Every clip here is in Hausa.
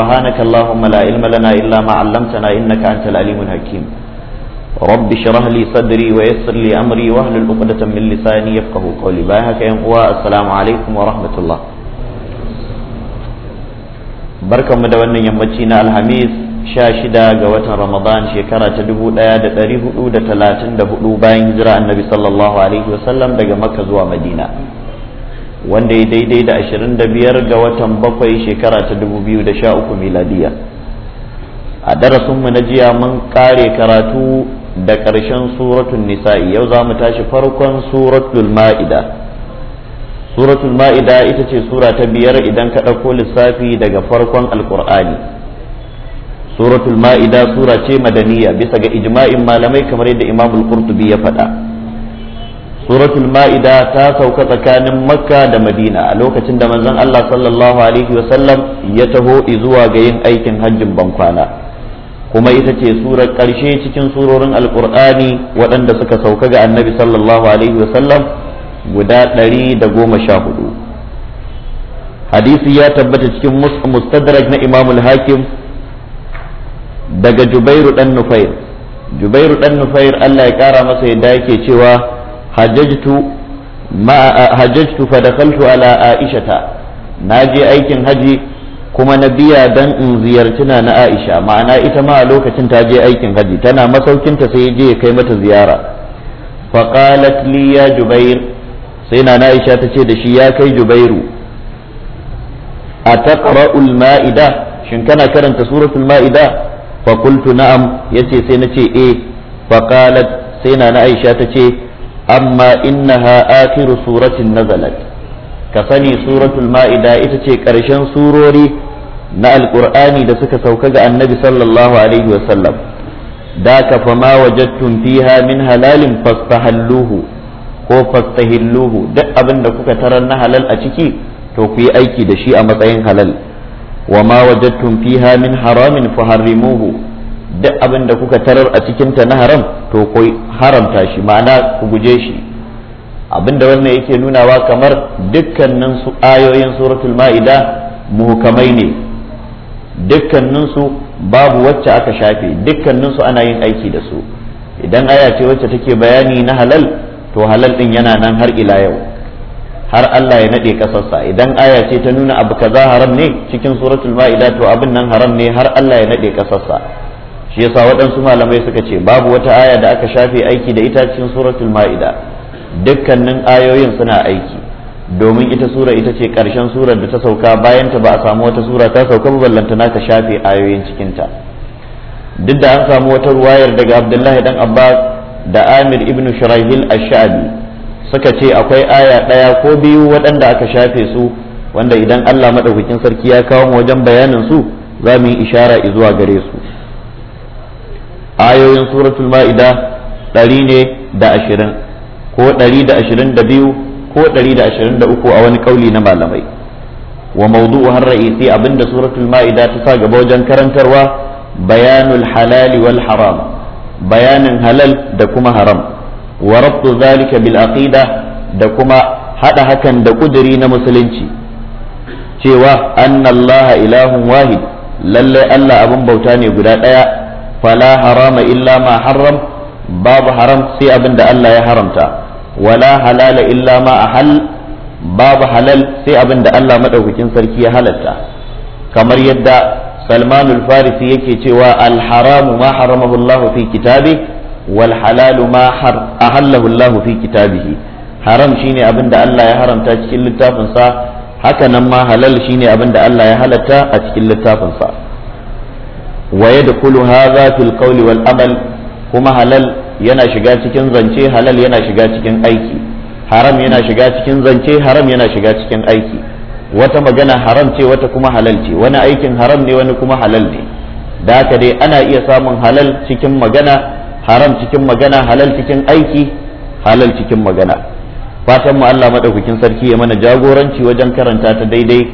سبحانك اللهم لا علم لنا إلا ما علمتنا إنك أنت العليم الحكيم رب اشرح لي صدري ويسر لي أمري واحلل عقدة من لساني يفقه قولي باهك يا السلام عليكم ورحمة الله بركة مدونة يمتينا الحميد شاشدا قوة رمضان شكرا تدبو لا دتاري هدو دتلاتن دبو باين جراء النبي صلى الله عليه وسلم دقى مكة زوى مدينة wanda ya daidai da 25 ga watan bakwai shekara ta 2013 miladiya a darasinmu na jiya mun kare karatu da ƙarshen suratun nisa'i yau za mu tashi farkon suratul ma'ida suratul ma'ida ita ce sura ta biyar idan ka ɗauko lissafi daga farkon Alƙur'ani. suratul ma'ida sura ce madaniya bisa ga ijma'in malamai kamar yadda imamul qurtubi ya faɗa suratul ma'ida ta sauka tsakanin makka da madina a lokacin da manzon allah sallallahu alaihi wasallam ya taho zuwa ga yin aikin hajjin bankwana kuma ita ce surar ƙarshe cikin surorin alƙur'ani waɗanda suka sauka ga annabi sallallahu alaihi wasallam guda ɗari da goma sha hudu hadisi ya tabbata cikin mustadrak na imamul hakim daga jubairu ɗan nufair jubairu ɗan nufair allah ya kara masa yadda yake cewa hajjajtu ma hajjajtu fa dakhaltu ala aisha na je aikin hajji kuma na biya dan in ziyarci na aisha ma'ana ita ma a lokacin ta je aikin hajji tana masaukinta sai je ya kai mata ziyara fa qalat li sai na na aisha ta ce da shi ya kai jubairu a taqra'ul ma'ida shin kana karanta suratul ma'ida fa qultu na'am yace sai na ce eh fa qalat sai na na aisha ta ce amma innaha akhiru suratin nazalat ka sani suratul ma'ida ita ce ƙarshen surori na alƙur'ani da suka sauka ga annabi sallallahu alaihi wasallam da ka fama wajattum fiha min halalin fastahalluhu ko fastahilluhu duk abin da kuka tarar na halal a ciki to ku yi aiki da shi a matsayin halal wa ma wajattum fiha min haramin faharrimuhu duk abin da kuka tarar a cikinta na haram to ku haramta shi ma'ana ku guje shi abin da wannan yake nunawa kamar dukkanin su ayoyin suratul ma'ida muhukamai ne dukkanin su babu wacce aka shafe dukkanin su ana yin aiki da su idan aya ce wacce take bayani na halal to halal din yana nan har ila yau har Allah ya nade kasarsa idan aya ce ta nuna abu kaza haram ne cikin suratul ma'ida to abin nan haram ne har Allah ya nade kasarsa shi yasa waɗansu malamai suka ce babu wata aya da aka shafe aiki da ita cikin suratul ma'ida dukkanin ayoyin suna aiki domin ita sura ita ce ƙarshen surar da ta sauka bayan ta ba a samu wata sura ta sauka ba na ka shafe ayoyin cikinta duk da an samu wata ruwayar daga abdullahi dan abbas da amir ibn shurahil ash-sha'bi suka ce akwai aya ɗaya ko biyu waɗanda aka shafe su wanda idan allah madaukakin sarki ya kawo mu wajen bayanin su za mu yi ishara zuwa gare su ayoyin suratul ma'ida ɗari ne da ashirin ko ɗari da ashirin da biyu ko ɗari da ashirin da uku a wani ƙauli na malamai wa maudu'u har ra'isi abinda suratul ma'ida ta sa gaba wajen karantarwa bayanul halali wal haram bayanin halal da kuma haram wa rabtu zalika bil aqida da kuma hada hakan da kuduri na musulunci cewa annallaha ilahun wahid lallai Allah abin bauta ne guda ɗaya fala harama illa ma haram babu haram sai abin Allah ya haramta wala halala illa ma ahal babu halal sai abin da Allah madaukakin sarki ya halatta kamar yadda salmanul farisi yake cewa alharamu ma haramahu Allah fi kitabi wal ma ahallahu Allah fi kitabihi haram shine abin da Allah ya haramta cikin littafinsa hakanan ma halal shine abinda Allah ya halatta a cikin littafinsa wa da hadha fil qawli amal kuma halal yana shiga cikin zance halal yana shiga cikin aiki haram yana shiga cikin zance haram yana shiga cikin aiki wata magana haram ce wata kuma halal ce wani aikin haram ne wani kuma halal ne da haka dai ana iya samun halal cikin magana haram cikin magana halal cikin aiki halal cikin magana fatan mu Allah madaukakin sarki ya mana jagoranci wajen karanta ta daidai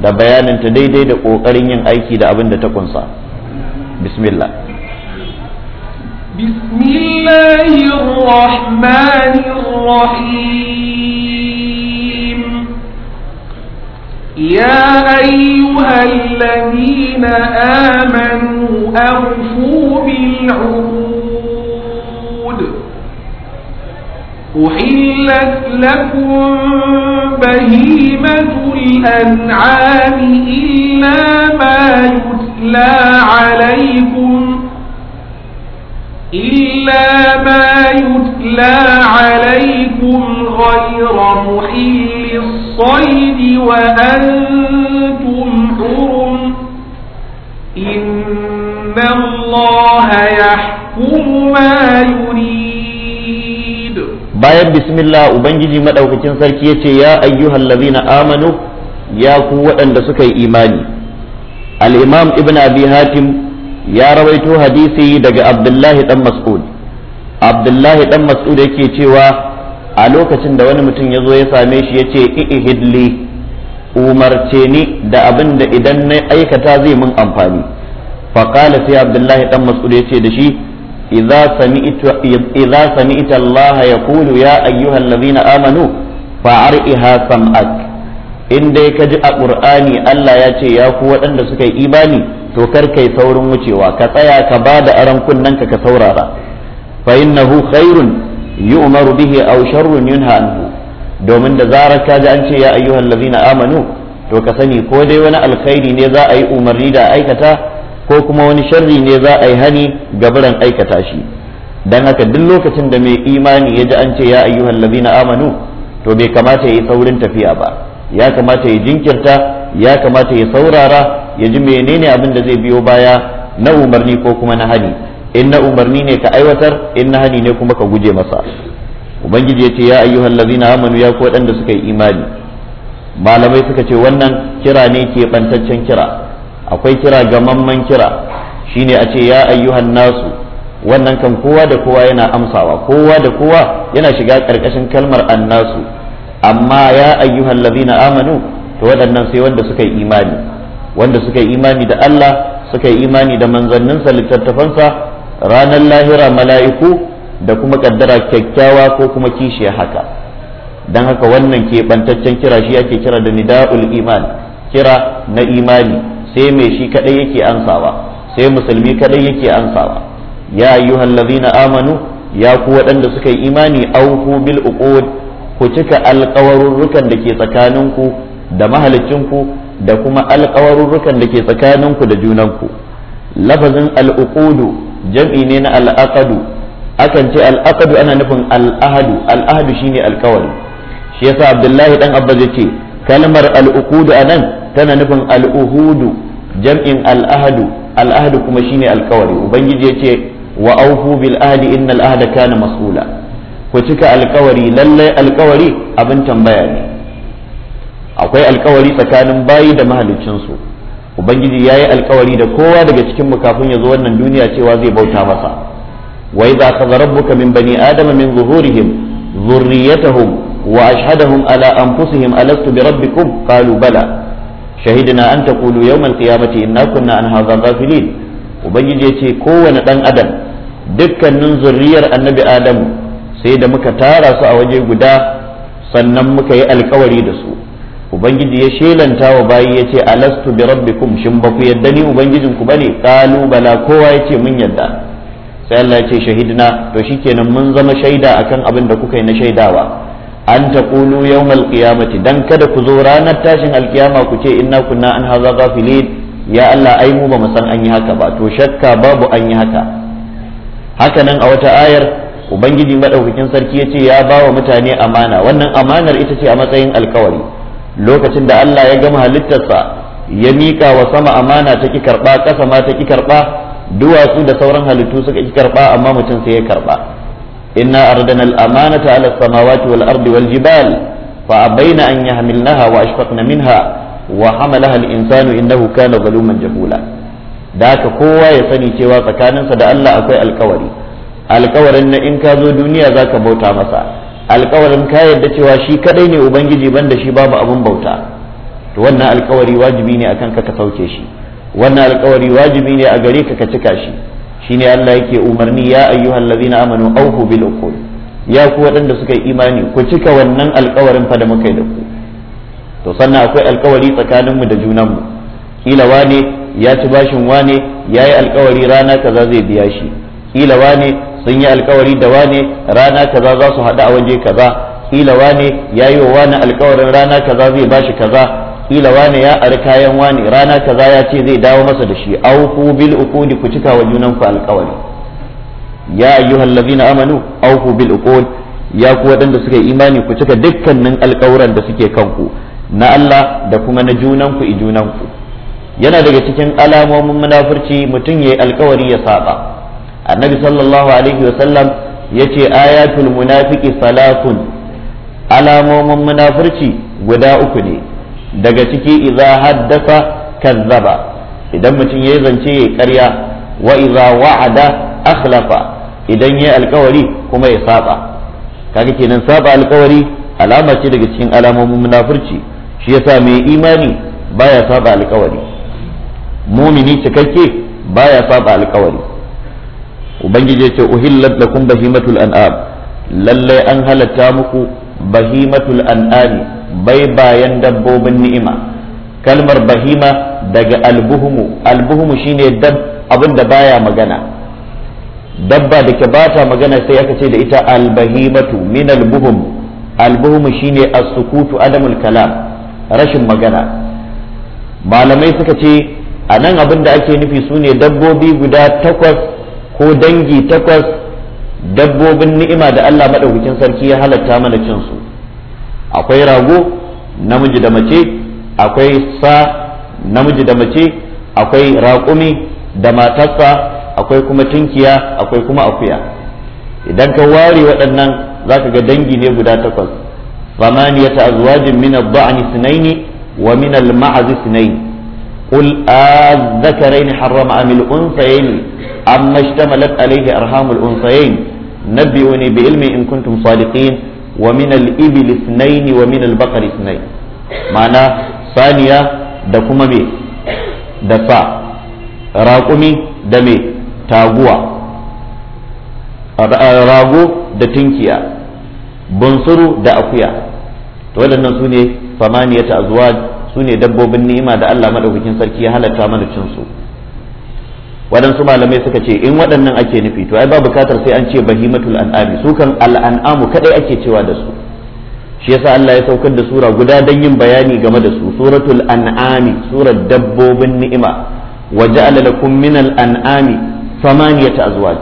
da bayanin ta daidai da kokarin yin aiki da abin da ta kunsa بسم الله بسم الله الرحمن الرحيم يا أيها الذين آمنوا أوفوا بالعهود أحلت لكم بهيمة الأنعام إلا ما يتلى يتلى عليكم إلا ما يتلى عليكم غير محل الصيد وأنتم حرم إن الله يحكم ما يريد باية بسم الله وبنجي مدعوك تنسر كيتي يا أيها الذين آمنوا يا قوة أن سكي إيماني al-imam ibn abi hakim ya rawaito hadisi daga abdullahi dan mas'ud abdullahi dan mas'ud yake cewa a lokacin da wani mutum ya zo ya same shi ya ce ihidli umarce ni da abin da idan na aikata zai mun amfani faƙala sai abdullahi dan mas'ud ya ce da shi idza sami'ta Allah ya kulu ya ayyuhal ladina amanu fa'ar'iha sam'ak in dai ka ji a ƙur'ani Allah ya ce ya ku waɗanda suka yi imani to kar kai saurin wucewa ka tsaya ka ba da aron kunnen ka ka saurara fa innahu khairun yu'maru bihi aw sharrun yunha anhu domin da zarar ka ji an ce ya ayyuhal ladzina amanu to ka sani ko dai wani alkhairi ne za a yi umarni da aikata ko kuma wani sharri ne za a yi hani gaburan aikata shi dan haka duk lokacin da mai imani ya ji an ce ya ayyuhal ladzina amanu to bai kamata ya yi saurin tafiya ba ya kamata ya jinkirta ya kamata ya saurara ya ji menene abin da zai biyo baya na umarni ko kuma na hani in na umarni ne ka aiwatar in na hani ne kuma ka guje masa ubangiji ya ce ya ayyuhal ladzina amanu ya ko dan da suka yi imani malamai suka ce wannan kira ne ke bantaccen kira akwai kira ga mamman kira shine a ce ya ayyuhan nasu wannan kan kowa da kowa yana amsawa kowa da kowa yana shiga karkashin kalmar annasu amma ya ayyuhal ladina amanu to waɗannan sai wanda suka yi imani wanda suka yi imani da Allah suka yi imani da manzanninsa littattafansa ranar lahira mala'iku da kuma kaddara kyakkyawa ko kuma kishiya haka don haka wannan keɓantaccen kira shi ake kira da nida'ul iman kira na imani sai mai shi kadai yake ansawa sai musulmi kadai yake ansawa ya ayyuhal ladina amanu ya ku waɗanda suka yi imani auku bil uqud ku cika alkawarurrukan da ke tsakaninku da mahalicinku da kuma alkawarurrukan da ke tsakaninku da junanku lafazin al'uqudu jam'i ne na al'aqadu akan ce al'aqadu ana nufin al'ahadu al'ahadu shine alƙawari shi yasa abdullahi dan abbas yace kalmar al'uqudu anan tana nufin al'uhudu jam'in al'ahadu al'ahadu kuma shine alƙawari ubangiji yace wa aufu bil ahdi innal ahda kana mas'ula ku cika alkawari lallai alkawari abin tambaya ne akwai alkawari tsakanin bayi da mahaliccinsu ubangiji ya yi alkawari da kowa daga cikin mu kafin ya zo wannan duniya cewa zai bauta masa za idza akhadha rabbuka min bani adama min zuhurihim dhurriyyatahum wa ashhadahum ala anfusihim alastu bi rabbikum qalu bala shahidna an taqulu yawm alqiyamati inna kunna an hadha ghafilin ubangiji ya ce kowane dan adam dukkanin zurriyar annabi adamu sai da muka tara su a waje guda sannan muka yi alkawari da su ubangiji ya shelanta wa bayi ya ce alastu bi rabbikum shin ba ku yadda ni ubangijin ku bane kalu bala kowa ya ce mun yadda sai Allah ya ce shahidna to shikenan mun zama shaida akan abin da kuka yi na shaidawa an taqulu yawmal qiyamati dan kada ku zo ranar tashin alkiyama ku ce inna kunna an haza ghafilin ya Allah ai mu ba mu san an yi haka ba to shakka babu an yi haka haka nan a wata ayar ubangiji madaukakin sarki ya ce ya ba wa mutane amana wannan amanar ita ce a matsayin alkawari lokacin da Allah ya gama halittarsa ya miƙa wa sama amana ta ki karɓa ƙasa ma ta ki karɓa duwatsu da sauran halittu suka ki karba amma mutum sai ya karɓa inna ardana al-amanata ala samawati wal ardi wal jibal fa abaina an yahmilnaha wa ashfaqna minha wa hamalaha al-insanu innahu kana zaluman jahula da haka kowa ya sani cewa tsakaninsa da Allah akwai alkawari alkawarin na in ka zo duniya za ka bauta masa alkawarin ka yarda cewa shi kadai ne ubangiji banda shi babu abin bauta to wannan alkawari wajibi ne akan ka ka sauke shi wannan alkawari wajibi ne a gare ka ka cika shi shine Allah yake umarni ya ayyuhal ladina amanu awfu bil uqul ya ku waɗanda suka yi imani ku cika wannan alkawarin fa da muka yi da ku to sannan akwai alkawari tsakaninmu da junanmu kila wane ya ci bashin wane ya yi alkawari rana kaza zai biya shi kila wane sun yi alkawari da wane rana kaza za su haɗu a waje kaza kila wane ya yi wa wane alkawarin rana kaza zai bashi kaza kila wane ya ari kayan wane rana kaza ya ce zai dawo masa da shi auku bil uqudi ku cika wa junanku alkawari ya ayyuhal ladina amanu auku bil uqud ya ku waɗanda suka yi imani ku cika dukkanin alkawuran da suke kanku na Allah da kuma na junanku i ku yana daga cikin alamomin munafurci mutum ya yi alkawari ya saba annabi sallallahu alaihi wasallam ya ce ayatul munafiki salasun alamomin munafurci guda uku ne daga ciki idza haddasa kazzaba idan mutum ya zance ya karya wa idza wa'ada akhlafa idan ya alkawari kuma ya saba kaga kenan saba alkawari alama ce daga cikin alamomin munafurci shi yasa mai imani baya saba alkawari mumini cikakke baya saba alkawari ubangiji ce uhillat lakum bahimatul an'am lalle an halatta muku bahimatul an'am bai bayan dabbobin ni'ima kalmar bahima daga albuhumu albuhumu shine dab abin da baya magana dabba da ke bata magana sai aka ce da ita albahimatu min albuhum albuhum shine as-sukutu adamul kalam rashin magana malamai suka ce a nan abin da ake nufi sune dabbobi guda takwas ko dangi takwas dabbobin ni'ima da Allah maɗaukakin sarki ya halatta mana cin su akwai rago namiji da mace akwai sa namiji da mace akwai raƙumi da matarsa akwai kuma tunkiya akwai kuma akuya idan ka ware waɗannan za ka ga dangi ne guda takwas samaniyata azwajin min ad-da'ni sunaini wa min al-ma'z sunaini qul az-zakarayn harrama am al amma ishtamalat alaihi arhamul na nabbi'uni bi ilmi in kuntum sadiqin wa min al-ibil ithnain wa min al-baqar ithnain ma'ana saniya da kuma me da sa raƙumi da me taguwa rago da tinkiya bunsuru da akuya to waɗannan su ne famaniyata azwaj su ne dabbobin ni'ima da Allah madaukakin sarki ya halatta mana cin su waɗansu malamai suka ce in waɗannan ake nufi to ai ba bukatar sai an ce bahimatul an'ami su kan al'an'amu kadai ake cewa da su shi yasa Allah ya saukar da sura guda dan yin bayani game da su suratul an'ami surar dabbobin ni'ima wa ja'ala lakum minal an'ami samaniyata azwaj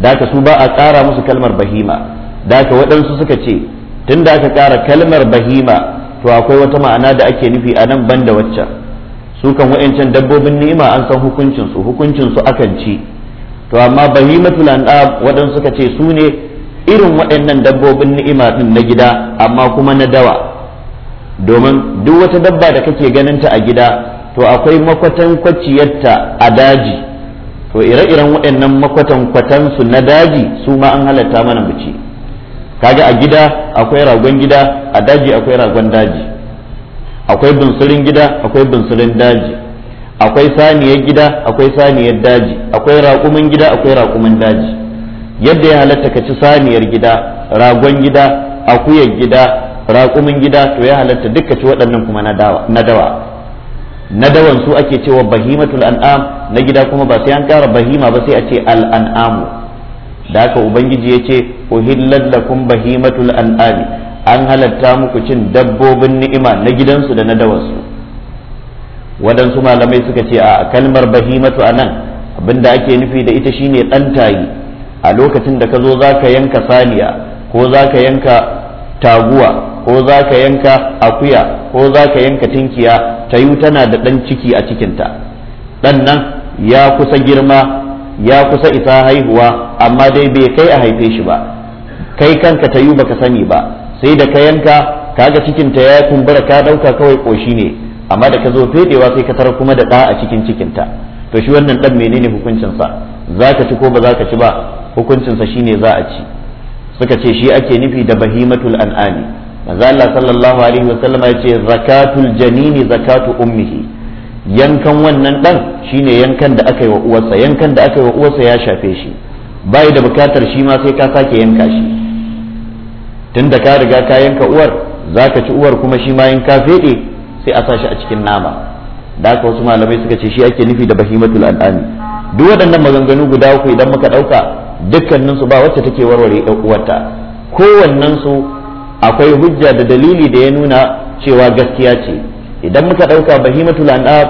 daka su ba a ƙara musu kalmar bahima daka waɗansu suka ce tun da aka ƙara kalmar bahima to akwai wata ma'ana da ake nufi a nan banda waccan su kan wa'ancan dabbobin ni'ima an san hukuncinsu hukuncinsu akan ci to amma bahimatul matulanɗa waɗansu suka ce su ne irin waɗannan dabbobin ni'ima din na gida amma kuma na dawa domin duk wata dabba da kake ganin ta a gida to akwai makwatan kwaciyarta a daji to ire-iren waɗannan makwatan kwatansu na daji su ma an halatta mana mu kaga a gida akwai ragon gida a daji akwai ragon daji akwai bunsurin gida akwai bunsurin daji akwai saniyar gida akwai saniyar daji akwai raƙumin gida akwai raƙumin daji yadda ya halatta ka ci saniyar gida ragon gida akuyar gida raƙumin gida to ya halatta duk ka ci waɗannan kuma na dawa na dawan su ake cewa bahimatul an'am na gida kuma ba sai an kara bahima ba sai a ce al an'amu da haka ubangiji ya ce ku lakum bahimatul an'ami an halatta muku cin dabbobin ni'ima na gidansu da na dawarsu waɗansu malamai suka ce a kalmar bahimatu a nan abinda ake nufi da ita shine ɗantayi a lokacin da ka zo za ka yanka saniya ko za ka yanka taguwa ko za ka yanka akuya ko za ka yanka tinkiya ta tana da ɗan ciki a cikinta ɗan nan ya kusa girma ya kusa isa haihuwa amma dai bai kai a haife shi ba kai kanka ta yi baka sani ba sai da ka yanka kaga cikin ta ya kumbura ka dauka kawai koshi ne amma da ka zo fedewa sai ka tarar kuma da ɗa a cikin cikin ta to shi wannan dan menene hukuncinsa sa zaka ci ko ba ka ci ba hukuncinsa shine za a ci suka ce shi ake nufi da bahimatul an'ami manzo Allah sallallahu alaihi wasallam ya ce zakatul janini zakatu ummihi yankan wannan dan shine yankan da aka yi wa uwarsa yankan da aka yi wa uwarsa ya shafe shi bai da bukatar shi ma sai ka sake yanka shi tun da ka riga ka yanka uwar zaka ci uwar kuma shi ma in ka feɗe sai a sa shi a cikin nama da haka wasu malamai suka ce shi ake nufi da bahimatul al'ami duk waɗannan maganganu guda uku idan muka ɗauka dukkanin su ba wacce take warware ɗan uwarta kowannen su akwai hujja da dalili da ya nuna cewa gaskiya ce idan muka ɗauka bahimatul al'ab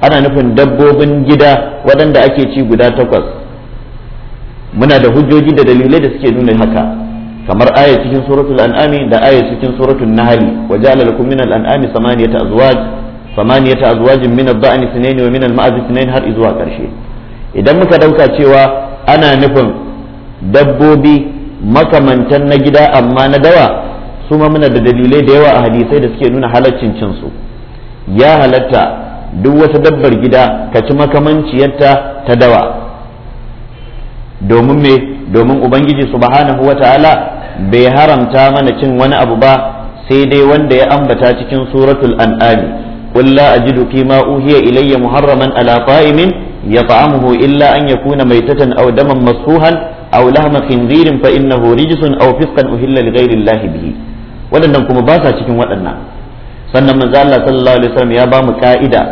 ana nufin dabbobin gida waɗanda ake ci guda takwas muna da hujjoji da dalilai da suke nuna haka kamar aya cikin suratul an'ami da aya cikin suratul nahl wa ja'ala lakum min al-an'ami samaniyata azwaj azwajin min ad-da'n ithnayn wa min al-ma'az ithnayn har zuwa karshe idan muka dauka cewa ana nufin dabbobi makamantan na gida amma na dawa su ma muna da dalilai da yawa a hadisai da suke nuna halaccin cin su ya halatta duk wata dabbar gida ka ci makamanciyarta ta dawa domin me domin ubangiji subhanahu wa bai haramta mana cin wani abu ba sai dai wanda ya ambata cikin suratul an'am qul la ajidu fima uhiya ilayya muharraman ala qa'imin yat'amuhu illa an yakuna maytatan aw daman masfuhan aw lahma khinzirin fa innahu rijsun aw fisqan uhilla li ghairi llahi bihi wadannan kuma basa cikin wadannan sannan manzo sallallahu alaihi wasallam ya bamu mu ka'ida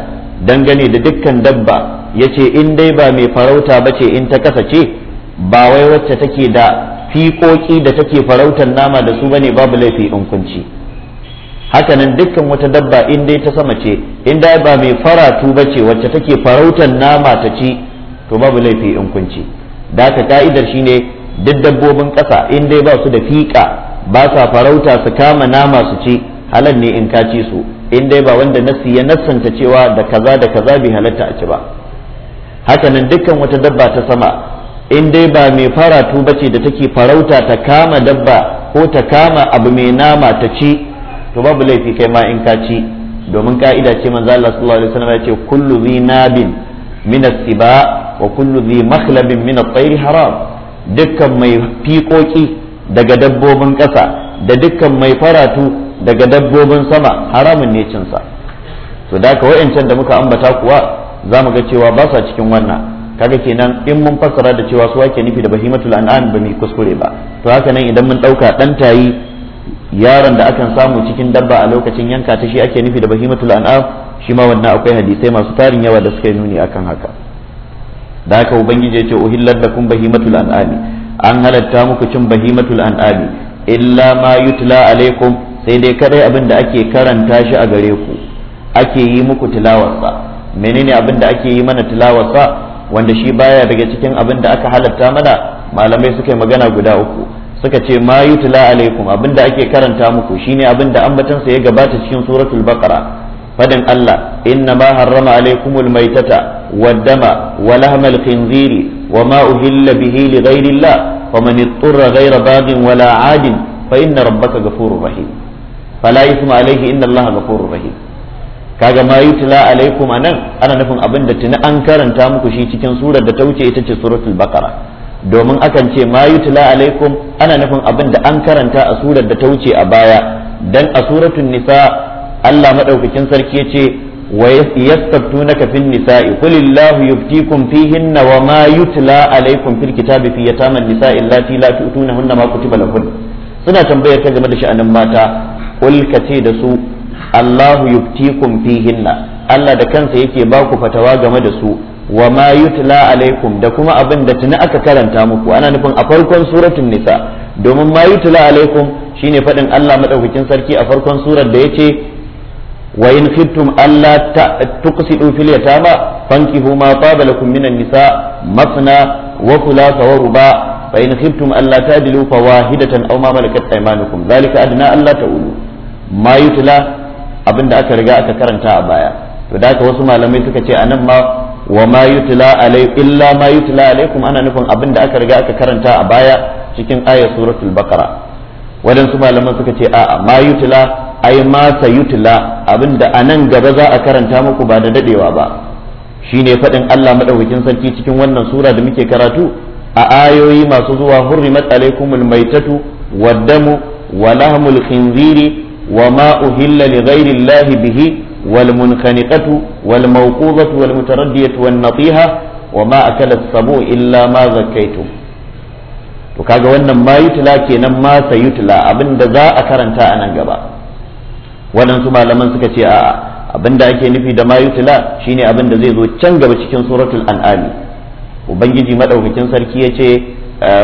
dangane da dukkan dabba yace in dai ba mai farauta bace in ta kasa ce ba wai wacce take da fiƙoƙi da take farautar nama da su bane babu laifi in kunci hakanan dukkan wata dabba in dai ta sama ce in dai ba mai faratu ba ce wacce take farautar nama ta ci to babu laifi in kunci da ka ka'idar shine duk dabbobin ƙasa in dai ba su da fiƙa ba sa farauta su kama nama su ci halal ne in ka ci su in dai ba wanda nasi ya nassanta cewa da kaza da kaza bai halatta a ci ba hakanan dukkan wata dabba ta sama in dai ba mai faratu ba ce da take farauta ta kama dabba ko ta kama abu mai nama ta ci to babu laifi kai ma in ka ci domin ka'ida ce manzo Allah sallallahu alaihi wasallam ya ce kullu zinabin min as-siba wa kullu zi makhlabin min at-tayr haram dukkan mai fiƙoƙi daga dabbobin ƙasa da dukkan mai faratu daga dabbobin sama haramun ne cinsa to da ka wa'ancan da muka ambata kuwa za mu ga cewa ba sa cikin wannan kaga kenan in mun fassara da cewa su ake nufi da bahimatul an'am ba mu kuskure ba to haka nan idan mun dauka dan tayi yaron da akan samu cikin dabba a lokacin yanka ta shi ake nufi da bahimatul an'am shi ma wannan akwai hadisai masu tarin yawa da suka nuni akan haka da haka ubangiji ya ce uhillat lakum bahimatul an'am an halatta muku cin bahimatul an'am illa ma yutla alaikum sai dai kadai abin da ake karanta shi a gare ku ake yi muku tilawarsa menene abin da ake yi mana tilawarsa wanda shi baya daga cikin abin da aka halatta mana malamai suka yi magana guda uku suka ce ma yutla alaikum abin da ake karanta muku shine abin da ambatansa ya gabata cikin suratul baqara fadin Allah inna ma harrama alaikumul maitata waddama wa lahmal khinziri wa ma uhilla bihi li ghairillah faman ittara ghaira baghin wala adin fa inna rabbaka ghafurur rahim fala isma alaihi inna Allah ghafurur rahim kaga ma yutla alaikum anan ana nufin abin da tuni an karanta muku shi cikin surar da ta wuce ita ce suratul baqara domin akan ce ma yutla alaikum ana nufin abin da an karanta a surar da ta wuce a baya dan a suratul nisa Allah madaukakin sarki yace wa yastabtunaka fin nisa'i qul illahu yuftikum fihinna wa ma yutla alaikum fil kitabi fi yataman nisa'i allati la tu'tunahunna ma kutiba lahun suna tambayar ta game da sha'anin mata qul da su Allahu yubtikum hinna Allah da kansa yake ba ku fatawa game da su wa ma yutla alaikum da kuma abin da tuni aka karanta muku ana nufin a farkon suratul nisa domin ma yutla alaikum shine faɗin Allah madaukakin sarki a farkon surar da yace wa in khiftum alla tuqsidu fil yatama fankihu ma taba lakum minan nisa masna wa thulatha wa ruba fa in khiftum alla tadilu fawahidatan aw ma malakat aymanukum dhalika adna alla ta'ulu ma yutla abin da aka riga aka karanta a baya to da haka wasu malamai suka ce anan ma wa ma yutla alai illa ma yutla alaikum ana nufin abin da aka riga aka karanta a baya cikin ayat suratul baqara wadansu malaman suka ce a'a ma yutla ai ma yutla abin da anan gaba za a karanta muku ba da dadewa ba shine faɗin Allah madaukakin sarki cikin wannan sura da muke karatu a ayoyi masu zuwa hurrimat alaikumul maitatu waddamu wa lahmul khinziri وما أهل لغير الله به والمنخنقة والموقوظة والمتردية والنطيحة وما أكل السبوع إلا ما زكيتم to kaga wannan ma yutla kenan ma sa yutla za a karanta a nan gaba waɗansu malaman suka ce a'a abin da ake nufi da ma yutla shine abin da zai zo can gaba cikin suratul an'ami ubangiji madaukakin sarki ya ce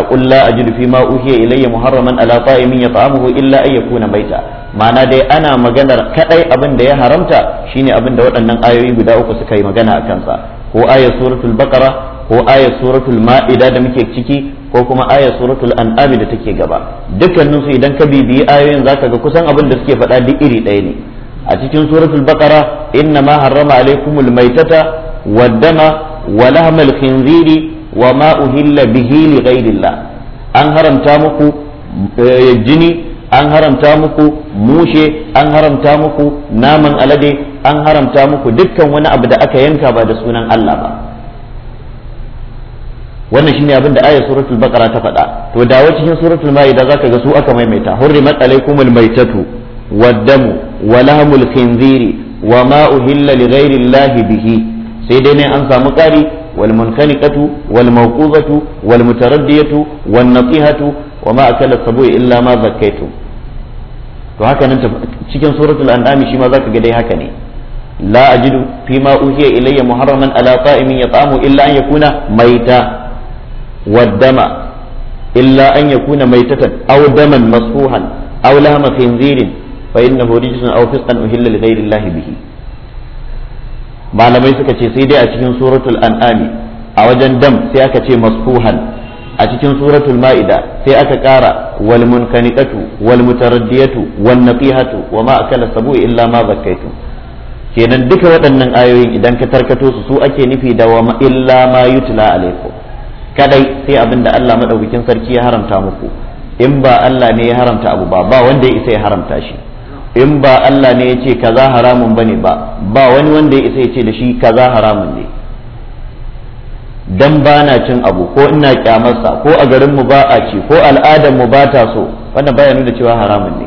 qul la ajidu fi ma uhiya ilayya muharraman ala ta'imin yat'amuhu illa ayyaku na maita ma'ana dai ana maganar kadai abin da ya haramta shine abin da waɗannan ayoyi guda uku suka yi magana a kansa ko ayar suratul baqara ko ayar suratul ma'ida da muke ciki ko kuma ayar suratul an'am da take gaba dukkanin su idan ka bibiyi ayoyin zaka ga kusan abin da suke faɗa duk iri ɗaya ne a cikin suratul baqara inna ma harrama alaykumul maitata waddama wa lahmal khinziri wa ma uhilla bihi li ghairillah an haramta muku eh, jini an haramta muku mushe an haramta muku naman alade an haramta muku dukkan wani abu da aka yanka ba da sunan Allah ba wannan shine abin da ayat suratul baqara ta faɗa to da dawo cikin suratul maida zaka ga su aka maimaita hurrimat alaikumul maitatu waddamu wa khinziri wa ma uhilla li bihi sai dai ne an samu ƙari wal munkanikatu wal mawquzatu wal mutaraddiyatu wan nasihatu wa ma akala sabu illa ma zakkaitu to haka nan cikin suratul an'am shi ma zaka ga dai haka ne la ajidu fi ma uhiya ilayya muharraman ala ya yat'amu illa an yakuna maita waddama illa an yakuna maitatan aw daman masfuhan aw lahma khinzirin fa innahu rijsun aw fisqan uhilla li ghayri allahi bihi malamai suka ce sai dai a cikin suratul an'ami a wajen dam sai aka ce masfuhan a cikin suratul ma'ida sai aka ƙara wal munkanikatu wal mutaraddiyatu wan naqihatu wa ma akala sabu illa ma zakkaitu kenan duka waɗannan ayoyin idan ka tarkato su su ake nufi da wa illa ma yutla alaikum kadai sai abin da Allah madaukakin sarki ya haramta muku in ba Allah ne ya haramta abu ba ba wanda ya isa ya haramta shi in ba Allah ne ya ce kaza haramun bane ba ba wani wanda ya isa ya ce da shi kaza haramun ne dan ba na cin abu ko ina kyamarsa ko a garin mu ba a ci ko al'adar mu ba ta so wannan baya nuna cewa haramun ne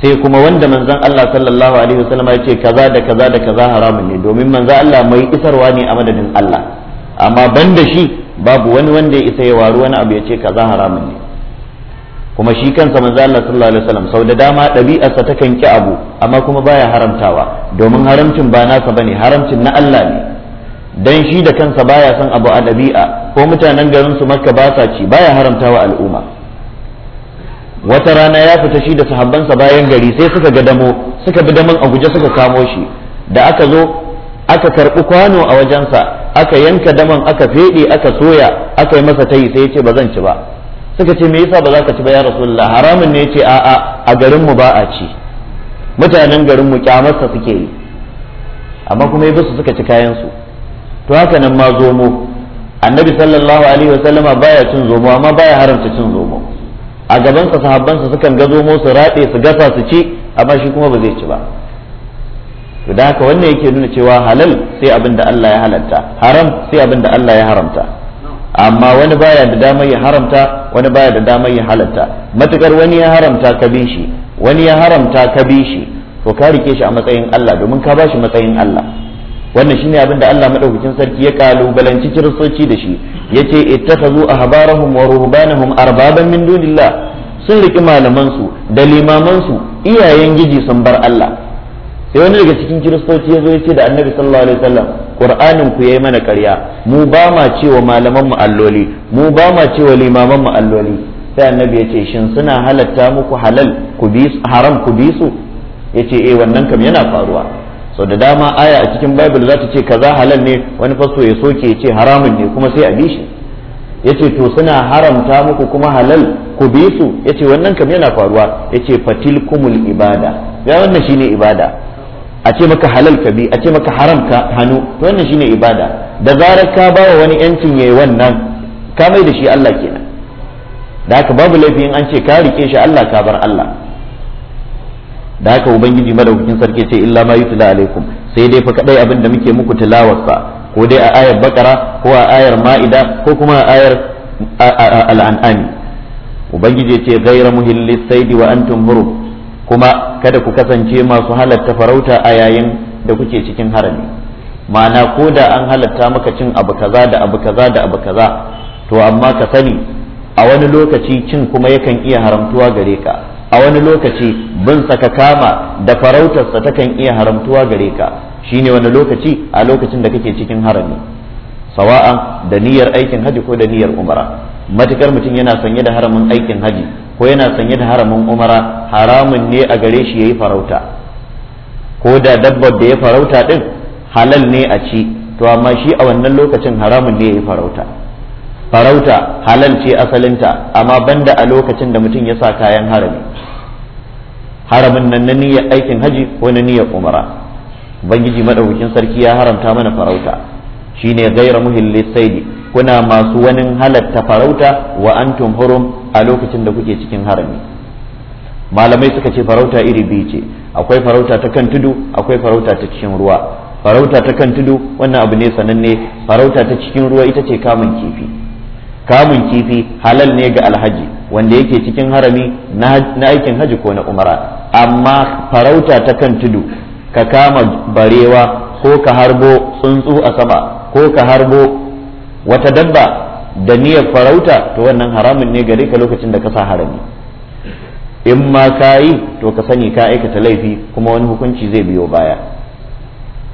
sai kuma wanda manzon Allah sallallahu alaihi wasallam ya ce kaza da kaza da kaza haramun ne domin manzon Allah mai isarwa ne a madadin Allah amma banda shi babu wani wanda ya isa ya waru wani abu ya ce kaza haramun ne kuma shi kansa manzon Allah sallallahu alaihi wasallam sau da dama ɗabi'arsa takan ki abu amma kuma baya haramtawa domin haramcin ba nasa bane haramcin na Allah ne dan shi da kansa baya son abu a ɗabi'a ko mutanen garin su makka ba sa ci baya haramta wa al'umma wata rana ya fita shi da sahabbansa bayan gari sai suka ga damo suka bi damon a guje suka kamo shi da aka zo aka karɓi kwano a wajensa aka yanka daman aka feɗe aka soya aka yi masa tayi sai ya ce ba zan ci ba suka ce me yasa ba za ka ci ba ya rasulullah haramun ne ya ce a'a a garin mu ba a ci mutanen garin mu kyamarsa suke yi amma kuma ya su suka ci kayan su to haka nan ma zomo annabi sallallahu alaihi wa sallama baya cin zomo amma baya haramta cin zomo a gabansa sa sukan ga zomo su rade su gasa su ci amma shi kuma ba zai ci ba to da haka wannan yake nuna cewa halal sai abin Allah ya halatta haram sai abinda Allah ya haramta amma wani baya da damar ya haramta wani baya da damar ya halatta matukar wani ya haramta ka bi shi wani ya haramta ka bi shi to ka rike shi a matsayin Allah domin ka ba shi matsayin Allah wannan shine abin da Allah madaukakin sarki ya kalubalanci kiristoci da shi yace ittakhazu ahbarahum wa ruhbanahum arbaban min dunillah sun riki malaman su da limaman su iyayen giji sun bar Allah sai wani daga cikin kiristoci ya zo ya ce da annabi sallallahu alaihi wasallam qur'anin ku yayi mana ƙarya mu ba ma cewa malaman mu alloli mu ba ma cewa limaman mu alloli sai annabi ya ce shin suna halatta muku halal ku bi haram ku bi su yace eh wannan kam yana faruwa sau da dama aya a cikin bible za ta ce kaza halal ne wani fasto ya soke ya ce haramun ne kuma sai a bi shi ya ce to suna haramta muku kuma halal ku bi su ya ce wannan kam yana faruwa ya ce fatil kumul ibada ya wannan shine ibada a ce maka halal ka bi a ce maka haram ka hannu to wannan shine ibada da zarar ka ba wa wani yancin yayi wannan ka mai da shi Allah kenan da haka babu laifin an ce ka rike shi Allah ka bar Allah da haka ubangiji madaukakin sarki ce illa ma yutla alaikum sai dai fa kadai abin da muke muku tilawarsa ko dai a ayar bakara ko a ayar ma'ida ko kuma a ayar al'an'ami ubangiji ce gaira muhilli saidi wa antum hurum kuma kada ku kasance masu halatta farauta a yayin da kuke cikin harami ma'ana ko da an halatta maka cin abu kaza da abu kaza da abu kaza to amma ka sani a wani lokaci cin kuma yakan iya haramtuwa gare ka a wani lokaci bin saka kama da farautarsa takan iya haramtuwa gare ka shine wani lokaci a lokacin da kake cikin harami sawa'a da niyyar aikin haji ko da niyyar umara matukar mutum yana sanye da haramin aikin haji ko yana sanye da haramin umara haramun ne a gare shi yayi farauta ko da dabbar da ya farauta din halal ne a ci to amma shi a wannan lokacin haramun ne yayi farauta farauta halal ce asalinta amma banda a lokacin da mutum ya sa kayan harami haramin nan na niyyar aikin haji ko na niyyar umara ubangiji madaukakin sarki ya haramta mana farauta shine gaira muhilli saidi kuna masu wani halatta farauta wa antum hurum a lokacin da kuke cikin harami malamai suka ce farauta iri biyu ce akwai farauta ta kan tudu akwai farauta ta cikin ruwa farauta ta kan tudu wannan abu ne sananne farauta ta cikin ruwa ita ce kamun kifi kamun kifi halal ne ga alhaji wanda yake cikin harami na aikin haji ko na umara amma farauta ta kan tudu ka kama barewa ko ka harbo tsuntsu a sama ko ka harbo wata dabba da niyyar farauta to wannan haramun ne gare ka lokacin da ka sa harami in ma ka yi to ka sani ka aikata laifi kuma wani hukunci zai biyo baya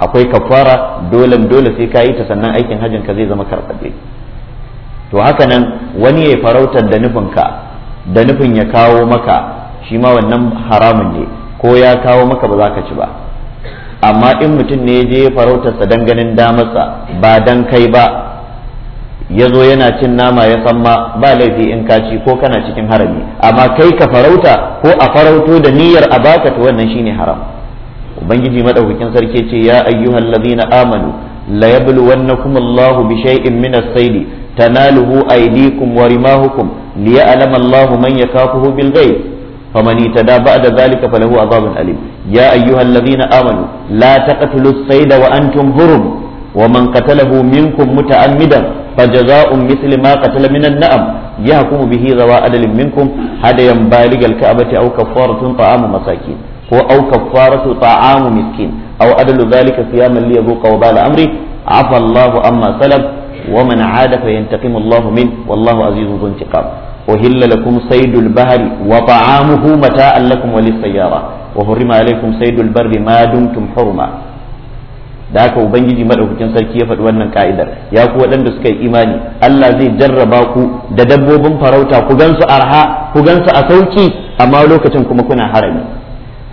akwai kafara dole dole sai ka yi ta sannan aikin hajin ka zai zama karɓaɓɓe to haka nan wani ya farautar da nufinka da nufin ya kawo maka shi ma wannan haramun ne ko ya kawo maka ba za ka ci ba amma in mutum ne je farautarsa don ganin damarsa ba don kai ba ya zo yana cin nama ya san ma ba laifi in ka ci ko kana cikin harami amma kai ka farauta ko a farauto da niyyar a baka to wannan shine haram ubangiji madaukakin sarki ce ya ayyuhal ladina amanu la yabluwannakum bishai bi shay'in min as-sayd tanaluhu aydikum wa rimahukum ليعلم الله من يخافه بالغيب فمن اهتدى بعد ذلك فله عذاب أليم يا أيها الذين آمنوا لا تقتلوا الصيد وأنتم حرم ومن قتله منكم متعمدا فجزاء مثل ما قتل من النعم يحكم به ذوى عدل منكم هديا بالغ الكعبة أو كفارة طعام مساكين أو كفارة طعام مسكين أو عدل ذلك صياما ليذوق وبال أمره عفى الله عما سلف ومن عاد فينتقم الله منه والله عزيز ذو انتقام أهل لكم صيد البحر وطعامه متاعا لكم وللسيارة وحرم عليكم صيد البر ما دمتم حرما da haka ubangiji madaukakin sarki ya faɗi wannan ka'idar ya ku waɗanda suka yi imani Allah zai jarraba ku da dabbobin farauta ku gansu arha ku gansu a sauki amma lokacin kuma kuna harami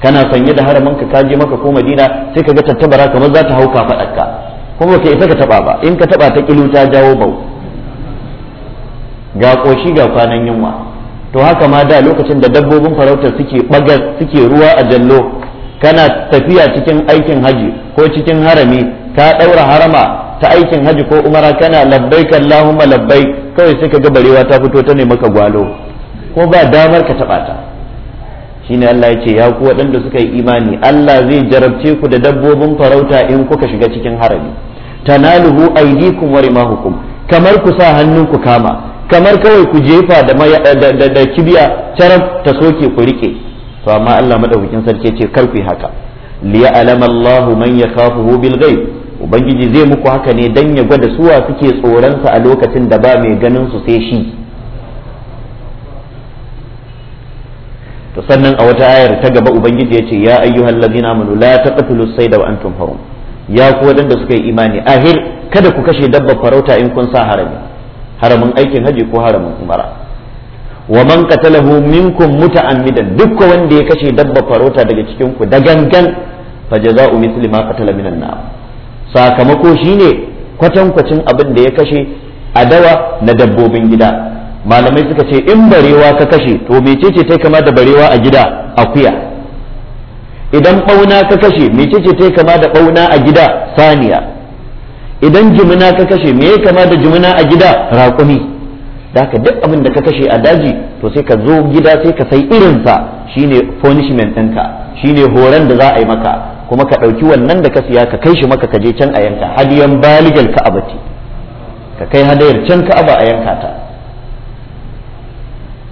kana sanye da haramin ka je maka ko Madina sai ka ga tattabara kamar za ta hauka faɗaka kuma ka isa ka taɓa ba in ka taba ta kilu ta jawo bau ga ƙoshi ga kwanan yunwa to haka ma da lokacin da dabbobin farautar suke bagar suke ruwa a jallo kana tafiya cikin aikin haji ko cikin harami ka daura harama ta aikin haji ko umara kana labbai allahumma labbai kawai sai ka ga barewa ta fito ta ne maka gwalo ko ba damar ka taba ta shine Allah ya ce ya ku waɗanda suka yi imani Allah zai jarabce ku da dabbobin farauta in kuka shiga cikin harami tanaluhu aydikum wa rimahukum kamar ku sa hannu ku kama kamar kawai ku jefa da da kibiya carab ta soke ku rike to amma Allah madaukakin sarki ce kar ku yi haka Allahu man yakhafuhu bil ghaib ubangiji zai muku haka ne dan ya gwada suwa suke tsoron a lokacin da ba mai ganin su sai shi to sannan a wata ayar ta gaba ubangiji ya ce ya ayyuhal ladina amanu la taqtulus sayda wa antum harum ya ku wadanda suka yi imani ahir kada ku kashe dabbar farauta in kun sa harami haramin aikin haji ko haramin umara wa man qatalahu minkum muta'ammidan duk wanda ya kashe dabba farauta daga cikin ku da gangan fa jazaa'u mithli ma qatala minan nar sakamako shine kwatankwacin abin da ya kashe adawa na dabbobin gida malamai suka ce in barewa ka kashe to mecece ta kama da barewa a gida akuya idan bauna ka kashe mecece ta kama da bauna a gida saniya idan jimina ka kashe me ya kama da jimina a gida raƙumi da haka duk abin da ka kashe a daji to sai ka zo gida sai ka sai irinsa shine punishment ɗinka shine horon da za a yi maka kuma ka ɗauki wannan da ka siya ka kai shi maka ka je can a yanka hadiyan baligal abati ka kai hadayar can ka'aba a yanka ta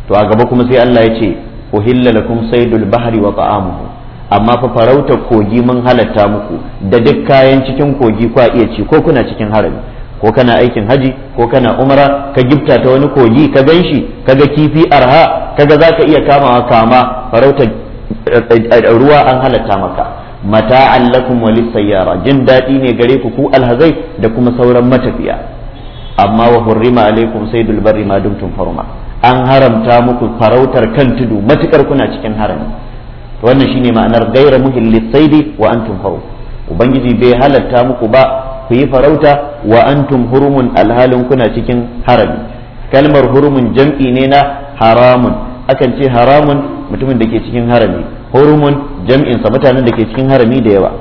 to a gaba kuma sai Allah ya ce uhilla lakum saydul bahri wa ta'amuhu amma fa farauta kogi mun halatta muku da duk kayan cikin kogi kwa iya ci ko kuna cikin harami ko kana aikin haji ko kana umara ka gifta ta wani kogi ka ganshi kaga kifi arha kaga zaka iya kamawa kama farauta eh, eh, ruwa an halatta maka mata lakum walisayyara jin daɗi ne gare ku ku alhazai da kuma sauran matafiya amma wa hurrima alaikum saydul barri ma dumtum farma an haramta muku farautar kan tudu matukar kuna cikin harami wannan shine ma'anar gaira muhillis saidi wa antum harum ubangiji bai halatta muku ba ku yi farauta wa antum hurumun alhalin kuna cikin harami kalmar hurumun jam'i ne na haramun akan ce haramun mutumin da ke cikin harami hurumun jam'insa mutanen da ke cikin harami da yawa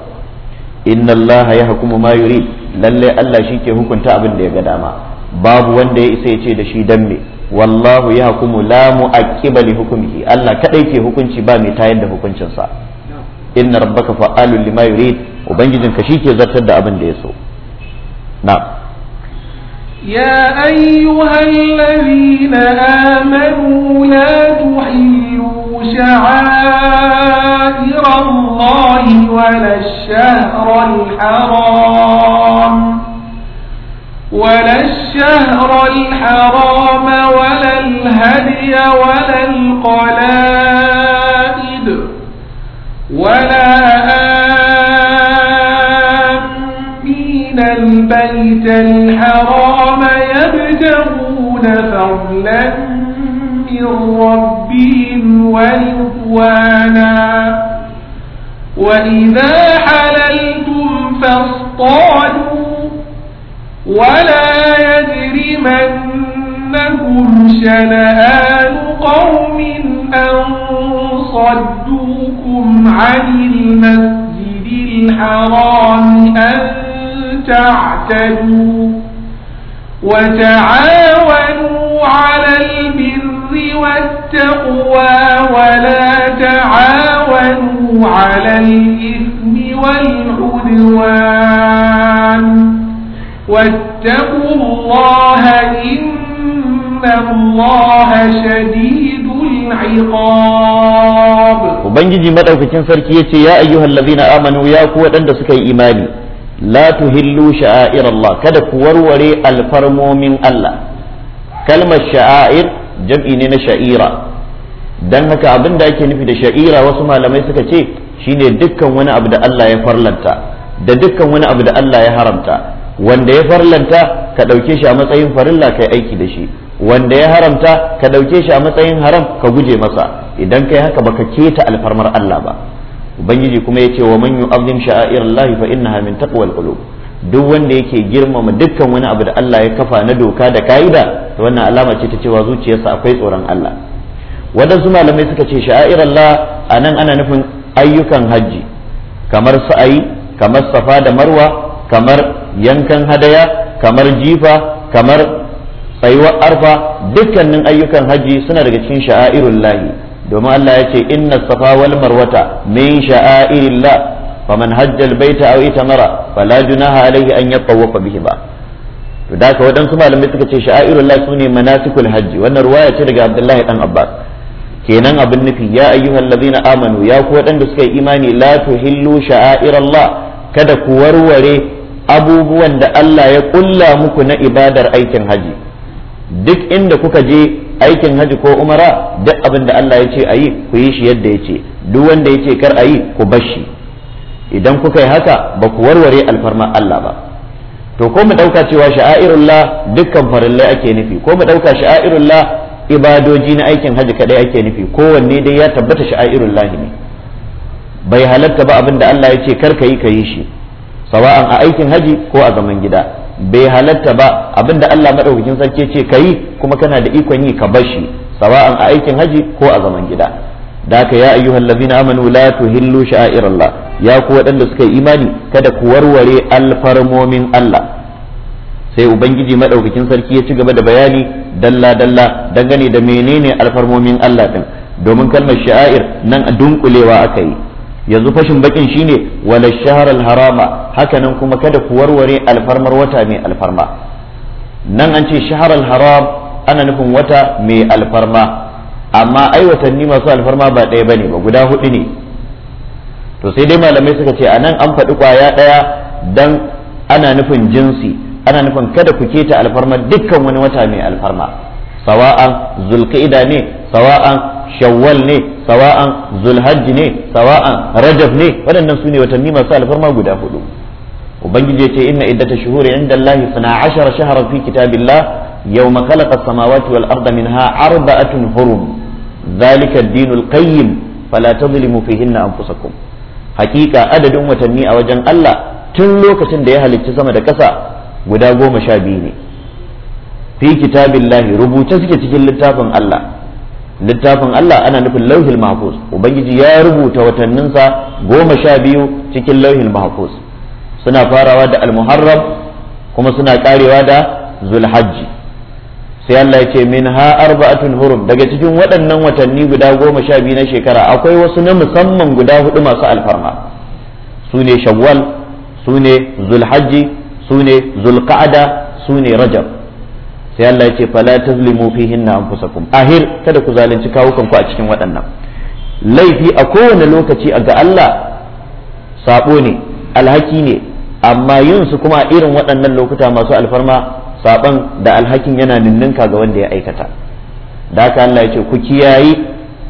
inna Allah ya hukumu ma yurid lalle Allah shi ke hukunta abin da ya ga dama babu wanda ya isa ya ce da shi dan me wallahu ya hukumu la mu'aqqiba li hukmihi Allah kadai ke hukunci ba mai tayar da hukuncinsa inna rabbaka fa'alul lima yurid ubangijinka shike zartar da abin da yaso na'am يا أيها الذين آمنوا لا تحلوا شعائر الله ولا الشهر الحرام ولا الشهر الحرام ولا الهدي ولا القلائد ولا آمين البيت الحرام يبتغون فضلا من ربهم ورضوانا وإذا حللتم فاصطادوا ولا يجرمنكم شنآن قوم أن صدوكم عن المسجد الحرام أن تعتدوا وتعاونوا على البر والتقوى ولا تعاونوا على الإثم والعدوان واتقوا الله إن الله شديد العقاب وبنجي مدعوكين سركية يا أيها الذين آمنوا يا قوة أن سكي إيماني لا تهلوا شعائر الله كذا كوروري الفرمو من الله كلمة شعائر جمعيننا شعيرة dan haka abin da ake nufi da sha'ira wasu malamai suka ce shine dukkan wani abu da Allah ya farlanta da dukkan wani abu da Allah ya haramta wanda ya farlanta ka ɗauke shi a matsayin farilla kai aiki da shi wanda ya haramta ka ɗauke shi a matsayin haram ka guje masa idan kai haka baka keta alfarmar Allah ba ubangiji kuma ya ce wa man yu'azzim sha'air Allah fa innaha min taqwal qulub duk wanda yake girmama dukkan wani abu da Allah ya kafa na doka da ka'ida to wannan alama ce ta cewa zuciyarsa akwai tsoron Allah wadansu malamai suka ce sha'air Allah anan ana nufin ayyukan hajji kamar sa'ayi kamar safa da marwa kamar yankan hadaya kamar jifa kamar tsayuwar arfa dukkanin ayyukan hajji suna daga cikin sha'a'irullahi lahi domin Allah ya ce inna safa wal marwata min sha'airillah faman hajja al baita aw itamara la junaha alayhi an yatawwafa bihi ba to da ka wadansu malamai suka ce sha'airul lahi sune manasikul hajji wannan ruwaya ce daga Abdullahi dan Abbas kenan abin nufi ya ayyuhal ladina amanu ya ku wadanda suka yi imani la tuhillu sha'airallah kada ku warware abubuwan da Allah ya kulla muku na ibadar aikin haji duk inda kuka je aikin haji ko umara duk abin da Allah ya ce a yi ku yi shi yadda ya ce duk wanda ya ce kar a yi ku bar shi idan kuka yi haka ba ku warware alfarma Allah ba to ko mu ɗauka cewa sha'airullah dukkan farillai ake nufi ko mu ɗauka sha'airullah ibadoji na aikin haji kaɗai ake nufi ko wanne dai ya tabbata sha'airullah ne bai halatta ba abin da Allah ya ce kar ka yi ka yi shi sawa'an a aikin haji ko a zaman gida bai halatta ba abinda Allah madaukakin sarki ce kayi kuma kana da ikon yi ka bashi sawa'an a aikin haji ko a zaman gida daka ya ayyuhal ladzina amanu la tuhillu sha'airallah ya ku waɗanda suka yi imani kada ku warware alfarmomin Allah sai ubangiji madaukakin sarki ya ci gaba da bayani dalla dalla dangane da menene alfarmomin Allah din domin kalmar sha'air nan a dunkulewa aka yi yanzu fashin bakin shine wala shaharar harama hakanan kuma kada ku warware alfarmar wata mai alfarma nan an ce shaharar haram ana nufin wata mai alfarma amma ai watanni masu alfarma ba ɗaya bane ba guda hudu ne to sai dai malamai suka ce a nan an faɗi ƙwaya ɗaya dan ana nufin jinsi ana nufin kada ku keta alfarma dukkan wani wata mai alfarma sawa'an zulqa'ida ne sawa'an shawwal ne sawa'an zulhajj ne sawa'an rajab ne waɗannan su ne watanni masu alfarma guda hudu ubangiji ce inna iddata shuhuri inda suna 12 shahran fi kitabillah yawma khalaqa as-samawati wal arda minha arba'atun hurum dhalika ad-din al-qayyim fala tadhlimu fihinna anfusakum hakika adadin watanni a wajen Allah tun lokacin da ya halicci sama da ƙasa guda goma sha biyu ne fi kitabillahi rubuce suke cikin littafin Allah littafin Allah ana nufin lauhil mahfuz ubangiji ya rubuta watanninsa goma sha biyu cikin lauhil mahfuz suna farawa da almuharram kuma suna karewa da zulhajji sai Allah ya ce min ha arba'atun hurum daga cikin waɗannan watanni guda goma sha biyu na shekara akwai wasu na musamman guda hudu masu alfarma su ne shawwal su ne zulhajji su ne zulqa'ada su ne rajab sai Allah ya ce fala tazlimu na anfusakum ahir kada ku zalunci kawukan ku a cikin waɗannan laifi a kowane lokaci a ga Allah sabo ne alhaki ne amma yin su kuma a irin waɗannan lokuta masu alfarma saban da alhakin yana ninninka ga wanda ya aikata da haka Allah ya ce ku kiyayi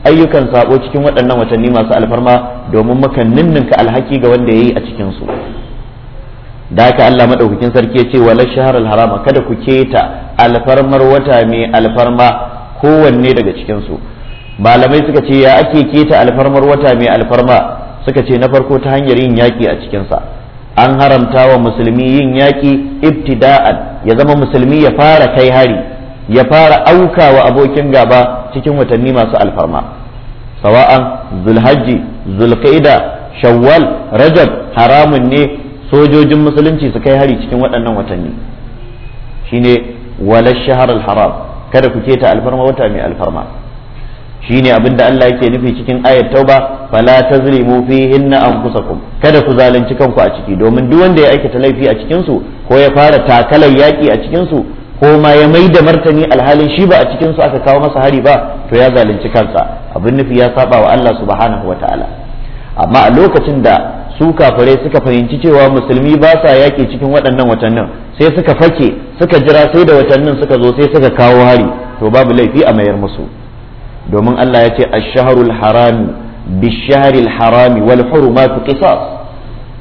ayyukan sabo cikin waɗannan watanni masu alfarma domin mukan ninninka alhaki ga wanda ya yi a cikin su da haka Allah madaukakin sarki ya ce wala shaharul harama kada ku keta alfarmar wata mai alfarma kowanne daga cikin su malamai suka ce ya ake keta alfarmar wata mai alfarma suka ce na farko ta hanyar yin yaki a cikin sa an haramta wa musulmi yin yaki ibtida'an ya zama musulmi ya fara kai hari ya fara auka wa abokin gaba cikin watanni masu alfarma sawa'an zulhajji zulqaida shawwal rajab haramun ne sojojin musulunci su kai hari cikin waɗannan watanni shine ne shahar al-haram kada ku keta alfarma wata mai alfarma shine abin da Allah yake nufi cikin ayat tauba fala tazlimu fihinna anfusakum kada ku zalunci kanku a ciki domin duk wanda ya aikata laifi a cikinsu ko ya fara takalar yaki a cikinsu ko ma ya mai da martani alhalin shi ba a cikinsu aka kawo masa hari ba to ya zalunci kansa abin nufi ya saba wa Allah subhanahu wataala amma a lokacin da su kafirai suka fahimci cewa musulmi ba sa yaƙi cikin waɗannan watannin sai suka fake suka jira sai da watannin suka zo sai suka kawo hari to babu laifi a mayar musu domin Allah ya ce ash-shahrul harami bish-shahril harami wal hurumatu qisas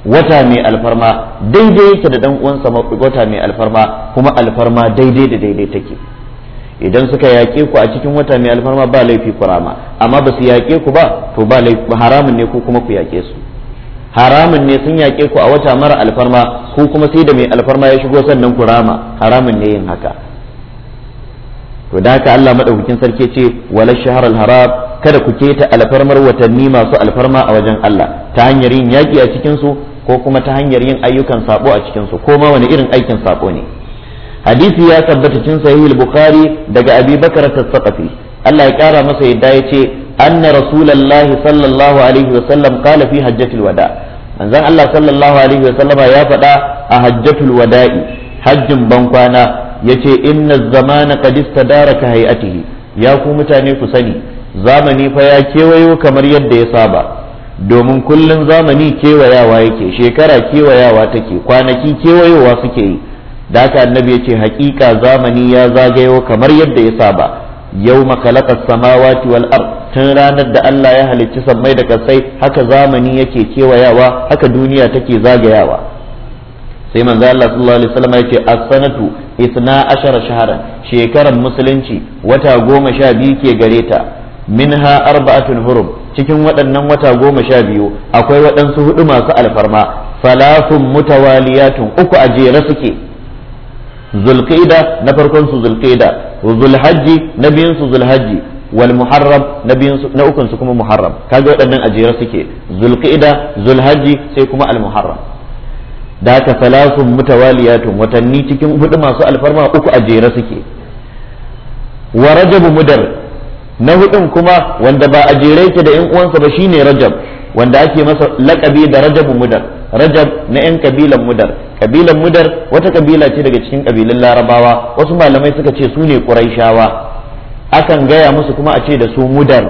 wata mai alfarma daidai yake da dan uwansa wata mai alfarma kuma alfarma daidai da daidai take idan suka yaƙe ku a cikin wata mai alfarma ba laifi kurama amma ba su yaƙe ku ba to ba haramun ne ko kuma ku yaƙe su haramun ne sun yaƙe ku a wata mara alfarma ku kuma sai da mai alfarma ya shigo sannan ku rama haramun ne yin haka to da haka Allah madaukakin sarki ce wala shahar haram kada ku keta alfarmar watanni masu alfarma a wajen Allah ta hanyar yin yaƙi a cikin su ko kuma ta hanyar yin ayyukan sabo a cikin su ko ma wani irin aikin sabo ne hadisi ya tabbata cikin sahih bukhari daga abi bakar as Allah ya kara masa yadda ya ce أن رسول الله صلى الله عليه وسلم قال في حجة الوداع أنزل الله صلى الله عليه وسلم يا فدا أحجة الوداع حج بنقانا يتي إن الزمان قد استدار كهيئته يا كومتاني كسني zamani fa ya kewayo kamar yadda ya saba domin kullum zamani kewayawa yake shekara kewayawa take kwanaki kewayowa suke yi da haka annabi ya ce hakika zamani ya zagayo kamar yadda ya saba yau makalakar samawa tuwal ard tun ranar da Allah ya halicci sammai da kasai haka zamani yake kewayawa haka duniya take zagayawa sai manzo Allah sallallahu alaihi wasallam yake as-sanatu isna ashara shahran shekaran musulunci wata goma sha biyu ke gare ta minha arba'atun hurum cikin waɗannan wata goma sha biyu akwai waɗansu hudu masu alfarma salafun mutawaliyatun uku a jere suke zulqaida na farkon su zulqaida zulhajji na biyun su zulhajji wal muharram na biyun su na ukun su kuma muharram kaga waɗannan ajira suke zulqaida zulhajji sai kuma al muharram da haka salasun mutawaliyatun watanni cikin hudu masu alfarma uku ajira suke wa rajabu mudar na hudun kuma wanda ba a jere yake da yan uwansa ba shine rajab wanda ake masa lakabi da rajabu mudar rajab na 'yan kabilan mudar kabilan mudar wata kabila ce daga cikin kabilan larabawa wasu malamai suka ce su ne ƙuraishawa akan gaya musu kuma a ce da su mudar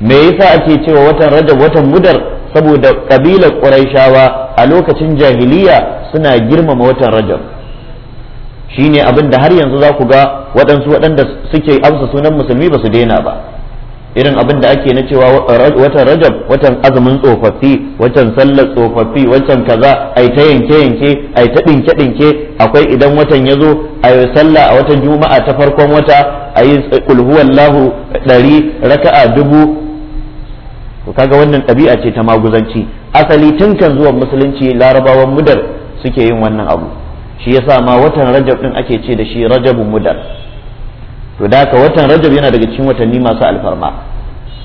me yasa ake cewa watan rajab watan mudar saboda kabilar ƙuraishawa a lokacin jahiliya suna girmama watan rajab shine abin da har yanzu za ku ga waɗansu waɗanda suke amsa sunan musulmi ba su daina ba irin abin da ake na cewa watan rajab watan azumin tsofaffi watan sallar tsofaffi watan kaza ai ta yanke yanke ai ta dinke dinke akwai idan watan ya zo a yi sallah a watan juma'a ta farkon wata a yi kulhuwallahu ɗari raka'a dubu kaga wannan ɗabi'a ce ta maguzanci asali tun kan zuwa musulunci larabawan mudar suke yin wannan abu shi yasa ma watan rajab din ake ce da shi rajabun mudar to da haka watan rajab yana daga cikin watanni masu alfarma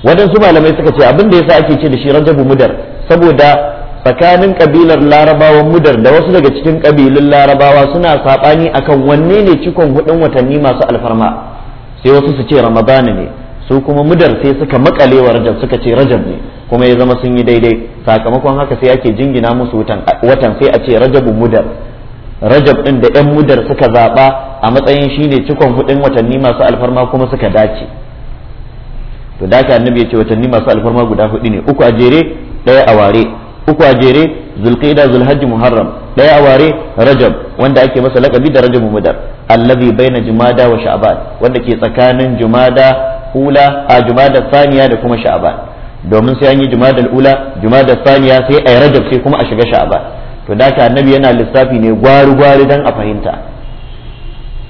waɗansu malamai suka ce abin da yasa ake ce da shi rajabu mudar saboda tsakanin kabilar larabawa mudar da wasu daga cikin kabilun larabawa suna saɓani akan wanne ne cikon hudun watanni masu alfarma sai wasu su ce ramadana ne su kuma mudar sai suka makale wa rajab suka ce rajab ne kuma ya zama sun yi daidai sakamakon haka sai ake jingina musu watan sai a ce rajabu mudar rajab ɗin da yan mudar suka zaɓa a matsayin shine cikon hudun watanni masu alfarma kuma suka dace to dace annabi ya ce watanni masu alfarma guda hudu ne uku a jere daya a ware uku a jere zulqaida zulhajj muharram daya a ware rajab wanda ake masa lakabi da rajab mudar allazi baina jumada wa sha'ban wanda ke tsakanin jumada ula a jumada saniya da kuma sha'ban domin sai an yi jumada ula jumada saniya sai ai rajab sai kuma a shiga sha'ban to dace annabi yana lissafi ne gwari gwari dan a fahimta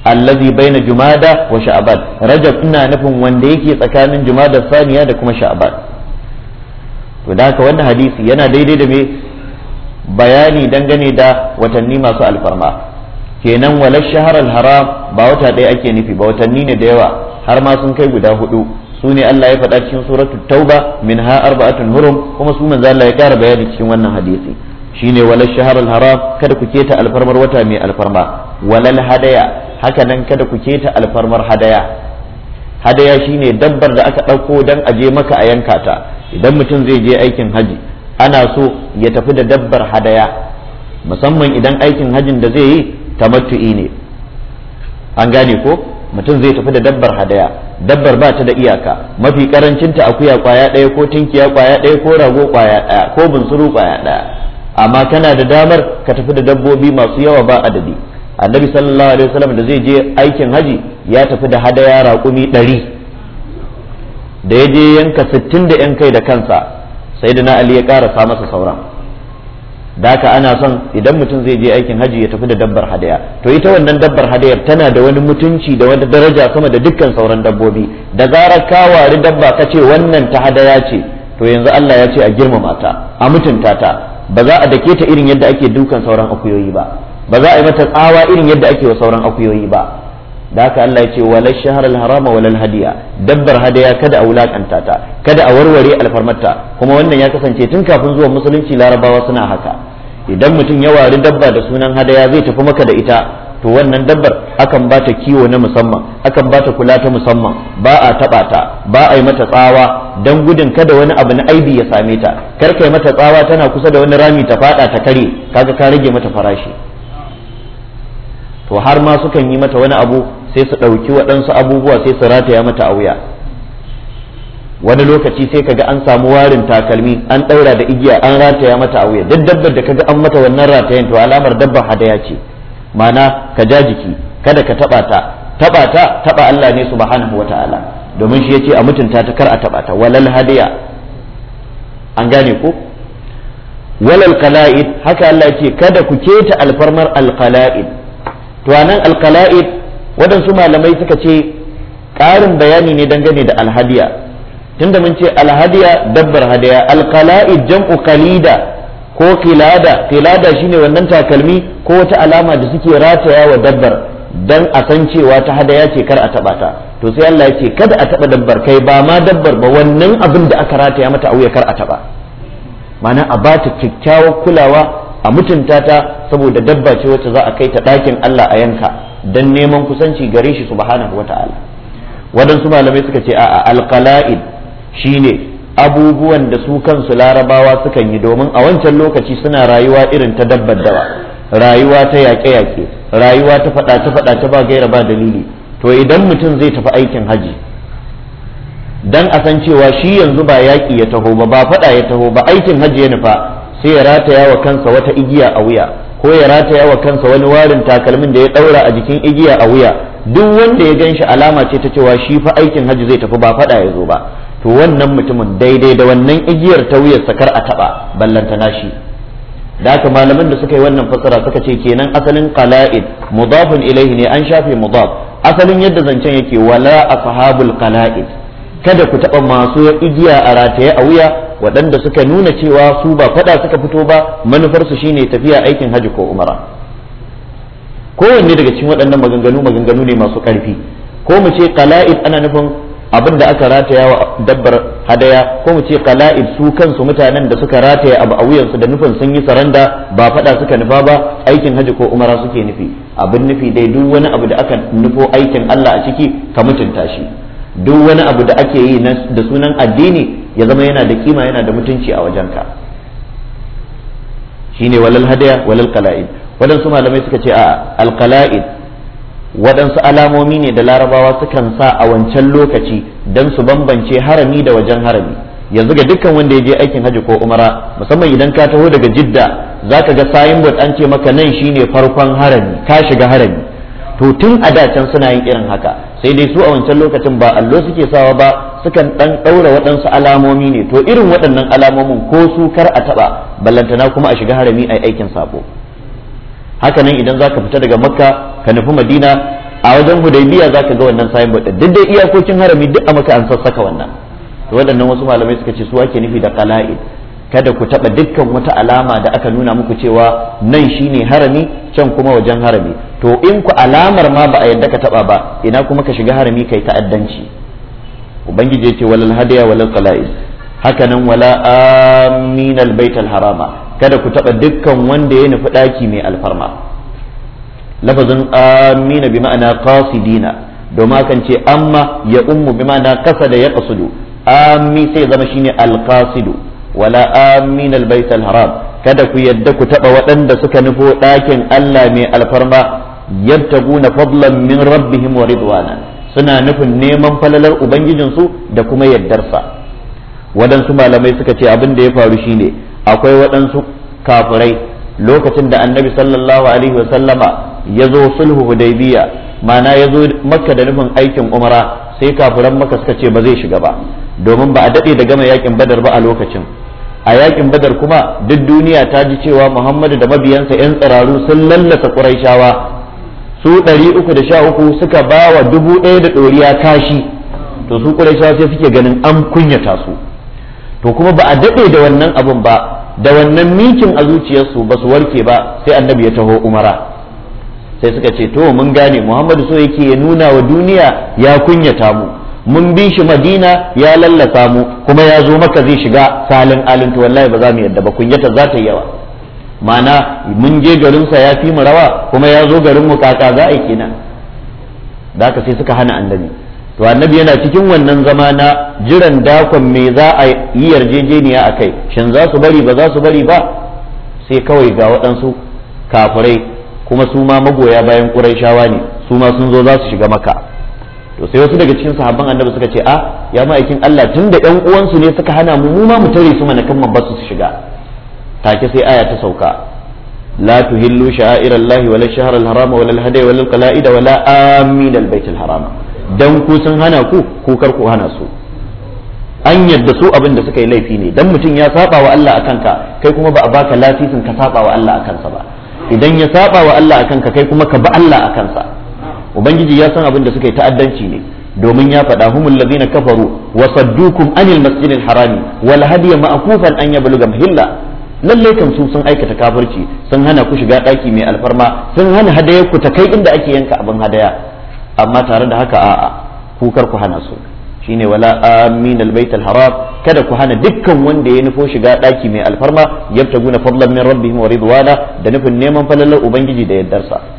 allazi baina jumada wa sha'ban rajab ina nufin wanda yake tsakanin jumada saniya da kuma sha'ban to da haka wannan hadisi yana daidai da me bayani dangane da watanni masu alfarma kenan wala shahar haram ba wata ɗaya ake nufi ba watanni ne da yawa har ma sun kai guda hudu su ne Allah ya faɗa cikin suratul tauba min ha arba'atun hurum kuma su manzo Allah ya ƙara bayani cikin wannan hadisi shine wala shahar haram kada ku keta alfarmar wata mai alfarma walal hadaya haka nan kada ku keta alfarmar hadaya hadaya shine dabbar da aka ɗauko don a je maka a yanka ta idan mutum zai je aikin haji ana so ya tafi da dabbar hadaya musamman idan aikin hajin da zai yi tamattu'i ne an gane ko mutum zai tafi da dabbar hadaya dabbar ba ta da iyaka mafi karancinta akuya kwaya ɗaya ko tinkiya kwaya ɗaya ko rago kwaya ɗaya ko bunsuru kwaya ɗaya amma kana da damar ka tafi da dabbobi masu yawa ba adadi annabi sallallahu alaihi wasallam da zai je aikin haji ya tafi da hadaya raƙumi ɗari da ya je yanka sittin da yan kai da kansa sai da na ali ya ƙarasa masa sauran da haka ana son idan mutum zai je aikin haji ya tafi da dabbar hadaya to ita wannan dabbar hadayar tana da wani mutunci da wani daraja sama da dukkan sauran dabbobi da zarar ka wari dabba ka ce wannan ta hadaya ce to yanzu Allah ya ce a girmama ta a mutunta ta ba za a dake ta irin yadda ake dukan sauran akuyoyi ba ba za a yi mata tsawa irin yadda ake wa sauran akuyoyi ba da haka Allah ya ce walal shahar harama walal hadiya dabbar hadaya kada a wulakanta ta kada a warware alfarmarta kuma wannan ya kasance tun kafin zuwan musulunci larabawa suna haka idan mutum ya wari dabba da sunan hadaya zai tafi maka da ita to wannan dabbar akan bata kiwo na musamman akan bata kula ta musamman ba a taba ta ba a yi mata tsawa dan gudun kada wani abu na aibi ya same ta kar kai mata tsawa tana kusa da wani rami ta fada ta kare kaga ka rage mata farashi to har ma sukan yi mata wani abu sai su ɗauki waɗansu abubuwa sai su rataya mata a wuya wani lokaci sai ka ga an samu warin takalmi an ɗaura da igiya an rataya mata a wuya duk dabbar da ka ga an mata wannan ratayen to alamar dabba hadaya ce ma'ana ka ja jiki kada ka taɓa ta taɓa ta taɓa Allah ne subhanahu ta'ala domin shi yace a mutunta ta kar a taɓa ta walal hadiya an gane ko walal qala'id haka Allah yace kada ku keta alfarmar alqala'id to anan alkala'id waɗansu malamai suka ce ƙarin bayani ne dangane da alhadiya tunda mun ce alhadiya dabbar hadaya alqala'id jam'u qalida ko kilada kilada shine wannan takalmi ko wata alama da suke rataya wa dabbar dan a san cewa ta hadaya ce kar a taba ta to sai Allah ya ce kada a taba dabbar kai ba ma dabbar ba wannan abin da aka rataya mata a kar a taba ma'ana a ba ta kyakkyawar kulawa a mutunta ta saboda dabba ce wacce za a kai ta ɗakin Allah a yanka don neman kusanci gare shi subhanahu wata'ala waɗansu malamai suka ce a alqala'id shine abubuwan da su kansu larabawa sukan yi domin a wancan lokaci suna rayuwa irin ta dabbar dawa rayuwa ta yaƙe-yaƙe rayuwa ta faɗace ta ba gaira ba dalili to idan mutum zai tafi aikin haji dan a san cewa shi yanzu ba yaƙi ya taho ba ba faɗa ya taho ba aikin haji ya nufa sai ya rataya wa kansa wata igiya a wuya ko ya rataya wa kansa wani warin takalmin da ya daura a jikin igiya a wuya duk wanda ya ganshi alama ce ta cewa shi fa aikin hajji zai tafi ba fada ya zo ba to wannan mutumin daidai da wannan igiyar ta wuyar sakar a taba ballantana shi da haka malaman da suka yi wannan fasara suka ce kenan asalin qala'id mudafun ilaihi ne an shafe mudaf asalin yadda zancen yake wala ashabul qala'id kada ku taba masu igiya a rataye a wuya waɗanda suka nuna cewa su ba faɗa suka fito ba manufarsu shine tafiya aikin hajji ko umara kowanne daga cikin waɗannan maganganu maganganu ne masu ƙarfi ko mu ce qala'id ana nufin abin da aka rataya wa dabbar hadaya ko mu ce qala'id su kansu mutanen da suka rataya abu a wuyansu da nufin sun yi saranda ba faɗa suka nufa ba aikin hajji ko umara suke nufi abin nufi dai duk wani abu da aka nufo aikin Allah a ciki ka mutunta shi duk wani abu da ake yi da sunan addini ya zama yana da kima yana da mutunci a wajenka shine walal hadaya walal qala'id waɗansu malamai suka ce a alqala'id waɗansu alamomi ne da larabawa sukan sa a wancan lokaci don su bambance harami da wajen harami yanzu ga dukkan wanda ya je aikin hajji ko umara musamman idan ka taho daga jidda za ka ga sayin an ce maka nan shine farkon harami ka shiga harami to tun a da can suna yin irin haka sai dai su a wancan lokacin ba allo suke sawa ba sukan ɗan ɗaura waɗansu alamomi ne to irin waɗannan alamomin ko su kar a taɓa ballantana kuma a shiga harami a aikin sabo haka nan idan za ka fita daga makka ka nufi madina a wajen hudaybiya ka ga wannan sayin bada duk dai iyakokin harami duk a maka an sassaka wannan to waɗannan wasu malamai suka ce su ake nufi da qala'id kada ku taɓa dukkan wata alama da aka nuna muku cewa nan shine harami can kuma wajen harami to in ku alamar ma ba a yadda ka taɓa ba ina kuma ka shiga harami kai ta'addanci ubangiji ce walal hadiya walal qala'is haka nan wala aminal baital harama kada ku taɓa dukkan wanda ya nufi ɗaki mai alfarma lafazin amina bi ma'ana qasidina domin akan ce amma ya ummu bi ma'ana kasa da ya qasudu ami sai zama shine alqasidu wala amin albayt alharam kada ku yadda ku taba waɗanda suka nufo ɗakin Allah mai alfarma yabtaguna fadlan min rabbihim wa ridwana suna nufin neman falalar ubangijinsu da kuma yaddarsa waɗansu malamai suka ce abin da ya faru shine akwai waɗansu kafurai lokacin da annabi sallallahu ya zo sulhu hudaybiya ma'ana ya zo makka da nufin aikin umara sai kafiran maka suka ce ba zai shiga ba domin ba a daɗe da gama yakin badar ba a lokacin a yakin badar kuma duk duniya ta ji cewa muhammadu da mabiyansa 'yan tsiraru sun lallasa ƙuraishawa su ɗari uku da sha uku suka ba wa dubu ɗaya da ɗoriya kashi to su ƙuraishawa sai suke ganin an kunyata su to kuma ba a daɗe da wannan abun ba da wannan mikin a zuciyarsu ba su warke ba sai annabi ya taho umara sai suka ce to mun gane muhammadu so yake ya nuna wa duniya ya kunyata mu mun bi shi madina ya lallasa mu kuma ya zo maka zai shiga salin alintu wallahi ba za mu yadda ba kunyata za ta yi yawa mana mun je garinsa ya fi mu rawa kuma ya zo garin mu kaka za a yi kenan da haka sai suka hana annabi to annabi yana cikin wannan zama na jiran dakon me za a yi yarjejeniya a kai shin za su bari ba za su bari ba sai kawai ga waɗansu kafurai kuma su ma magoya bayan shawa ne su ma sun zo za su shiga maka to sai wasu daga cikin sahabban annabi suka ce a ah, ya ma'aikin Allah tun da yan uwansu ne suka hana mu muma ma mu tare su mana kan mu basu su shiga take sai aya ta sauka la tuhillu sha'irallahi wala shahra al-harama wala al-hadi wala al-qala'ida wala amin al-bait al-harama dan ku sun hana ku ku kar ku hana su an yadda su abin da suka yi laifi ne dan mutum ya saba wa Allah akan ka kai kuma ba a baka lasisin ka saba wa Allah akan sa ba idan ya saba wa Allah akan ka kai kuma ka ba Allah akan sa ubangiji ya san abin da suka yi ta'addanci ne domin ya faɗa humul ladina kafaru wa saddukum anil masjidil harami wal hadiya ma'kufan an yabluga hilla lalle kan su sun aikata kafirci sun hana ku shiga ɗaki mai alfarma sun hana hadayar ku ta kai inda ake yanka abin hadaya amma tare da haka a'a kukar ku hana su shine wala amin albayt haram kada ku hana dukkan wanda ya nufo shiga ɗaki mai alfarma yabtaguna fadlan min rabbihim wa ridwana da nufin neman falalar ubangiji da yaddarsa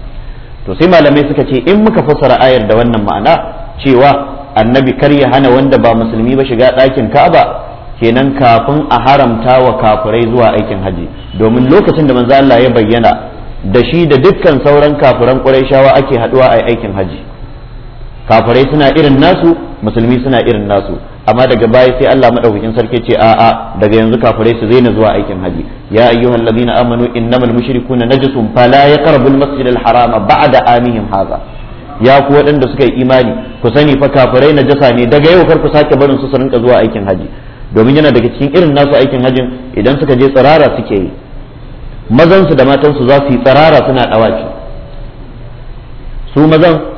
to sai malamai suka ce in muka fassara ayar da wannan ma'ana cewa annabi kar ya hana wanda ba musulmi ba shiga ɗakin ka'aba kenan kafin a haramta wa kafirai zuwa aikin haji domin lokacin da manzo Allah ya bayyana da shi da dukkan sauran kafiran Qurayshawa ake haduwa a aikin haji kafirai suna irin nasu musulmi suna irin nasu amma daga baya sai Allah madaukakin sarki ce a a daga yanzu kafirai su zaina zuwa aikin haji ya ayyuhal ladina amanu innamal mushrikuna najasun fala yaqrabul masjidal harama ba'da amihim hadha ya ku waɗanda suka yi imani ku sani fa kafirai najasa ne daga yau kar ku sake barin su su rinka zuwa aikin haji domin yana daga cikin irin nasu aikin hajin idan suka je tsirara suke yi mazansu da matansu za su yi tsirara suna ɗawaci su mazan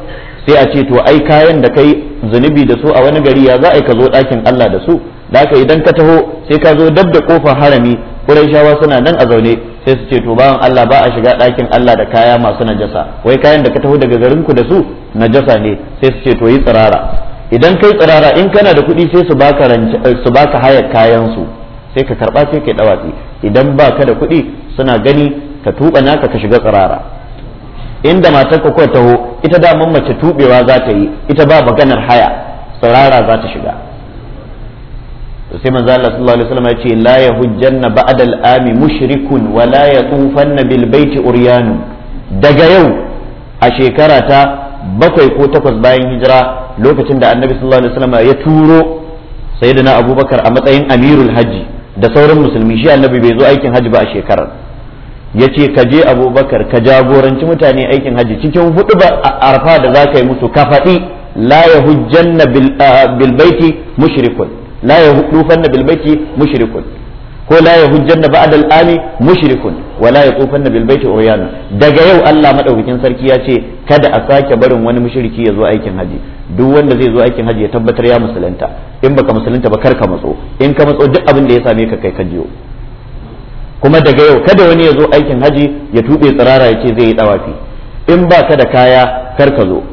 sai a ce to ai kayan da kai zunubi da su a wani gari ya za a ka zo ɗakin Allah da su da haka idan ka taho sai ka zo dab da kofar harami Qurayshawa suna nan a zaune sai su ce to bawan Allah ba a shiga ɗakin Allah da kaya masu najasa wai kayan da ka taho daga garin ku da su najasa ne sai su ce to yi tsirara idan kai tsirara in kana da kuɗi sai su baka eh, su baka haya kayan su sai ka karba sai kai dawatsi idan baka da kuɗi suna gani ka tuba naka ka shiga tsirara inda matar ka kawai taho ita da mace tubewa za ta yi ita ba maganar haya saurara za ta shiga sai manzo Allah sallallahu alaihi wasallam ya ce la yahujjanna ba'da al-ami mushrikun wa la yatufanna bil baiti uryanu daga yau a shekara ta bakwai ko takwas bayan hijira lokacin da annabi sallallahu alaihi wasallam ya turo sayyidina abubakar a matsayin amirul hajji da sauran musulmi shi annabi bai zo aikin hajji ba a shekarar ya ce ka je abubakar ka jagoranci mutane aikin hajji cikin hudu ba arfa da za ka yi musu ka faɗi la ya na bilbaiti mushrikun la ya na bilbaiti mushrikun ko la ya hujjanna na baadal ami mushrikun wa la na bilbaiti uryana daga yau Allah madaukakin sarki ya ce kada a sake barin wani mushriki ya zo aikin hajji duk wanda zai zo aikin haji ya tabbatar ya musulunta in baka musulunta ba kar ka matso in ka matso duk abin da ya same ka kai ka jiyo kuma daga yau kada wani ya zo aikin haji ya tuɓe tsirara ya ce zai yi ɗawafi in ba ka da kaya kar ka zo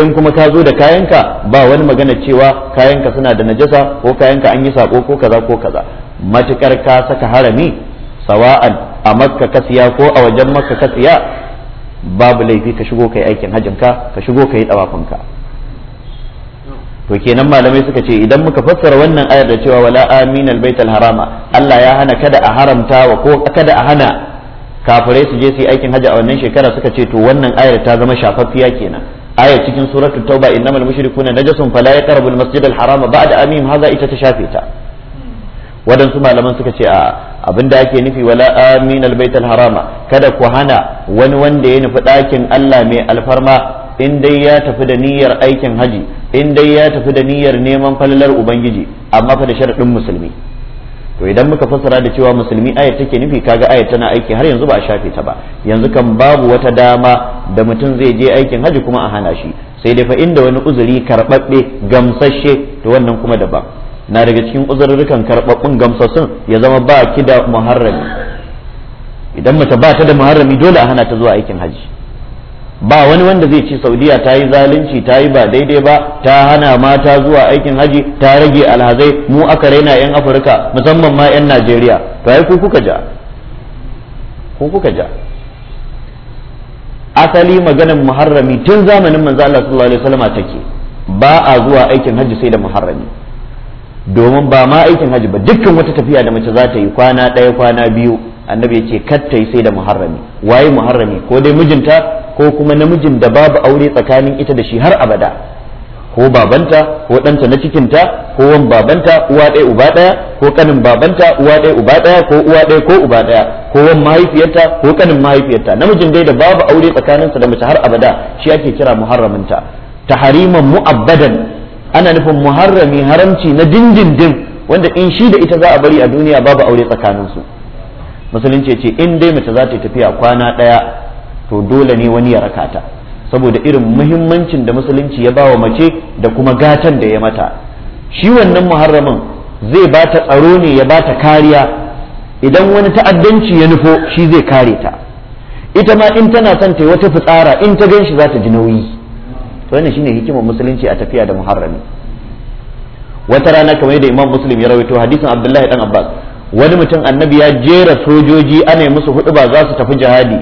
in kuma ka zo da kayanka ba wani magana cewa kayanka suna da najasa ko kayanka an yi sako ko kaza ko kaza matukar ka saka harami sawa'an a makka ka siya ko a wajen makka ka siya babu laifi ka shigo kai aikin hajinka ka shigo kai ka to kenan malamai suka ce idan muka fassara wannan ayar da cewa wala amin albaitul harama Allah ya hana kada a haramta wa ko kada a hana kafirai su je su yi aikin hajji a wannan shekara suka ce to wannan ayar ta zama shafaffiya kenan ayar cikin suratul tauba innamal mushrikuna najasun fala yaqrabu almasjid alharama ba'da amin haza ita ta shafe ta wadansu malaman suka ce a abinda ake nufi wala amin albaitul harama kada ku hana wani wanda ya nufi ɗakin Allah mai alfarma in dai ya tafi da niyyar aikin haji in dai ya tafi da niyyar neman falalar ubangiji amma fa da sharadin musulmi to idan muka fassara da cewa musulmi ayat take nufi kaga ayat tana aiki har yanzu ba a shafe ta ba yanzu kan babu wata dama da mutum zai je aikin haji kuma a hana shi sai dai fa inda wani uzuri karbabbe gamsashe to wannan kuma daban na daga cikin uzurrukan karbabbun gamsasun ya zama ba ki da muharrami idan mace ba ta da muharrami dole a hana ta zuwa aikin haji ba wani wanda zai ci saudiya ta yi zalunci ta yi ba daidai ba ta hana mata zuwa aikin haji ta rage alhazai mu aka raina 'yan afirka musamman ma 'yan najeriya to ai ku kuka ja ku kuka ja asali maganin muharrami tun zamanin manzo Allah sallallahu alaihi wasallam take ba a zuwa aikin haji sai da muharrami domin ba ma aikin haji ba dukkan wata tafiya da mace za ta yi kwana ɗaya kwana biyu annabi ya ce yi sai da muharrami waye muharrami ko dai mijinta ko kuma namijin da babu aure tsakanin ita da shi har abada ko babanta ko ɗanta na cikinta ko wan babanta uwa ɗaya uba ɗaya ko kanin babanta uwa ɗaya uba ɗaya ko uwa ɗaya ko uba ɗaya ko wan mahaifiyarta ko kanin mahaifiyarta namijin dai da babu aure tsakaninsa da mace har abada shi ake kira muharraminta hariman mu'abbadan ana nufin muharrami haramci na dindindin wanda in shi da ita za a bari a duniya babu aure tsakaninsu musulunci ce in dai mace za ta tafiya kwana ɗaya to dole ne wani ya raka ta saboda irin muhimmancin da musulunci ya bawa mace da kuma gatan da ya mata shi wannan muharramin zai ba ta tsaro ne ya ba ta kariya idan wani ta'addanci ya nufo shi zai kare ta ita ma in tana son ta wata fitsara in ta gan shi za ta ji nauyi to wannan shine hikimar musulunci a tafiya da muharrami wata rana kamar yadda imam muslim ya rawaito hadisin abdullahi dan abbas wani mutum annabi ya jera sojoji ana musu hudu ba za su tafi jihadi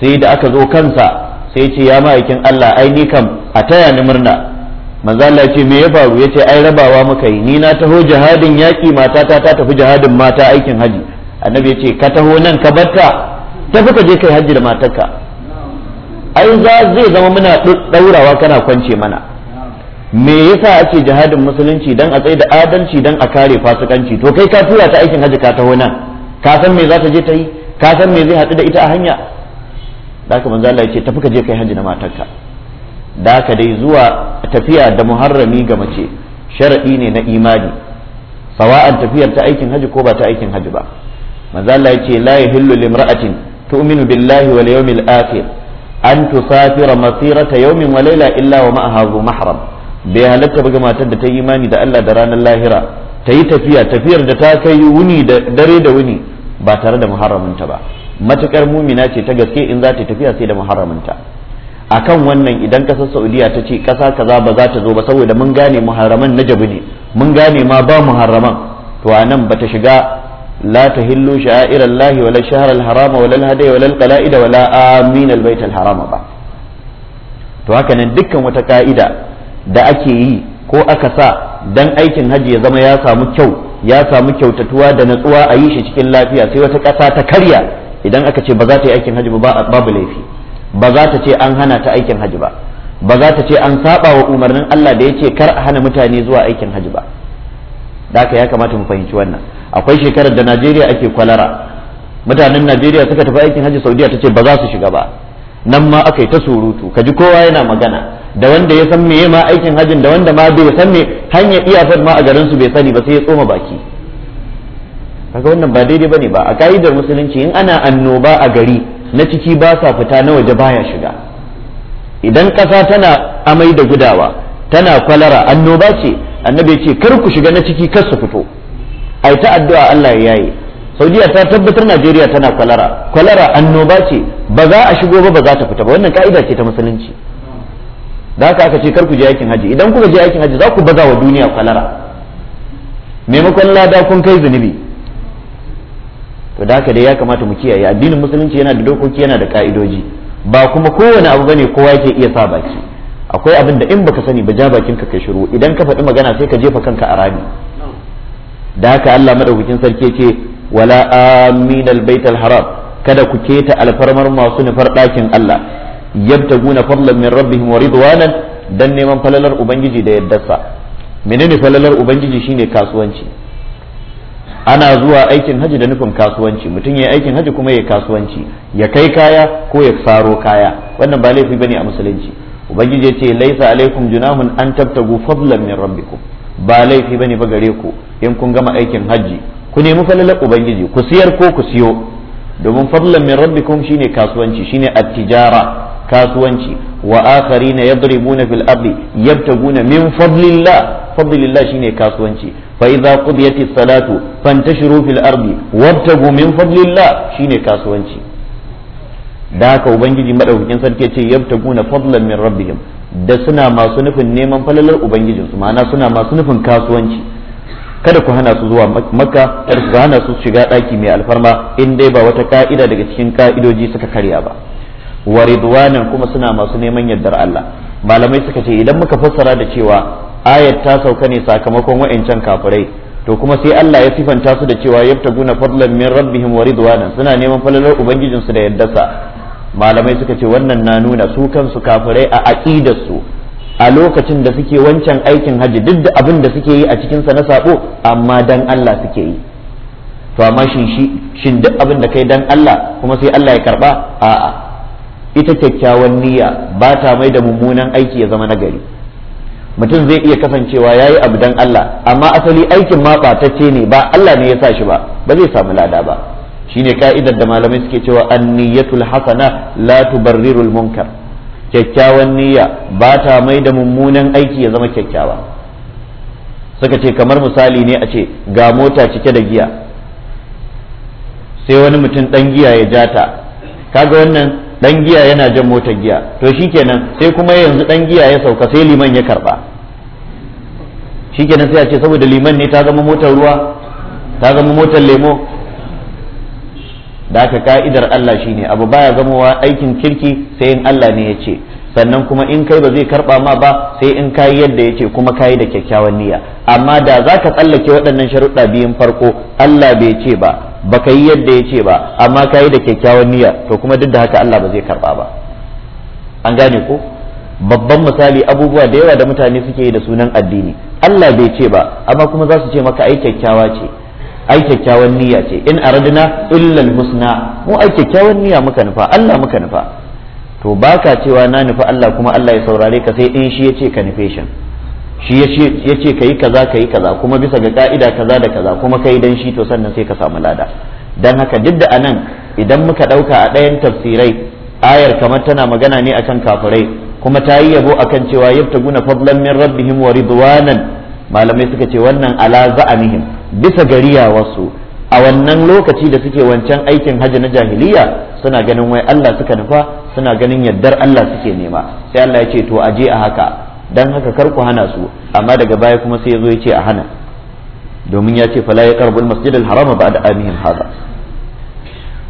sai da aka zo kansa sai ce ya ma'aikin Allah ai ni kam a taya ni murna manzo Allah ce me ya faru yace ai rabawa muka yi ni na taho jihadin yaki matata ta tafi jihadin mata aikin haji annabi yace ka taho nan ka batta tafi ka je kai haji da matarka ai za zai zama muna daurawa kana kwance mana me yasa ake jihadin musulunci dan a tsaye da adalci dan a kare fasikanci to kai ka tura ta aikin haji ka taho nan ka san me za ta je ta yi ka san me zai haɗu da ita a hanya da haka manzo Allah ya ce tafi ka je kai hajji na matarka da haka dai zuwa tafiya da muharrami ga mace sharadi ne na imani sawa'an tafiyar ta aikin haji ko ba ta aikin haji ba manzo Allah ya ce la yahillu limra'atin tu'minu billahi wal yawmil akhir an tusafira masirata yawmin wa layla illa wa ma'aha zu mahram bai halatta ba ga matar da ta yi imani da Allah da ranar lahira ta yi tafiya tafiyar da ta kai wuni da dare da wuni ba tare da ta ba matukar mumina ce ta gaske in za ta tafiya sai da muharraminta akan wannan idan ƙasar saudiya ta ce ƙasa kaza ba za ta zo ba saboda mun gane muharraman na jabi ne mun gane ma ba muharraman to a nan bata shiga la sha'irar lahi wala al harama wala al-hadai wala al-qala'ida wala amin al harama ba to haka nan dukkan wata ka'ida da ake yi ko aka sa dan aikin haji ya zama ya samu kyau ya samu kyautatuwa da natsuwa a yi shi cikin lafiya sai wata ƙasa ta karya idan aka ce ba za ta yi aikin hajji ba babu laifi ba za ta ce an hana ta aikin hajji ba ba za ta ce an saba wa umarnin Allah da ya ce kar a hana mutane zuwa aikin hajji ba da haka ya kamata mu fahimci wannan akwai shekarar da Najeriya ake kwalara mutanen Najeriya suka tafi aikin hajji Saudiya ta ce ba za su shiga ba nan ma aka yi ta surutu kaji kowa yana magana da wanda ya san me ma aikin hajjin da wanda ma bai san me hanyar iyasar ma a garin su bai sani ba sai ya tsoma baki kaga wannan ba daidai bane ba a ka'idar musulunci in ana annoba a gari na ciki ba sa fita na waje baya shiga idan ƙasa tana amai da gudawa tana kwalara annoba ce annabi ya ce kar ku shiga na ciki kar su fito a yi ta addu'a Allah ya yaye saudiya ta tabbatar najeriya tana kwalara kwalara annoba ce ba za a shigo ba ba za ta fita ba wannan ka'ida ce ta musulunci da haka aka ce kar ku je aikin haji idan kuka je aikin haji za ku baza wa duniya kwalara maimakon lada kun kai zunubi to da haka dai ya kamata mu kiyaye addinin musulunci yana da dokoki yana da ka'idoji ba kuma kowane abu bane kowa yake iya sa baki akwai abin da in baka sani ba ja bakin ka kai shiru idan ka faɗi magana sai ka jefa kanka a rami da haka Allah madaukakin sarki ce wala amin albaitul haram kada ku keta alfarmar masu nufar ɗakin Allah yabtaguna fadlan min rabbihim wa ridwanan dan neman falalar ubangiji da yaddarsa menene falalar ubangiji shine kasuwanci ana zuwa aikin haji da nufin kasuwanci mutum ya aikin haji kuma ya kasuwanci ya kai kaya ko ya faro kaya wannan ba laifi bane a musulunci ubangiji ce laisa alaikum junahun an tabtagu fadlan min rabbikum ba laifi bane ba gare ku in kun gama aikin haji ku nemi falalar ubangiji ku siyar ko ku siyo domin fadlan min rabbikum shine kasuwanci shine attijara kasuwanci wa akharina yadribuna fil ardi yabtaguna min fadlillah fadlillah shine kasuwanci fa idza qudiyati salatu fantashiru fil ardi wabtagu min fadlillah shine kasuwanci da haka ubangiji madaukakin sarki ya ce yabtaguna fadlan min rabbihim da suna masu nufin neman falalar ubangijinsu ma'ana suna masu nufin kasuwanci kada ku hana su zuwa makka kada ku hana su shiga ɗaki mai alfarma in dai ba wata ka'ida daga cikin ka'idoji suka karya ba wa ridwanan kuma suna masu neman yardar Allah malamai suka ce idan muka fassara da cewa ayat ta sauka ne sakamakon wa'ancan kafirai to kuma sai Allah ya sifanta su da cewa yabtaguna fadlan min rabbihim wa ridwanan suna neman falalar ubangijin su da yardarsa malamai suka ce wannan na nuna su kansu kafirai a aqidar su a lokacin da suke wancan aikin haji duk da abin da suke yi a cikin sa na sabo amma dan Allah suke yi to amma shin shi shin duk abin da kai dan Allah kuma sai Allah ya karba a'a ita kyakkyawan niyya ba ta mai da mummunan aiki ya zama nagari mutum zai iya kasancewa ya yi abu don Allah amma asali aikin ma ɓatacce ne ba Allah ne ya sa shi ba ba zai samu lada ba shi ne ka'idar da malamai suke cewa an niyyatul hasana la tubarrirul munkar kyakkyawan niyya ba ta mai da mummunan aiki ya zama kyakkyawa suka ce kamar misali ne a ce ga mota cike da giya sai wani mutum ɗan giya ya ja ta kaga wannan dan giya yana jan motar giya to shikenan sai kuma yanzu dan giya ya sauka sai liman ya karba shikenan sai a ce saboda liman ne ta zama motar ruwa ta zama motar lemo da aka ka'idar Allah shine abu baya zamowa aikin kirki sai in Allah ne ya ce sannan kuma in kai ba zai karba ma ba sai in kayi yadda ya ce kuma kayi da kyakkyawan niyya amma da za ka tsallake waɗannan sharuɗa biyun farko Allah bai ce ba baka yi yadda ya ce ba amma ka yi da kyakkyawan niyya to kuma duk da haka Allah ba zai karba ba an gane ko babban misali abubuwa da yawa da mutane suke yi da sunan addini Allah bai ce ba amma kuma za su ce maka ai kyakkyawa ce ai kyakkyawan niyya ce in aradna illa husna mu ai kyakkyawan niyya muka nufa Allah muka nufa to baka cewa na nufi Allah kuma Allah ya saurare ka sai in shi ya ce ka nufe shi shi ya ce ka yi kaza ka yi kaza kuma bisa ga ka'ida kaza da kaza kuma ka yi dan shi to sannan sai ka samu lada don haka duk da anan idan muka ɗauka a ɗayan tafsirai ayar kamar tana magana ne akan kafirai kuma ta yi yabo akan cewa guna fadlan min rabbihim wa ridwanan malamai suka ce wannan ala za'amihim bisa gariya wasu a wannan lokaci da suke wancan aikin hajji na jahiliya suna ganin wai Allah suka nufa suna ganin yaddar Allah suke nema sai Allah ya ce to aje a haka dan haka kar ku hana su amma daga baya kuma sai yazo ya ce a hana domin ya ce fala ya al-masjid al-harama ba'da amihim hada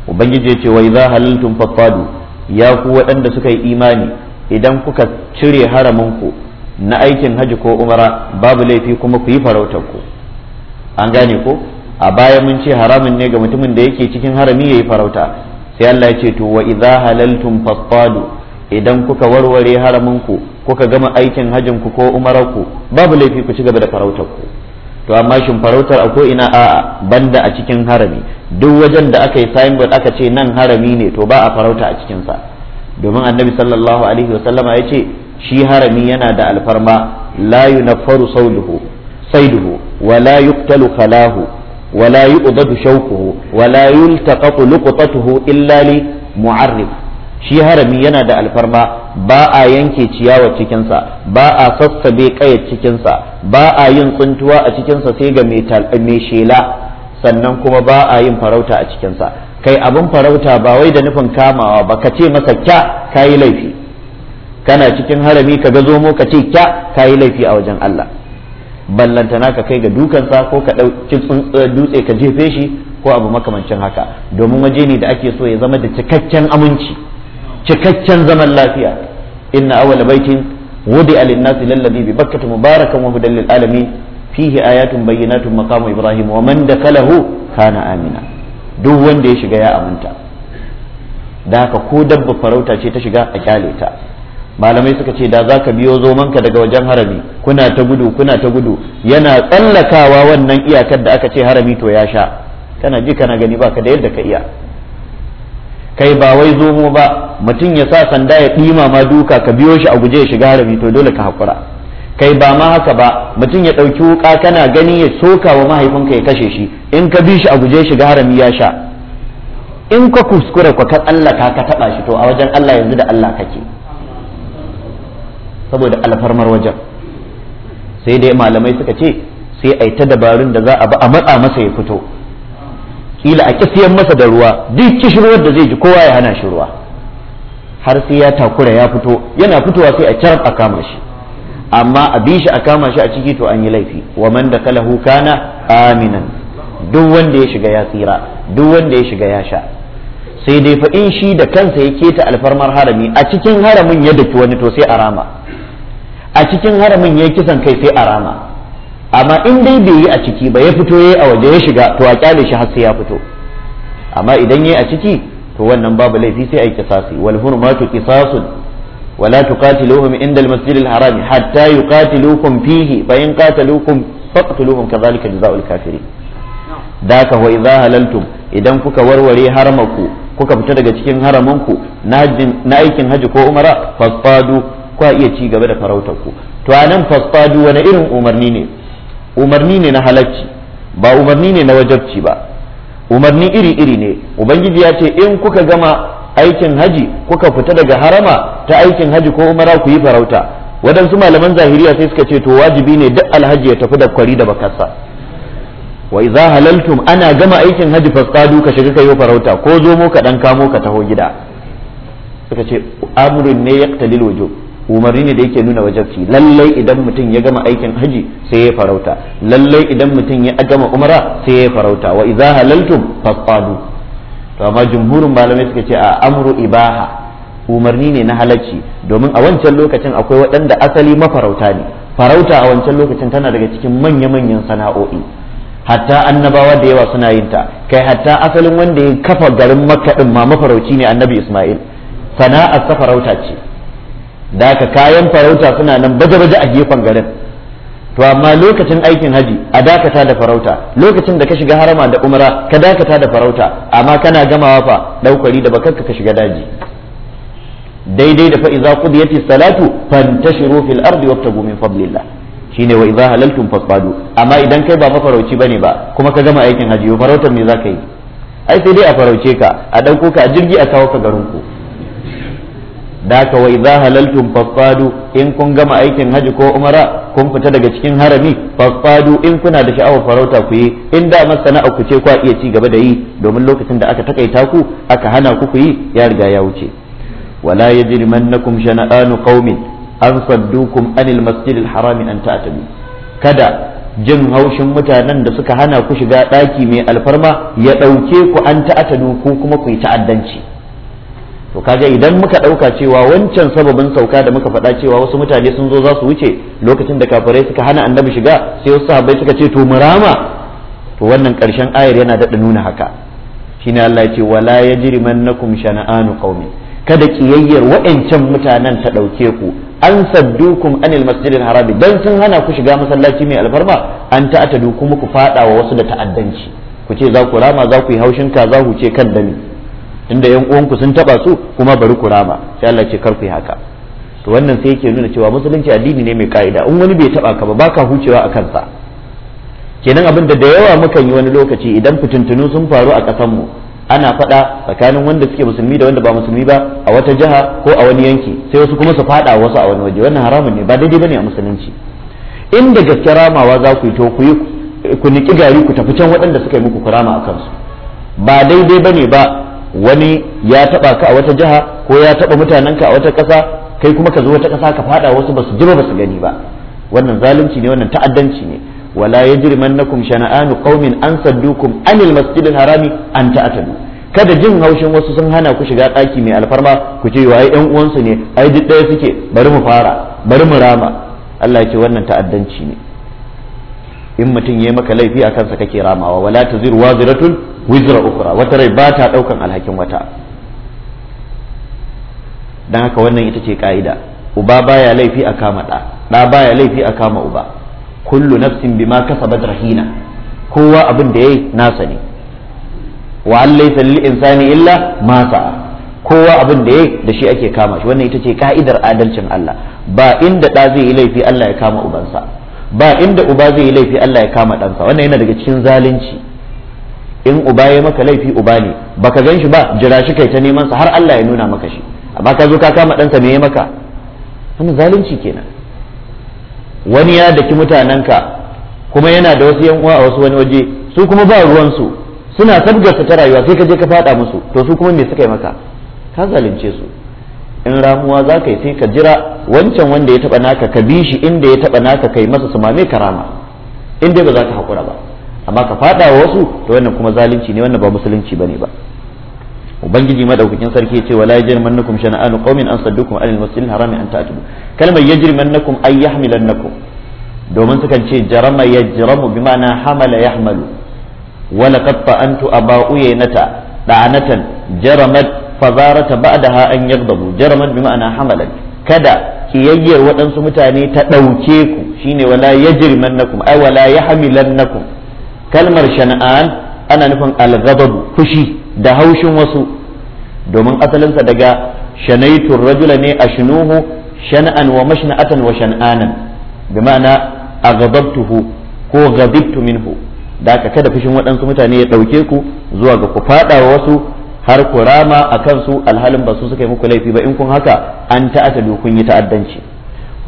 ubangiji ya ce wa idza halaltum fafadu ya ku waɗanda suka yi imani idan kuka cire haramin ku na aikin haji ko umara babu laifi kuma ku yi farautar ku an gane ko a baya mun ce haramin ne ga mutumin da yake cikin harami yayi farauta sai Allah ya ce to wa idza halaltum fafadu idan kuka warware haramin ku kuka gama aikin hajjin ku ko umarar ku babu laifi ku ci gaba da farautar ku to amma shin farautar a ko ina a'a banda a cikin harami duk wajen da aka yi signboard aka ce nan harami ne to ba a farauta a cikinsa domin annabi sallallahu alaihi wa sallama ya ce shi harami yana da alfarma la yunaffaru sauduhu saiduhu wa la yuqtalu khalahu wa la yuqdadu shawquhu wa la yultaqatu luqtatuhu illa li mu'arrif shi harami yana da alfarma ba a yanke ciyawa cikinsa ba a sassabe kayar cikinsa ba a yin tsuntuwa a cikinsa sai ga mai shela sannan kuma ba a yin farauta a cikinsa kai abin farauta ba wai da nufin kamawa ba ka ce masa kya ka yi laifi kana cikin harami ka ga zomo ka ce kya ka yi laifi a wajen Allah ballantana ka kai ga dukansa ko ka ɗauki eh, dutse ka jefe shi ko abu makamancin haka domin waje ne da ake so ya zama da cikakken aminci cikakken zaman lafiya inna awwala baitin wudi alinnasi lallazi bi bakkata mubarakan wa hudal lil alamin fihi ayatun bayyinatun maqamu ibrahim wa man dakalahu kana amina duk wanda ya shiga ya aminta da haka ko dabba farauta ce ta shiga a kyale ta malamai suka ce da zaka biyo zomanka daga wajen harami kuna ta gudu kuna ta gudu yana tsallakawa wannan iyakar da aka ce harami to ya sha kana ji kana gani baka da yadda ka iya kai ba wai zomo ba mutum ya sa sanda ya ɗima ma duka ka biyo shi a guje ya shiga harami to dole ka haƙura kai ba ma haka ba mutum ya ɗauki wuƙa kana gani ya soka wa mahaifinka ya kashe shi in ka bi shi a guje shiga harami ya sha in ka kuskure ka ka tsallaka ka taɓa shi to a wajen Allah yanzu da Allah kake saboda alfarmar wajen sai dai malamai suka ce sai a yi ta dabarun da za a ba a matsa masa ya fito kila a kisiyan masa da ruwa duk kishirwar da zai ji kowa ya hana shi ruwa har sai ya takura ya fito yana fitowa sai a carab a kama shi amma a bi shi a kama shi a ciki to an yi laifi wa man da kalahu kana aminan duk wanda ya shiga ya tsira duk wanda ya shiga ya sha sai dai fa in shi da kansa ya keta alfarmar harami a cikin haramin ya daki wani to sai a rama a cikin haramin ya kisan kai sai a rama ama in dai bai yi a ciki ba ya fito ya yi a waje ya shiga to a kyale shi har sai ya fito amma idan yayi a ciki to wannan babu laifi sai ai kisasi wal hurmatu qisasun ولا تقاتلوهم عند المسجد الحرام حتى يقاتلوكم فيه فإن قاتلوكم فاقتلوهم كذلك جزاء الكافرين ذاك وإذا هللتم idan kuka warware haramanku kuka fita daga cikin haramanku na aikin hajji ko umara fasfadu ku iya ci gaba da farautarku to anan fasfadu wani irin umarni ne umarni ne na halacci ba umarni ne na wajabci ba umarni iri-iri ne ubangiji ya ce in kuka gama aikin haji kuka fita daga harama ta aikin haji ko umara ku yi farauta waɗansu malaman zahiriya sai suka ce to wajibi ne duk alhaji ya tafi da kwari da bakarsa wa idza halaltum ana gama aikin haji fasadu ka shiga kai farauta ko zomo ka dan kamo ka taho gida suka ce amrun ne yaqtalil wujub umarni ne da yake nuna wajabci lallai idan mutum ya gama aikin haji sai ya farauta lallai idan mutum ya gama umara sai ya farauta wa idza halaltum fasadu to amma jumhurin malamai suka ce a amru ibaha umarni ne na halacci domin a wancan lokacin akwai waɗanda asali mafarauta ne farauta a wancan lokacin tana daga cikin manya-manyan sana'o'i hatta annabawa da yawa suna yin ta kai hatta asalin wanda ya kafa garin makka din ma mafarauci ne annabi isma'il sana'ar farauta ce da kayan farauta suna nan baje-baje a gefen garin to amma lokacin aikin haji a dakata da farauta lokacin da ka shiga harama da umra ka dakata da farauta amma kana gamawa fa daukari da bakanka ka shiga daji daidai da fa iza qudiyatis salatu fantashiru fil ardi wabtagu min fadlillah shine wa idza halaltum fasadu amma idan kai ba mafarauci bane ba kuma ka gama aikin haji farautar me zaka yi ai sai dai a farauce ka a dauko ka a jirgi a kawo ka garin ku daka wa idza halaltum fasadu in kun gama aikin haji ko umara kun fita daga cikin harami fasadu in kuna da sha'awar farauta ku yi in da masana'a ku ce kwa iya ci gaba da yi domin lokacin da aka takaita ku aka hana ku ku yi ya riga ya wuce wala yajrimannakum shana'an qaumin an saddukum anil masjidil harami an ta'tabu kada jin haushin mutanen da suka hana ku shiga ɗaki mai alfarma ya ɗauke ku an ta'tadu ku kuma ku yi ta'addanci to kaga idan muka ɗauka cewa wancan sababin sauka da muka faɗa cewa wasu mutane sun zo za su wuce lokacin da kafirai suka hana annabi shiga sai wasu sahabbai suka ce to murama to wannan ƙarshen ayar yana daɗa nuna haka shine Allah ya ce wala yajrimannakum shana'anu qaumi kada kiyayyar wa'ancan mutanen ta ɗauke ku an saddukum anil masjidil harami dan sun hana ku shiga masallaci mai alfarma an ta'atadu kuma ku fada wa wasu da ta'addanci ku ce za ku rama za ku yi haushin kaza za ku ce kan dami tunda yan uwanku sun taba su kuma bari ku rama sai Allah ce karku haka to wannan sai yake nuna cewa musulunci addini ne mai ka'ida in wani bai taba ka ba baka hucewa a kansa kenan abin da da yawa mukan yi wani lokaci idan fitintunu sun faru a ƙasar mu ana faɗa tsakanin wanda suke musulmi da wanda ba musulmi ba a wata jiha ko a wani yanki sai wasu kuma su faɗa wasu a wani waje wannan haramun ne ba daidai bane a musulunci inda gaske ramawa za ku yi to ku yi ku niki gari ku tafi can waɗanda suka yi muku kurama a kansu ba daidai bane ba wani ya taba ka a wata jiha ko ya taba mutanenka a wata ƙasa kai kuma ka zo wata ƙasa ka fada wasu basu ji ba basu gani ba wannan zalunci ne wannan ta'addanci ne wala yajrimannakum shana'anu qaumin an saddukum anil masjidil harami an ta'tadu kada jin haushin wasu sun hana ku shiga ɗaki mai alfarma ku ce wai ɗan uwansu ne ai duk ɗaya suke bari mu fara bari mu rama Allah ya ce wannan ta'addanci ne in mutum ya maka laifi a kansa kake ramawa wala taziru ziratun wizra ukra wata rai ba ta daukan alhakin wata dan haka wannan ita ce ka'ida uba baya laifi a kama da da baya laifi a kama uba kullu nafsin bima kasabat rahina kowa abin da yayi nasa ne wa allaysa lil insani illa ma sa'a kowa abin da yayi da shi ake kama shi wannan ita ce ka'idar adalcin Allah ba inda da zai yi laifi Allah ya kama ubansa ba inda uba zai yi laifi Allah ya kama ɗansa wannan yana daga cikin zalunci in uba ya maka laifi uba ne baka gan shi ba jira shi kai ta neman sa har Allah ya nuna maka shi amma ka zo ka kama ɗansa me ya maka wannan zalunci kenan wani ya daki mutanen ka kuma yana da wasu yan uwa a wasu wani waje su kuma ba ruwan su suna sabgarsa ta rayuwa sai ka je ka faɗa musu to su kuma me suka yi maka ka zalunce su in ramuwa za ka yi sai ka jira wancan wanda ya taba naka ka bi shi inda ya taba naka kai masa su mame karama in dai ba za ka haƙura ba amma ka faɗa wa wasu to wannan kuma zalunci ne wannan ba musulunci ne ba ubangiji madaukakin sarki ce wala yajrimannakum shana'anu qaumin an saddukum anil masjidil harami an ta'tubu kalmar yajrimannakum ay yahmilannakum domin sukan ce jarama yajramu bima'ana hamala yahmalu wala qad fa'antu aba uyaynata da'anatan jaramat fazarata ba'daha an yaghdabu jaraman bi ma'ana hamalan kada kiyayyar waɗansu mutane ta ɗauke ku shine wala yajrimannakum ay wala yahmilannakum kalmar shan'an ana nufin al-ghadab fushi da haushin wasu domin asalinsa daga shanaitur rajula ne ashnuhu shan'an wa mashna'atan wa shan'anan bi ma'ana aghdabtuhu ko ghadibtu minhu da aka kada fushin waɗansu mutane ya ɗauke ku zuwa ga ku faɗa wasu har ku rama a kansu alhalin ba su suka yi muku laifi ba in kun haka an ta'atalu kun yi ta'addanci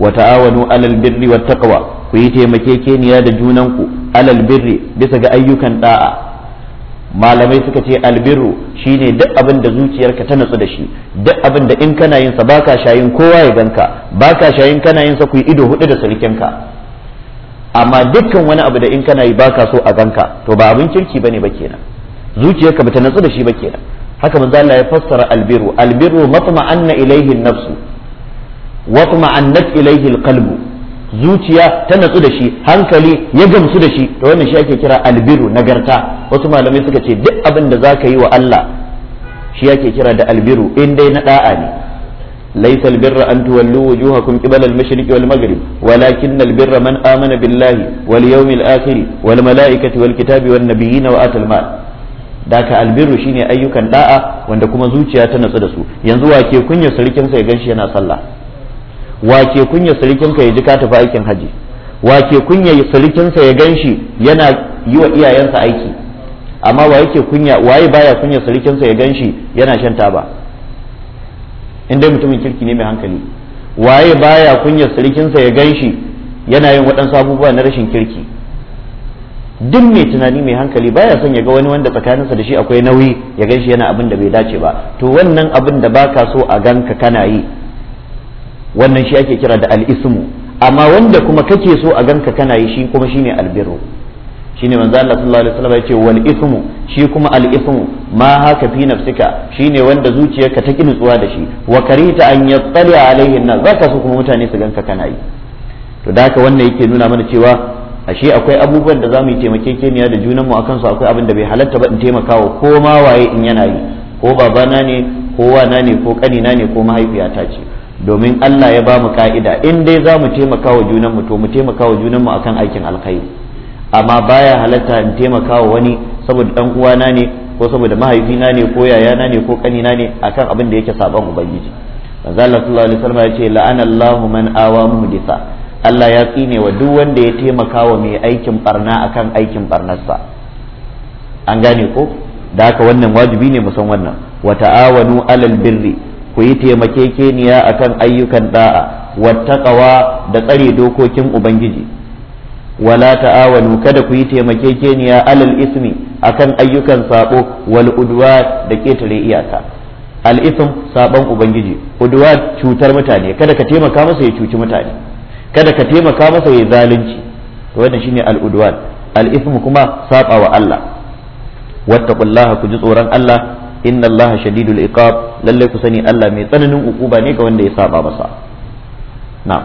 wa ta'awanu alal birri wat taqwa ku yi taimakekeniya da junanku alal birri bisa ga ayyukan da'a malamai suka ce albirru shine duk abin da zuciyarka ta natsu da shi duk abin da in kana yin sa baka shayin kowa ya ganka baka shayin kana yin sa ku yi ido hudu da sarkinka amma dukkan wani abu da in kana yi baka so a ganka to ba abin kirki bane ba kenan zuciyarka bata natsu da shi ba kenan haka manzo Allah ya fassara albiru albiru matma'anna ilaihi nafsu watma'annat ilaihi alqalbu zuciya ta natsu da shi hankali ya gamsu da shi to wannan shi ake kira albiru nagarta wasu malamai suka ce duk abin da zaka yi wa Allah shi ake kira da albiru in dai na da'a ne ليس البر أن تولوا وجوهكم قبل المشرق والمغرب ولكن البر من آمن بالله واليوم الآخر والملائكة والكتاب والنبيين وآتى المال daka ka albirru shine ayyukan da'a wanda kuma zuciya ta natsu da su yanzu wa ke kunya sarkin sa ya ganshi yana sallah wa ke kunya sarkin ka ya ji ka tafi aikin haji wa ke kunya sarkin sa ya ganshi yana yi wa iyayensa aiki amma wa yake kunya waye baya kunya sarkin sa ya ganshi yana shan taba in dai mutumin kirki ne mai hankali waye baya kunya sarkin sa ya ganshi yana yin waɗansu abubuwa na rashin kirki duk mai tunani mai hankali baya son ya ga wani wanda tsakaninsa da shi akwai nauyi ya gan shi yana abin da bai dace ba to wannan abin da baka so a ganka kana yi wannan shi ake kira da al'ismu amma wanda kuma kake so a ganka kana yi shi kuma shine albiru shine manzo Allah sallallahu alaihi wasallam yace wal ismu shi kuma al ismu ma haka fi nafsika shine wanda zuciyarka ta kinutsuwa da shi wa karita an yattali alaihin na zaka so kuma mutane su ganka kana yi to da haka wannan yake nuna mana cewa ashe akwai abubuwan da za mu yi taimakekeniya da junanmu a kansu akwai abin da bai halatta ba in taimakawa ko ma waye in yana yi ko babana ne ko wana ne ko kanina ne ko mahaifiyata ce domin Allah ya ba mu ka'ida in dai za mu taimakawa junanmu to mu taimakawa junanmu akan aikin alkhairi amma baya halatta in taimakawa wani saboda dan uwana ne ko saboda mahaifina ne ko yayana ne ko kanina ne akan abin da yake saban ubangiji manzo Allah sallallahu alaihi wasallam ya ce la'anallahu Allahu man awa muhdisa Allah ya tsine wa duk wanda ya taimaka wa mai aikin barna akan aikin barnarsa an gane ko da haka wannan wajibi ne musan wannan wa ta'awanu alal birri ku yi taimakekeniya akan ayyukan da'a wattaqawa da tsare dokokin ubangiji wala ta'awanu kada ku yi taimakekeniya alal ismi akan ayyukan sabo wal udwa da ketare iyaka al ism sabon ubangiji udwa cutar mutane kada ka taimaka masa ya cuci mutane kada ka taimaka masa ya zalunci to wannan shine al'udwan al'ithmu kuma saba wa Allah wattaqullaha ku ji tsoron Allah inna Allah shadidul iqab lalle ku sani Allah mai tsananin ukuba ne ga wanda ya saba masa na'am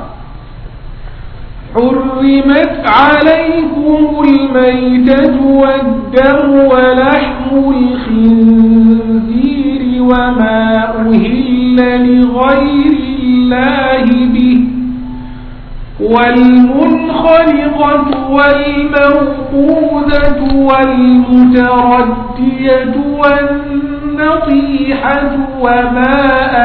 حرمت عليكم الميتة والدم ولحم الخنزير وما أهل لغير الله به والمنخلقة والموقودة والمتردية والنطيحة وما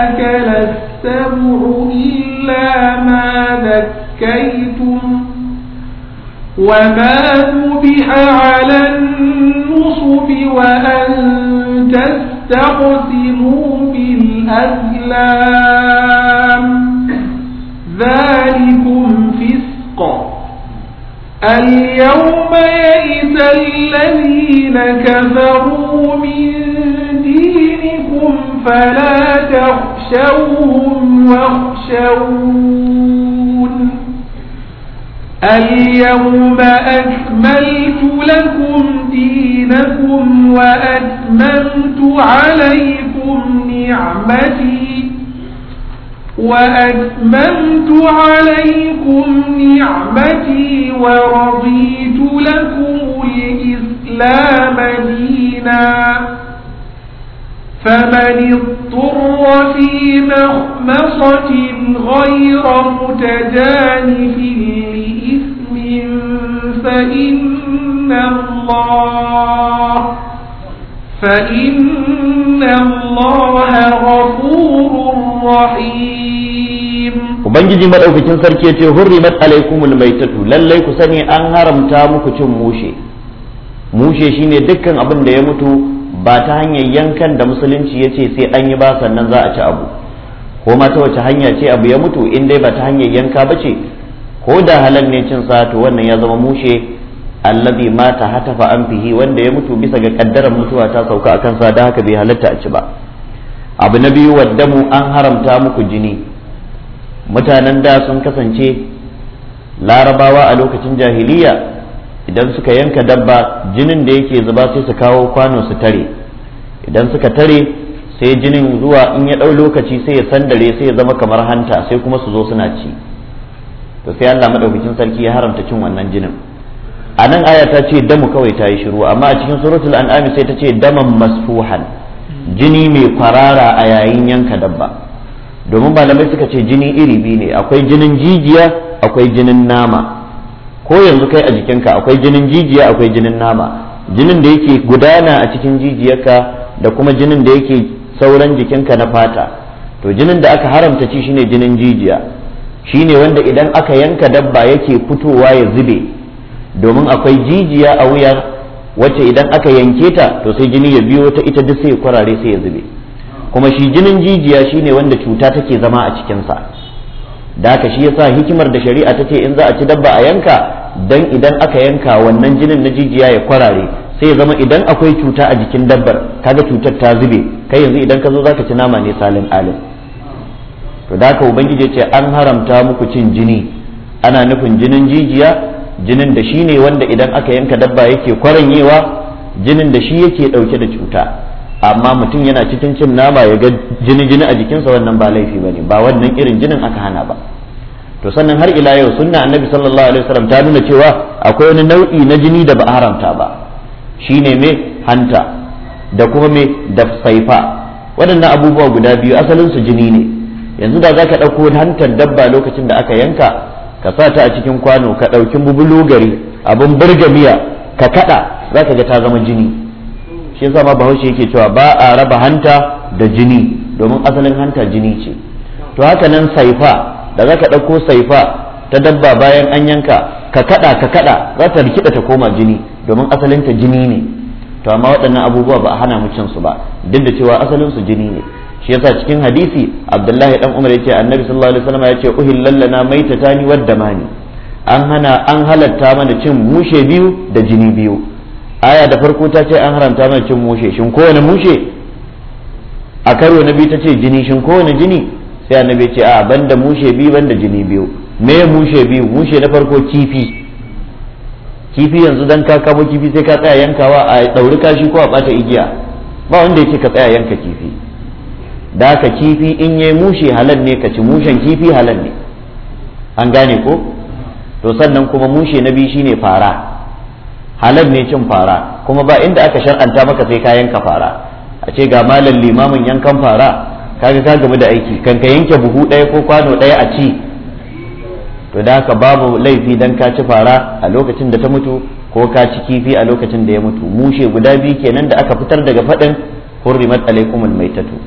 أكل السبع إلا ما ذكيتم وما ذبح على النصب وأن تستقسموا بالأزلام ذلكم فسقا اليوم يئس الذين كفروا من دينكم فلا تخشوهم واخشون اليوم أكملت لكم دينكم وأتممت عليكم نعمتي وأتممت عليكم نعمتي ورضيت لكم الإسلام دينا فمن اضطر في مخمصة غير متجانف لإثم فإن الله فإن الله غفور رحيم Ubangiji madaukakin sarki ya ce hurrimat alaikumul maitatu lallai ku sani an haramta muku cin mushe mushe shine dukkan abin da ya mutu ba ta hanyar yankan da musulunci ya ce sai an yi ba sannan za a ci abu ko ma ta wace hanya ce abu ya mutu in dai ba ta hanyar yanka ba ce ko da halal ne cin sa to wannan ya zama mushe allazi mata hatafa anfihi wanda ya mutu bisa ga kaddarar mutuwa ta sauka akan sa da haka bai halatta a ci ba abu na biyu waddamu an haramta muku jini mutanen da sun kasance larabawa a lokacin jahiliya idan suka yanka dabba jinin da yake zuba sai su kawo kwano su tare idan suka tare sai jinin zuwa in ya ɗau lokaci sai ya sandare sai ya zama kamar hanta sai kuma su zo suna ci to sai Allah madaukakin sarki ya haramta cin wannan jinin a nan aya ta ce damu kawai ta yi shiru amma a cikin suratul an'am sai ta ce daman masfuhan jini mai kwarara a yayin yanka dabba domin malamai suka ce jini iri biyu ne akwai jinin jijiya akwai jinin nama ko yanzu kai a jikinka akwai jinin jijiya akwai jinin nama jinin da yake gudana a cikin jijiyarka da kuma jinin da yake sauran jikinka na fata to jinin da aka haramta ci shine jinin jijiya shine wanda idan aka yanka dabba yake fitowa ya zube domin akwai jijiya a wuya wacce idan aka yanke ta to sai jini ya biyo ta ita duk sai kwarare sai ya zube kuma shi jinin jijiya shine wanda cuta take zama a cikinsa da haka shi yasa hikimar da shari'a tace in za a ci dabba a yanka dan idan aka yanka wannan jinin na jijiya ya kwarare sai ya zama idan akwai cuta a jikin dabbar kaga cutar ta zube kai yanzu idan ka zo zaka ci nama ne salin alin to da haka ubangiji ce an haramta muku cin jini ana nufin jinin jijiya jinin da shi ne wanda idan aka yanka dabba yake kwaranyewa jinin da shi yake ɗauke da cuta amma mutum yana cikin cin nama ya ga jini jini a jikinsa wannan ba laifi ba ne ba wannan irin jinin aka hana ba to sannan har ila yau sunna annabi sallallahu alaihi wasallam ta nuna cewa akwai wani nau'i na jini da ba haramta ba shine me hanta da kuma me da saifa waɗannan abubuwa guda biyu asalin su jini ne yanzu da zaka ɗauko hantar dabba lokacin da aka yanka ka sa ta a cikin kwano ka ɗauki bubulu gari abin burga miya ka kaɗa za ka ga ta zama jini shi yasa ma bahaushe yake cewa ba a raba hanta da jini domin asalin hanta jini ce to haka nan saifa da za ka ɗauko saifa ta dabba bayan an yanka ka kaɗa ka kaɗa za ta rikida ta koma jini domin asalinta jini ne to amma waɗannan abubuwa ba a hana mu cin su ba duk da cewa asalin su jini ne shi yasa cikin hadisi abdullahi dan umar yace annabi sallallahu alaihi wasallam yace uhillal lana maitatani wadda mani an hana an halatta mana cin mushe biyu da jini biyu aya da farko ta ce an haramta mana cin mushe shin ko wani mushe a karo na biyu ta ce jini shin ko wani jini sai annabi yace a banda mushe biyu banda jini biyu me mushe biyu mushe na farko kifi kifi yanzu dan ka kamo kifi sai ka tsaya yankawa a dauri kashi ko a bata igiya ba wanda yake ka tsaya yanka kifi da ka kifi in yayi mushe halal ne ka ci mushen kifi halal ne an gane ko to sannan kuma mushe na biyu shine fara halal ne cin fara kuma ba inda aka shar'anta maka sai ka yanka fara a ce ga malam limamin yankan fara kaga ka gamu da aiki kan ka yanke buhu ɗaya ko kwano ɗaya a ci to da ka babu laifi dan ka ci fara a lokacin da ta mutu ko ka ci kifi a lokacin da ya mutu mushe guda biyu kenan da aka fitar daga faɗin hurrimat alaikumul maitatu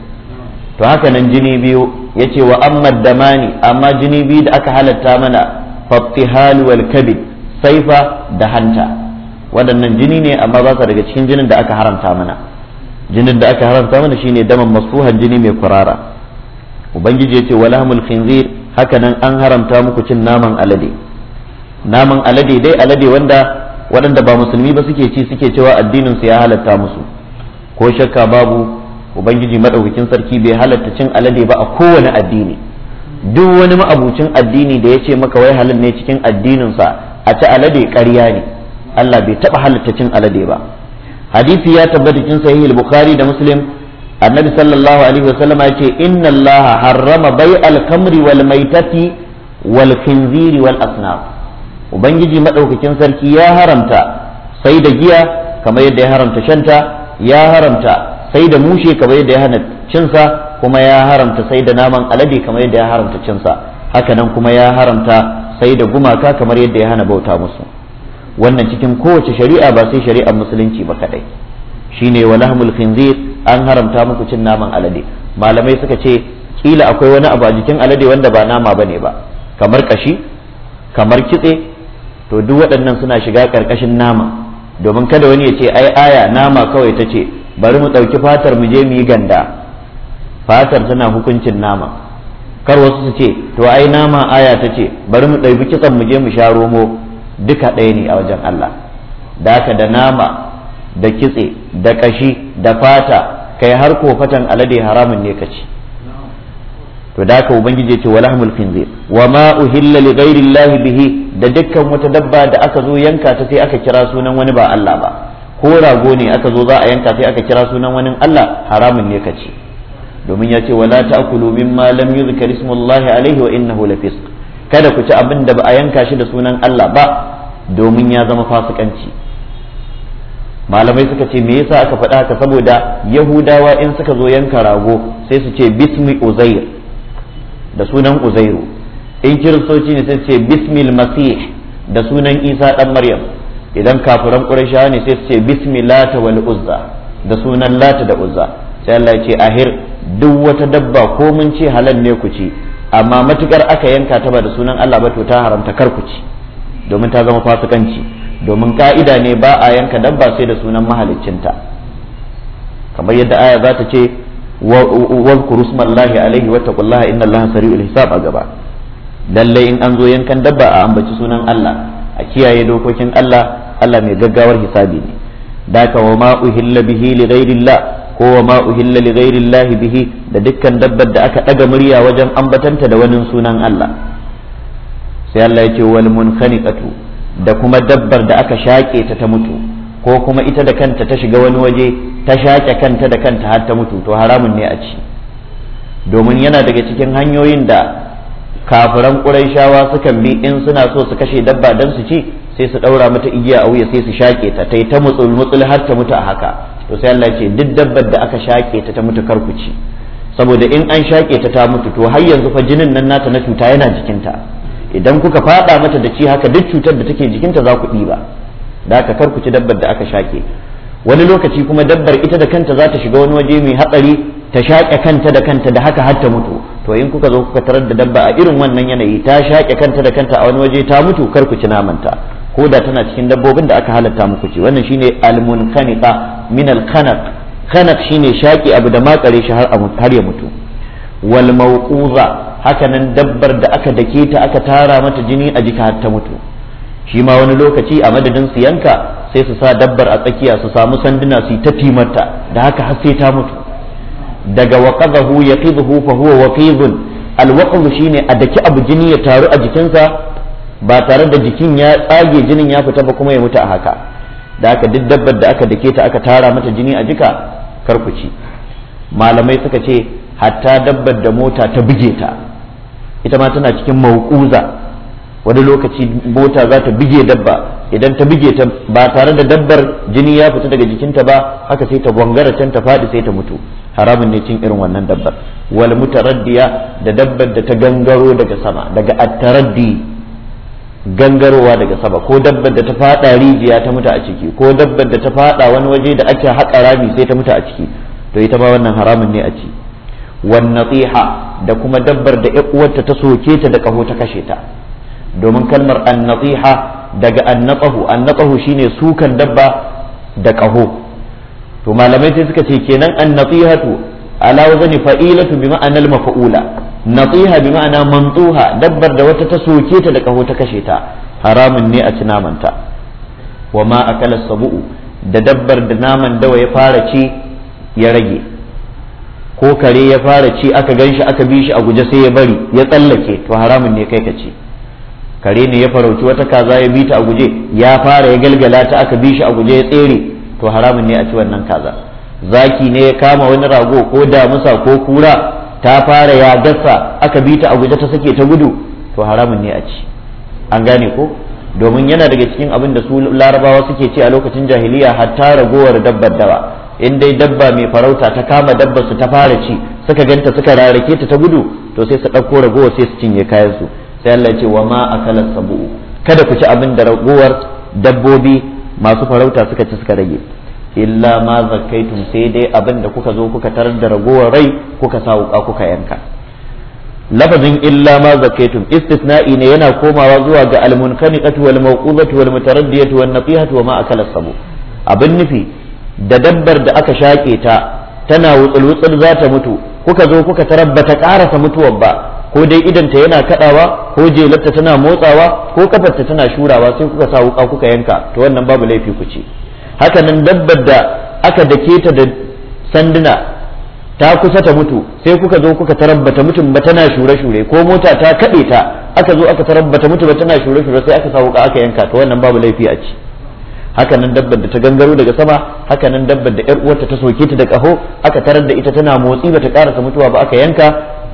to haka nan jini biyu ya ce wa amma damani amma jini biyu da aka halatta mana fattihal wal kabid saifa da hanta waɗannan jini ne amma ba sa daga cikin jinin da aka haramta mana jinin da aka haramta mana shine daman masuhan jini mai kurara ubangiji wa walahmul khinzir haka nan an haramta muku cin naman alade naman alade dai alade wanda waɗanda ba musulmi ba suke ci suke cewa addinin su ya halatta musu ko shakka babu ubangiji madaukakin sarki bai halatta cin alade ba a kowane addini duk wani ma'abucin addini da ya ce maka wai halin ne cikin addininsa a ci alade ƙarya ne Allah bai taɓa halatta cin alade ba hadisi ya tabbata cin sahih bukhari da muslim annabi sallallahu alaihi ya ce inna Allah harrama bai al-kamri wal maitati wal khinziri wal asnaf ubangiji madaukakin sarki ya haramta sai da giya kamar yadda ya haramta shanta ya haramta sai da mushe kamar yadda ya hana cinsa kuma ya haramta sai da naman alade kamar yadda ya haramta cinsa hakanan kuma ya haramta sai da gumaka kamar yadda ya hana bauta musu wannan cikin kowace shari'a ba sai shari'ar musulunci ba kadai shine walahmul khinzir an haramta muku cin naman alade malamai suka ce kila akwai wani abu a jikin alade wanda ba nama bane ba kamar kashi kamar kitse to duk waɗannan suna shiga karkashin nama domin kada wani ya ce ai aya nama kawai ta ce bari mu ɗauki fatar mu je mu yi ganda fatar tana hukuncin nama kar wasu su ce to ai nama aya ta ce bari mu ɗauki kitsan mu je mu sha romo duka ɗaya ne a wajen Allah da haka da nama da kitse da kashi da fata kai har ko fatan alade haramun ne ka ci to da haka ubangiji ce walahmul khinzir wa ma uhilla li ghairi bihi da dukkan wata dabba da aka zo yanka ta sai aka kira sunan wani ba Allah ba ko rago ne aka zo za a yanka sai aka kira sunan wani Allah haramun ne ka ci domin ya ce wala ta'kulu mimma lam yuzkar ismullahi alaihi wa innahu fisq kada ku ci abin da ba a yanka shi da sunan Allah ba domin ya zama fasikanci malamai suka ce me yasa aka faɗa haka saboda yahudawa in suka zo yanka rago sai su ce bismi uzair da sunan uzairu in kiristoci ne sai su ce bismil masih da sunan isa dan maryam idan kafiran ƙurashi ne sai su ce lata wal uzza da sunan lata da uzza sai Allah ce ahir duk wata dabba ko mun ce halal ne ku ci amma matukar aka yanka ta ba da sunan Allah ba to ta haramta kar ku ci domin ta zama fasikanci domin ka'ida ne ba a yanka dabba sai da sunan mahaliccinta kamar yadda aya za ta ce wazkuru smallahi alaihi wattaqullaha inna allaha sari'ul hisab a gaba lallai in an zo yankan dabba a ambaci sunan Allah a kiyaye dokokin Allah Allah mai gaggawar hisabi ne daka wa ma hilla bihi li ghairillah ko wa ma hilla li ghairillah bihi da dukkan dabbar da aka daga murya wajen ambatanta da wani sunan Allah sai Allah ya ce wal munkhaniqatu da kuma dabbar da aka shaƙe ta ta mutu ko kuma ita da kanta ta shiga wani waje ta shake kanta da kanta har ta mutu to haramun ne a ci domin yana daga cikin hanyoyin da kafiran ƙuraishawa sukan bi in suna so su kashe dabba don su ci sai su daura mata igiya a wuya sai su shake ta yi ta mutsul har ta mutu a haka to sai Allah ce duk dabbar da aka shake ta ta mutu karku ci saboda in an shake ta ta mutu to har yanzu fa jinin nan nata na cuta yana jikinta idan kuka faɗa mata da ci haka duk cutar da take jikinta za ku ba da aka karku ci dabbar da aka shake wani lokaci kuma dabbar ita da kanta za ta shiga wani waje mai hatsari ta shaƙe kanta da kanta da haka har ta mutu to in kuka zo kuka tarar da dabba a irin wannan yanayi ta shaƙe kanta da kanta a wani waje ta mutu kar ku ci namanta ko da tana cikin dabbobin da aka halatta muku ce wannan shine almunqanita min kanak kanaq shine shaki abu da makare shi har har ya mutu wal mawquza hakanan dabbar da aka dake ta aka tara mata jini a jika har ta mutu shi ma wani lokaci a madadin su yanka sai su sa dabbar a tsakiya su samu sanduna su ta timarta da haka har sai ta mutu daga waqadahu yaqidhu fa huwa waqidun al shine a daki abu jini ya taru a jikinsa ba tare da jikin ya tsage jinin ya fita ba kuma ya mutu a haka da aka duk dabbar da aka dake ta aka tara mata jini a jika karkuci malamai suka ce hatta dabbar da mota ta buge ta ita ma tana cikin mauƙuza wani lokaci mota za ta buge dabba idan ta buge ta ba tare da dabbar jini ya fita daga jikinta ba haka sai ta gwangara can ta faɗi sai ta mutu haramun ne cin irin wannan dabbar wal mutaraddiya da dabbar da ta gangaro daga sama daga attaraddi gangarowa daga sama ko dabbar da ta fada rijiya ta mutu a ciki ko dabbar da ta fada wani waje da ake haƙa rami sai ta mutu a ciki to ita ma wannan haramun ne a ci wan natiha da kuma dabbar da uwarta ta soke ta da kaho ta kashe ta domin kalmar an natiha daga an natahu an natahu shine sukan dabba da kaho to malamai sai suka ce kenan an natihatu ala zani fa'ilatu bi ma'anal mafa'ula natiha bi ma'ana mantuha dabbar da wata ta soke ta da kaho ta kashe ta haramun ne a ci wa ma akala sabu da dabbar da naman dawa ya fara ci ya rage ko kare ya fara ci aka ganshi aka bi shi a guje sai ya bari ya tsallake to haramun ne kai ka ci kare ne ya farauci wata kaza ya bi ta a guje ya fara ya galgala ta aka bi shi a guje ya tsere to haramun ne a ci wannan kaza zaki ne ya kama wani rago ko damusa ko kura ta fara ya gasa aka bi ta a guje ta sake ta gudu to haramun ne a ci an gane ko domin yana daga cikin abin da su larabawa suke ci a lokacin jahiliya hatta ragowar dabbar dawa in dai dabba mai farauta ta kama dabbar su ta fara ci suka ganta suka rarake ta ta gudu to sai su ɗauko ragowa sai su cinye kayan su sai Allah ya ce wa ma akalas sabu kada ku ci abin da ragowar dabbobi masu farauta suka ci suka rage illa ma zakkaitum sai dai abin da kuka zo kuka tarar da ragowar rai kuka sa wuka kuka yanka lafazin illa ma zakkaitum istisna'i ne yana komawa zuwa ga almunkhaniqatu wal mawqudatu wal mutaraddiyatu wan nafihatu wa ma akala sabu abin nufi da dabbar da aka shake ta tana wutsul wutsul za ta mutu kuka zo kuka tarar ba karasa mutuwar ba ko dai ta yana kadawa ko jelarta tana motsawa ko kafarta tana shurawa sai kuka sa wuka kuka yanka to wannan babu laifi ku ce hakanan dabbar da aka dake ta da sanduna ta kusa ta mutu sai kuka zo kuka tarabbata mutum ba tana shure-shure ko mota ta kaɗe ta aka zo aka tarabbata mutum ba tana shure-shure sai aka sa wuka aka yanka ta wannan babu laifi a ci hakanan dabbar da ta gangaro daga sama hakanan dabbar da yar uwarta ta soke ta da kaho aka tarar da ita tana motsi bata karasa mutuwa ba aka yanka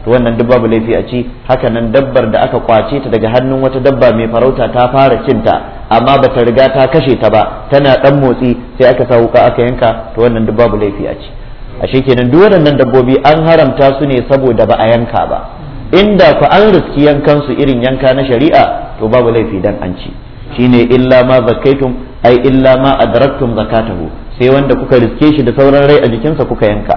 to wannan duk babu laifi a ci haka nan dabbar da aka kwace ta daga hannun wata dabba mai farauta ta fara cinta amma bata riga ta kashe ta ba tana dan motsi sai aka sa wuka aka yanka to wannan duk babu laifi a ci ashe kenan duk waɗannan dabbobi an haramta su ne saboda ba a yanka ba inda ku an riski yankan su irin yanka na shari'a to babu laifi dan an ci shine illa ma zakaitum ai illa ma adraktum zakatahu sai wanda kuka riske shi da sauran rai a jikinsa kuka yanka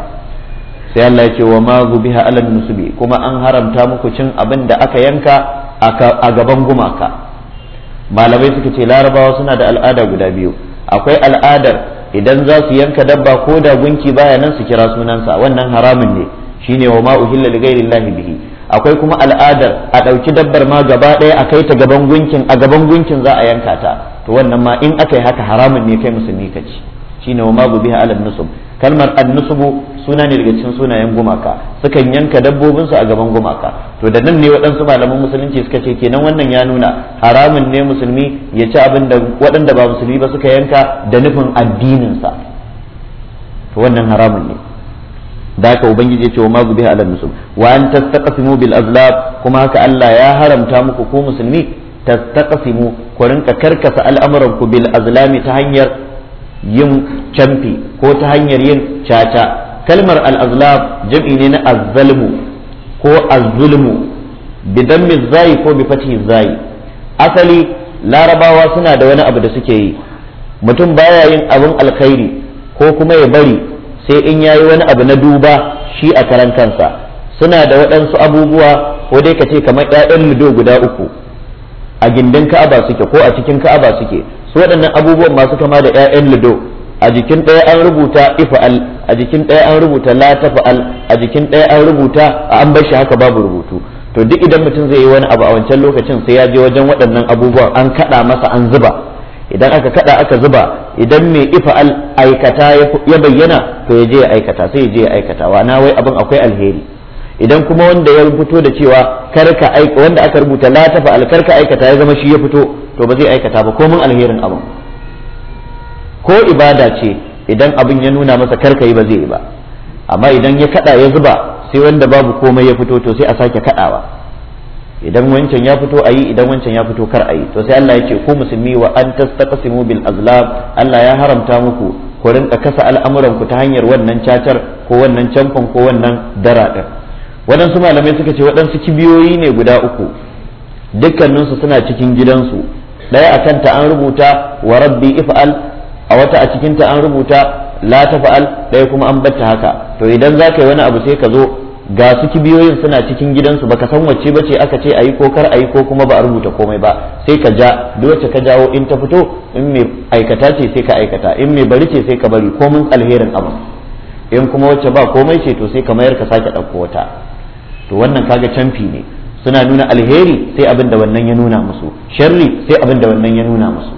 sai Allah ya ce wa ma biha alal kuma an haramta muku cin abin da aka yanka a gaban gumaka malamai suka ce larabawa suna da al'ada guda biyu akwai al'adar idan za su yanka dabba ko da gunki baya nan su kira sunansa wannan haramun ne shine wa ma uhilla li ghairillahi bihi akwai kuma al'adar a ɗauki dabbar ma gaba ɗaya a kai ta gaban gunkin a gaban gunkin za a yanka ta to wannan ma in aka yi haka haramun ne kai musulmi ka ci shine wa magu biha alal nusub kalmar annusubu suna ne daga cikin sunayen gumaka sukan yanka dabbobin su a gaban gumaka to da nan ne waɗansu malaman musulunci suka ce kenan wannan ya nuna haramun ne musulmi ya ci abin da waɗanda ba musulmi ba suka yanka da nufin addininsa to wannan haramun ne da haka ubangiji ya ce wa mazu biha alal nusub wa an tastaqsimu bil azlab kuma haka Allah ya haramta muku ko musulmi tastaqsimu ku rinka karkasa al'amuranku bil azlami ta hanyar yin camfi ko ta hanyar yin caca kalmar al'azlab jam'i ne na azzalmu ko azzulmu bidan zai ko bi fathi zai asali larabawa suna da wani abu da suke yi mutum baya yin abin alkhairi ko kuma ya bari sai in yayi wani abu na duba shi a karan kansa suna da waɗansu abubuwa ko dai ka ce kamar 'ya'yan ludo guda uku a gindin ka'aba suke ko a cikin ka'aba suke su waɗannan abubuwan masu kama da 'ya'yan lido a jikin ɗaya an rubuta ifa'al a jikin ɗaya an rubuta la tafa'al a jikin ɗaya an rubuta a an bar shi haka babu rubutu to duk idan mutum zai yi wani abu a wancan lokacin sai ya je wajen waɗannan abubuwan an kaɗa masa an zuba idan aka kaɗa aka zuba idan mai ifa'al aikata ya bayyana to ya je ya aikata sai ya je ya aikata wa na wai abin akwai alheri idan kuma wanda ya fito da cewa karka aika wanda aka rubuta la tafa al karka aikata ya zama shi ya fito to ba zai aikata ba komin alherin abin ko ibada ce idan abin ya nuna masa karka yi ba zai yi ba amma idan ya kada ya zuba sai wanda babu komai ya fito to sai a sake kadawa idan wancan ya fito ayi idan wancan ya fito kar ayi to sai Allah ya ce ku musulmi wa an tastaqsimu bil azlab Allah ya haramta muku ku rinka kasa al'amuran ku ta hanyar wannan cacar ko wannan canfan ko wannan dara waɗansu malamai suka ce waɗansu kibiyoyi ne guda uku dukkaninsu suna cikin gidansu ɗaya a kanta an rubuta wa rabbi if'al a wata a cikinta an rubuta la tafa'al ɗaya kuma an batta haka to idan za ka yi wani abu sai ka zo ga su kibiyoyin suna cikin gidansu baka san wacce ba ce aka ce ayi ko kar ayi ko kuma ba a rubuta komai ba sai ka ja duk wacce ka jawo in ta fito in mai aikata ce sai ka aikata in mai bari ce sai ka bari komin alherin abu in kuma wacce ba komai ce to sai ka mayar ka sake ɗauko wata to wannan kaga canfi ne suna nuna alheri sai abin da wannan ya nuna musu sharri sai abin da wannan ya nuna musu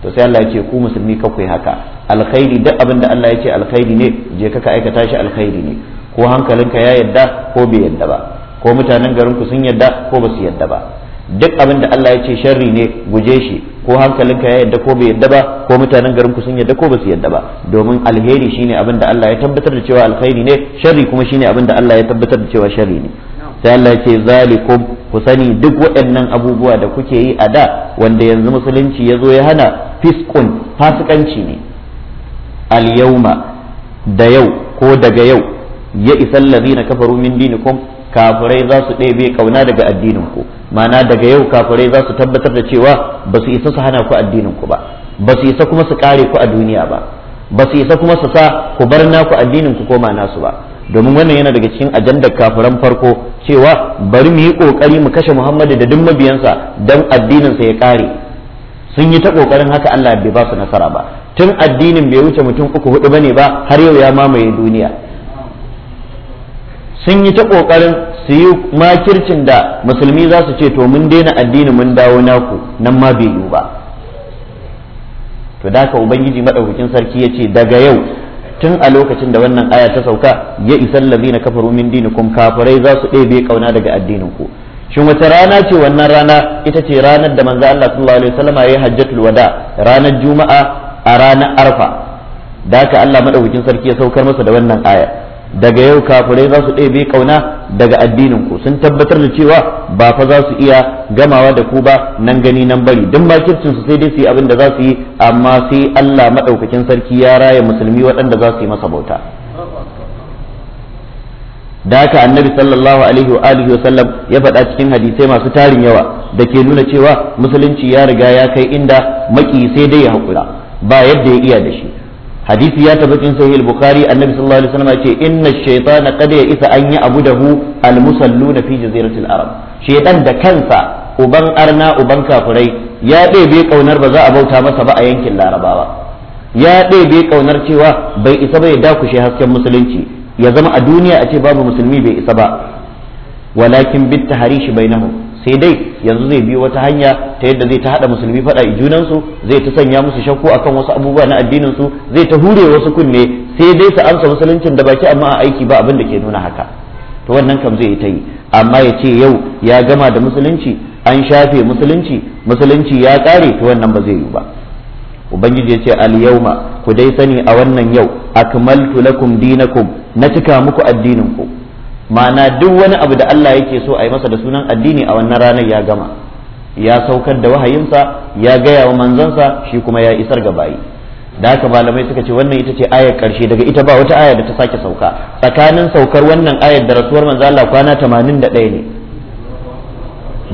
to sai Allah ya ce ku musulmi ka haka alkhairi duk abin da Allah ya ce alkhairi ne je ka ka aikata shi alkhairi ne ko hankalinka ya yadda ko bai yadda ba ko mutanen garin ku sun yadda ko ba su yadda ba duk abin da Allah ya ce sharri ne guje shi ko hankalinka ya yadda ko bai yadda ba ko mutanen garin ku sun yadda ko ba su yadda ba domin alheri shine abin da Allah ya tabbatar da cewa alkhairi ne sharri kuma shine abin da Allah ya tabbatar da cewa sharri ne sai Allah ya ce zalikum ku sani duk waɗannan abubuwa da kuke yi a da wanda yanzu musulunci ya zo ya hana fiskun fasikanci ne al da yau ko daga yau ya lari na kafaru min dinikum kafirai za su ɗebe kauna daga addinin ku ma'ana daga yau kafirai za su tabbatar da cewa ba su isa su hana ku addinin ku ba ba su isa kuma su kare ku a duniya ba ba su isa kuma su sa ku bar naku addinin ku koma nasu ba domin wannan yana daga cikin ajandar kafiran farko cewa bari mu yi kokari mu kashe Muhammadu da duk mabiyansa don addinin sa ya kare sun yi ta kokarin haka Allah bai ba su nasara ba tun addinin bai wuce mutum uku hudu bane ba har yau ya mamaye duniya sun yi ta kokarin su yi makircin da musulmi za su ce to mun daina addini mun dawo naku nan ma bai yiwu ba to da ka ubangiji madaukakin sarki ya ce daga yau tun a lokacin da wannan aya ta sauka ya isan lazina kafaru min dinikum kafirai za su ɗebe kauna daga addinin ku shin wace rana ce wannan rana ita ce ranar da manzo Allah sallallahu alaihi wasallama ya hajjatul wada ranar juma'a a ranar arfa da ka Allah madaukakin sarki ya saukar masa da wannan aya daga yau kafirai za su ɗebe kauna daga addinin ku sun tabbatar da cewa ba fa za su iya gamawa da ku ba nan gani nan bari duk makircin su sai dai su yi abin da za su yi amma sai Allah madaukakin sarki ya raya musulmi waɗanda za su yi masa bauta da haka annabi sallallahu alaihi wa alihi wasallam ya faɗa cikin hadisai masu tarin yawa da ke nuna cewa musulunci ya riga ya kai inda maki sai dai ya haƙura ba yadda ya iya da shi hadisi ya tabbata cikin sahih al annabi sallallahu alaihi wasallam ce inna kada ya isa an ya abudahu al-musalluna fi jaziratil arab shaytan da kansa uban arna uban kafurai ya ɗebe kaunar ba za a bauta masa ba a yankin larabawa ya ɗebe ƙaunar cewa bai isa ba ya dakushe hasken musulunci ya zama a duniya a ce babu musulmi bai isa ba walakin bit taharishi nahu. sai dai yanzu zai biyo wata hanya ta yadda zai ta hada musulmi fada junansu junansu zai ta sanya musu shakku akan wasu abubuwa na addinin su zai ta hure wasu kunne sai dai su amsa musuluncin da baki amma a aiki ba abin da ke nuna haka to wannan kam zai ta yi amma ya ce yau ya gama da musulunci an shafe musulunci musulunci ya kare to wannan ba zai yi ba ubangiji ya ce al yauma ku dai sani a wannan yau akmaltu lakum dinakum na cika muku addinin ku ma'ana duk wani abu da Allah yake so a yi masa da sunan addini a wannan ranar ya gama ya saukar da wahayinsa ya gaya wa manzansa shi kuma ya isar ga bayi da haka malamai suka ce wannan ita ce ayar karshe daga ita ba wata aya da ta sake sauka tsakanin saukar wannan ayar da rasuwar manzo Allah kwana 81 ne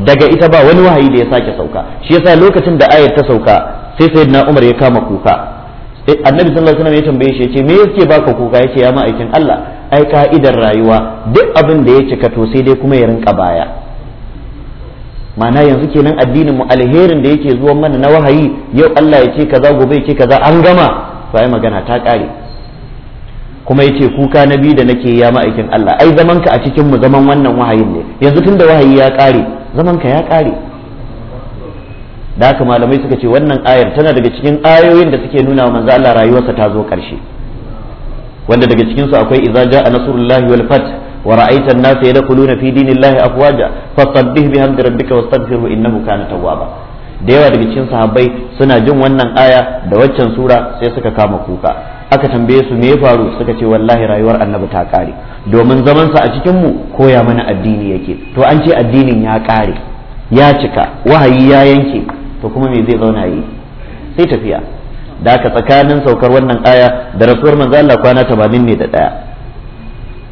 daga ita ba wani wahayi da ya sake sauka shi yasa lokacin da ayar ta sauka sai sayyidina Umar ya kama kuka annabi sallallahu alaihi wasallam ya tambaye shi ya ce me yake baka kuka yace ya ma aikin Allah ai ka'idar rayuwa duk abin da ya cika to sai dai kuma ya rinka baya mana yanzu kenan addinin mu alherin da yake zuwa mana na wahayi yau Allah ya ce kaza gobe ya ce kaza an gama to ai magana ta kare kuma yace kuka na biyu da nake ya ma'aikin Allah ai zaman ka a cikin mu zaman wannan wahayin ne yanzu tunda wahayi ya kare zaman ka ya kare da haka malamai suka ce wannan ayar tana daga cikin ayoyin da suke nuna wa manzo Allah rayuwarsa ta zo karshe wanda daga cikin su akwai idza jaa nasrullahi wal fath wa ra'aita an-nasa yadkhuluna fi dinillahi afwaja fasabbih bihamdi rabbika wastaghfirhu innahu kana tawwaba da yawa daga cikin sahabbai suna jin wannan aya da waccan sura sai suka kama kuka aka tambaye su me ya faru suka ce wallahi rayuwar annabi ta kare domin zaman sa a cikin mu koya mana addini yake to an ce addinin ya kare ya cika wahayi ya yanke to kuma me zai zauna yi sai tafiya da aka tsakanin saukar wannan aya da rasuwar manzo Allah kwana 80 ne da daya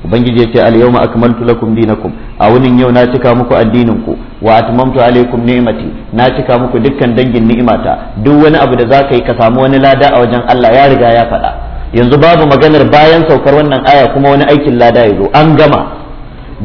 ubangiji ya ce al yawma akmaltu lakum dinakum a wani yau na cika muku addinin ku wa atmamtu alaykum ni'mati na cika muku dukkan dangin ni'imata duk wani abu da zaka yi ka samu wani lada a wajen Allah ya riga ya faɗa yanzu babu maganar bayan saukar wannan aya kuma wani aikin lada ya zo an gama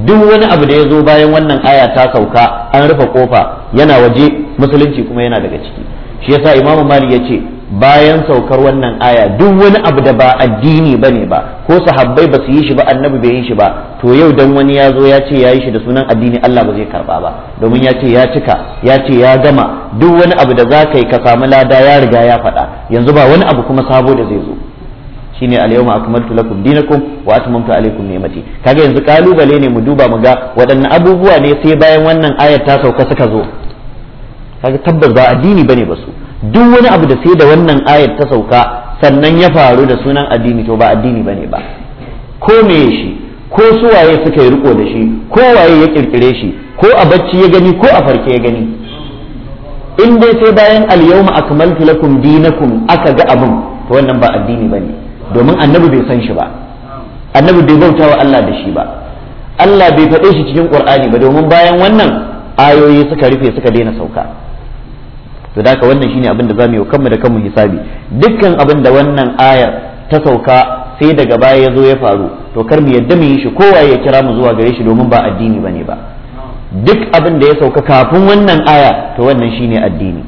duk wani abu da ya zo bayan wannan aya ta sauka an rufe kofa yana waje musulunci kuma yana daga ciki shi yasa imamu mali ya ce bayan saukar wannan aya duk wani abu da ba addini bane ba ko sahabbai ba su yi shi ba annabi bai yi shi ba to yau dan wani ya zo ya ce ya yi shi da sunan addini Allah ba zai karba ba domin ya ce ya cika ya ce ya gama duk wani abu da za ka yi ka samu lada ya riga ya faɗa yanzu ba wani abu kuma sabo da zai zo shine al-yawma akmaltu lakum dinakum wa atmamtu alaykum ni'mati kaga yanzu kalubale ne mu duba mu ga waɗanne abubuwa ne sai bayan wannan ayar ta sauka suka zo kaga tabbas ba addini bane ba su duk wani abu da sai da wannan ayat ta sauka sannan ya faru da sunan addini to ba addini bane ba ko me shi ko suwaye suka yi riko da shi ko waye ya kirkire shi ko a bacci ya gani ko a farke ya gani in dai sai bayan al-yawma akmaltu lakum dinakum aka ga abun. to wannan ba addini bane domin annabi bai san shi ba annabi bai bauta wa Allah da shi ba Allah bai faɗe shi cikin Qur'ani ba domin bayan wannan ayoyi suka rufe suka daina sauka to da wannan shine abin da zamu yi kanmu da kanmu hisabi dukkan abin da wannan ayar ta sauka sai daga baya ya zo ya faru to kar mu yadda mu yi shi kowa ya kira mu zuwa gare shi domin ba addini bane ba duk abin da ya sauka kafin wannan aya to wannan shine addini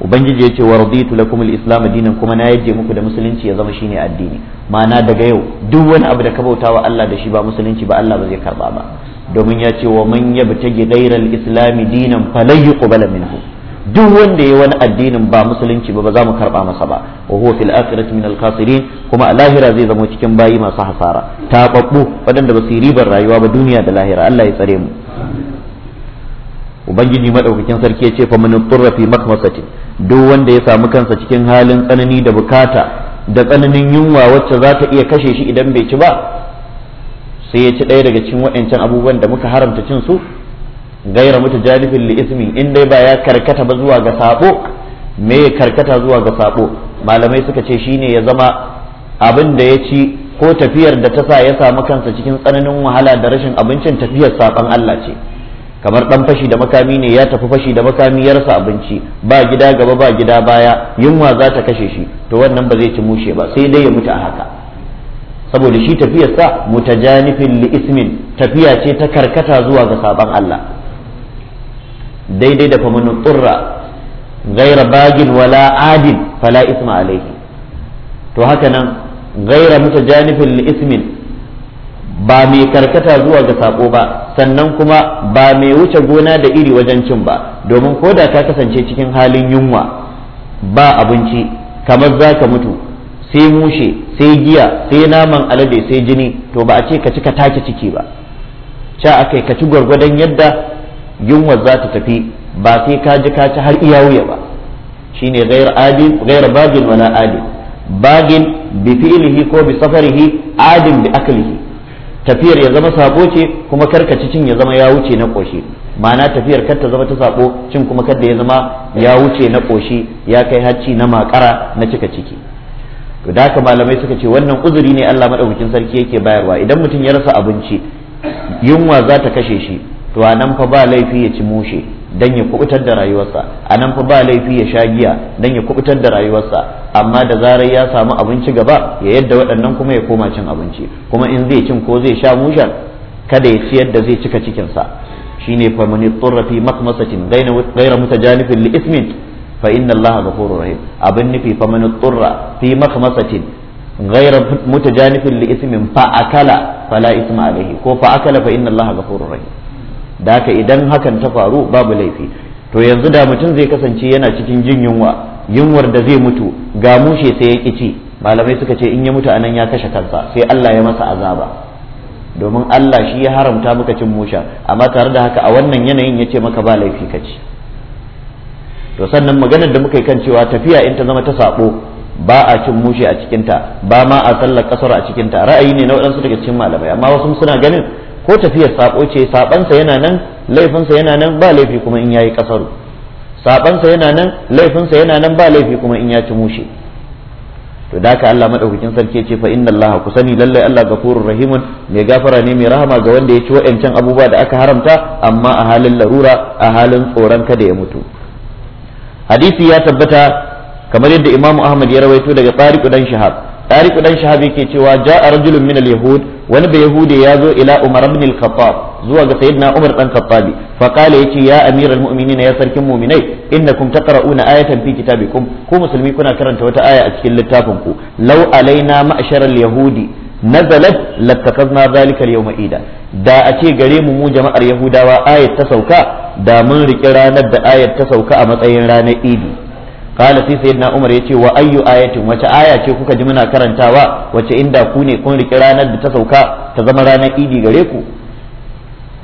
ubangiji ya ce wa raditu lakum al-islam dinan kuma na yaje muku da musulunci ya zama shine addini ma'ana daga yau duk wani abu da ka bauta wa Allah da shi ba musulunci ba Allah ba zai karba ba domin ya ce wa man yabtagi ghayra al-islam dinan falan yuqbala minhu duk wanda ya wani addinin ba musulunci ba ba za mu karba masa ba wa huwa fil akhirati min al khasirin kuma a lahira zai zama cikin bayi masu hasara ta babbu wadanda ba su ribar rayuwa ba duniya da lahira Allah ya tsare mu ubangiji madaukakin sarki ya ce fa man turra fi makmasati duk wanda ya samu kansa cikin halin tsanani da bukata da tsananin yunwa wacce za ta iya kashe shi idan bai ci ba sai ya ci daya daga cikin waɗancan abubuwan da muka haramta cin su gaira mutu jadifin li in dai ba ya karkata ba zuwa ga sabo me ya karkata zuwa ga sabo malamai suka ce shine ya zama abin da ya ci ko tafiyar da ta sa ya samu kansa cikin tsananin wahala da rashin abincin tafiyar saban Allah ce kamar dan fashi da makami ne ya tafi fashi da makami ya rasa abinci ba gida gaba ba gida baya yunwa za ta kashe shi to wannan ba zai ci mushe ba sai dai ya mutu a haka saboda shi tafiyarsa mutajanifin li ismin tafiya ce ta karkata zuwa ga saban Allah daidai da famin tsurra gaira bagin wala adin fala isma alaihi to haka nan gaira musa janifin ismin ba mai karkata zuwa ga sako ba sannan kuma ba mai wuce gona da iri wajen cin ba domin ko da ka kasance cikin halin yunwa ba abinci kamar za ka mutu sai mushe sai giya sai naman alade sai jini to ba a ce ka ci ka take ciki ba ca kai ka ci gwargwadon yadda yunwa za ta tafi ba sai ka ji ka ci har iya wuya ba shine ne gairar bagin wala adil bagin bi fi'ilihi ko bi safarihi adin bi akalihi tafiyar ya zama sabo ce kuma karkaci cin ya zama ya wuce na koshi ma'ana tafiyar kar ta zama ta sabo cin kuma kar da ya zama ya wuce na koshi ya kai hacci na makara na cika ciki to da haka malamai suka ce wannan uzuri ne Allah madaukakin sarki yake bayarwa idan mutum ya rasa abinci yunwa za ta kashe shi to a nan fa ba laifi ya ci mushe dan ya kubutar da rayuwarsa a nan fa ba laifi ya sha giya dan ya kubutar da rayuwarsa amma da zarar ya samu abinci gaba ya yadda waɗannan kuma ya koma cin abinci kuma in zai cin ko zai sha mushen kada ya ci yadda zai cika cikinsa shine fa man yutra fi makmasatin ghayra mutajanifin li ismin fa inna allaha ghafurur rahim abin nufi fa man yutra fi makmasatin ghayra mutajanifin li ismin fa akala fala isma alayhi ko fa akala fa inna allaha ghafurur rahim da haka idan hakan ta faru babu laifi to yanzu da mutum zai kasance yana cikin jin yunwa yunwar da zai mutu ga mushe sai ya kici malamai suka ce in ya mutu anan ya kashe kansa sai Allah ya masa azaba domin Allah shi ya haramta maka cin musha amma tare da haka a wannan yanayin ya ce maka ba laifi ka ci to sannan maganar da muka yi kan cewa tafiya in ta zama ta sabo ba a cin mushe a cikinta ba ma a sallar kasar a cikinta ra'ayi ne na waɗansu daga cikin malamai amma wasu suna ganin ko tafiyar sako ce sabansa yana nan laifinsa yana nan ba laifi kuma in yayi kasaru sabansa yana nan laifinsa yana nan ba laifi kuma in ya ci mushe to da ka Allah madaukakin sarki ce fa inna Allah ku sani lalle Allah gafurur rahimun mai gafara ne mai rahama ga wanda ya ci wa'ancan abubuwa da aka haramta amma a halin larura a halin tsoron kada ya mutu hadisi ya tabbata kamar yadda Imam Ahmad ya rawaito daga Tariq dan Shahab Tariq dan Shahab yake cewa ja'a rajulun min al-yahud wani bai yahude ya zo ila umar ibn al-khattab zuwa ga sayyidina umar dan khattabi fa qala yace ya amiral mu'minin ya sarkin mu'minai innakum taqra'una ayatan fi kitabikum ku musulmi kuna karanta wata aya a cikin littafin ku law alaina ma'sharal yahudi nazalat lattakazna zalika al-yawma ida da a ce gare mu mu jama'ar yahudawa ayat ta sauka da mun riki ranar da ayat ta sauka a matsayin ranar idi kala sai na umar yace wa ayyu ayatin wace aya ce kuka ji muna karantawa wace inda ku ne kun rike ranar da ta sauka ta zama ranar idi gare ku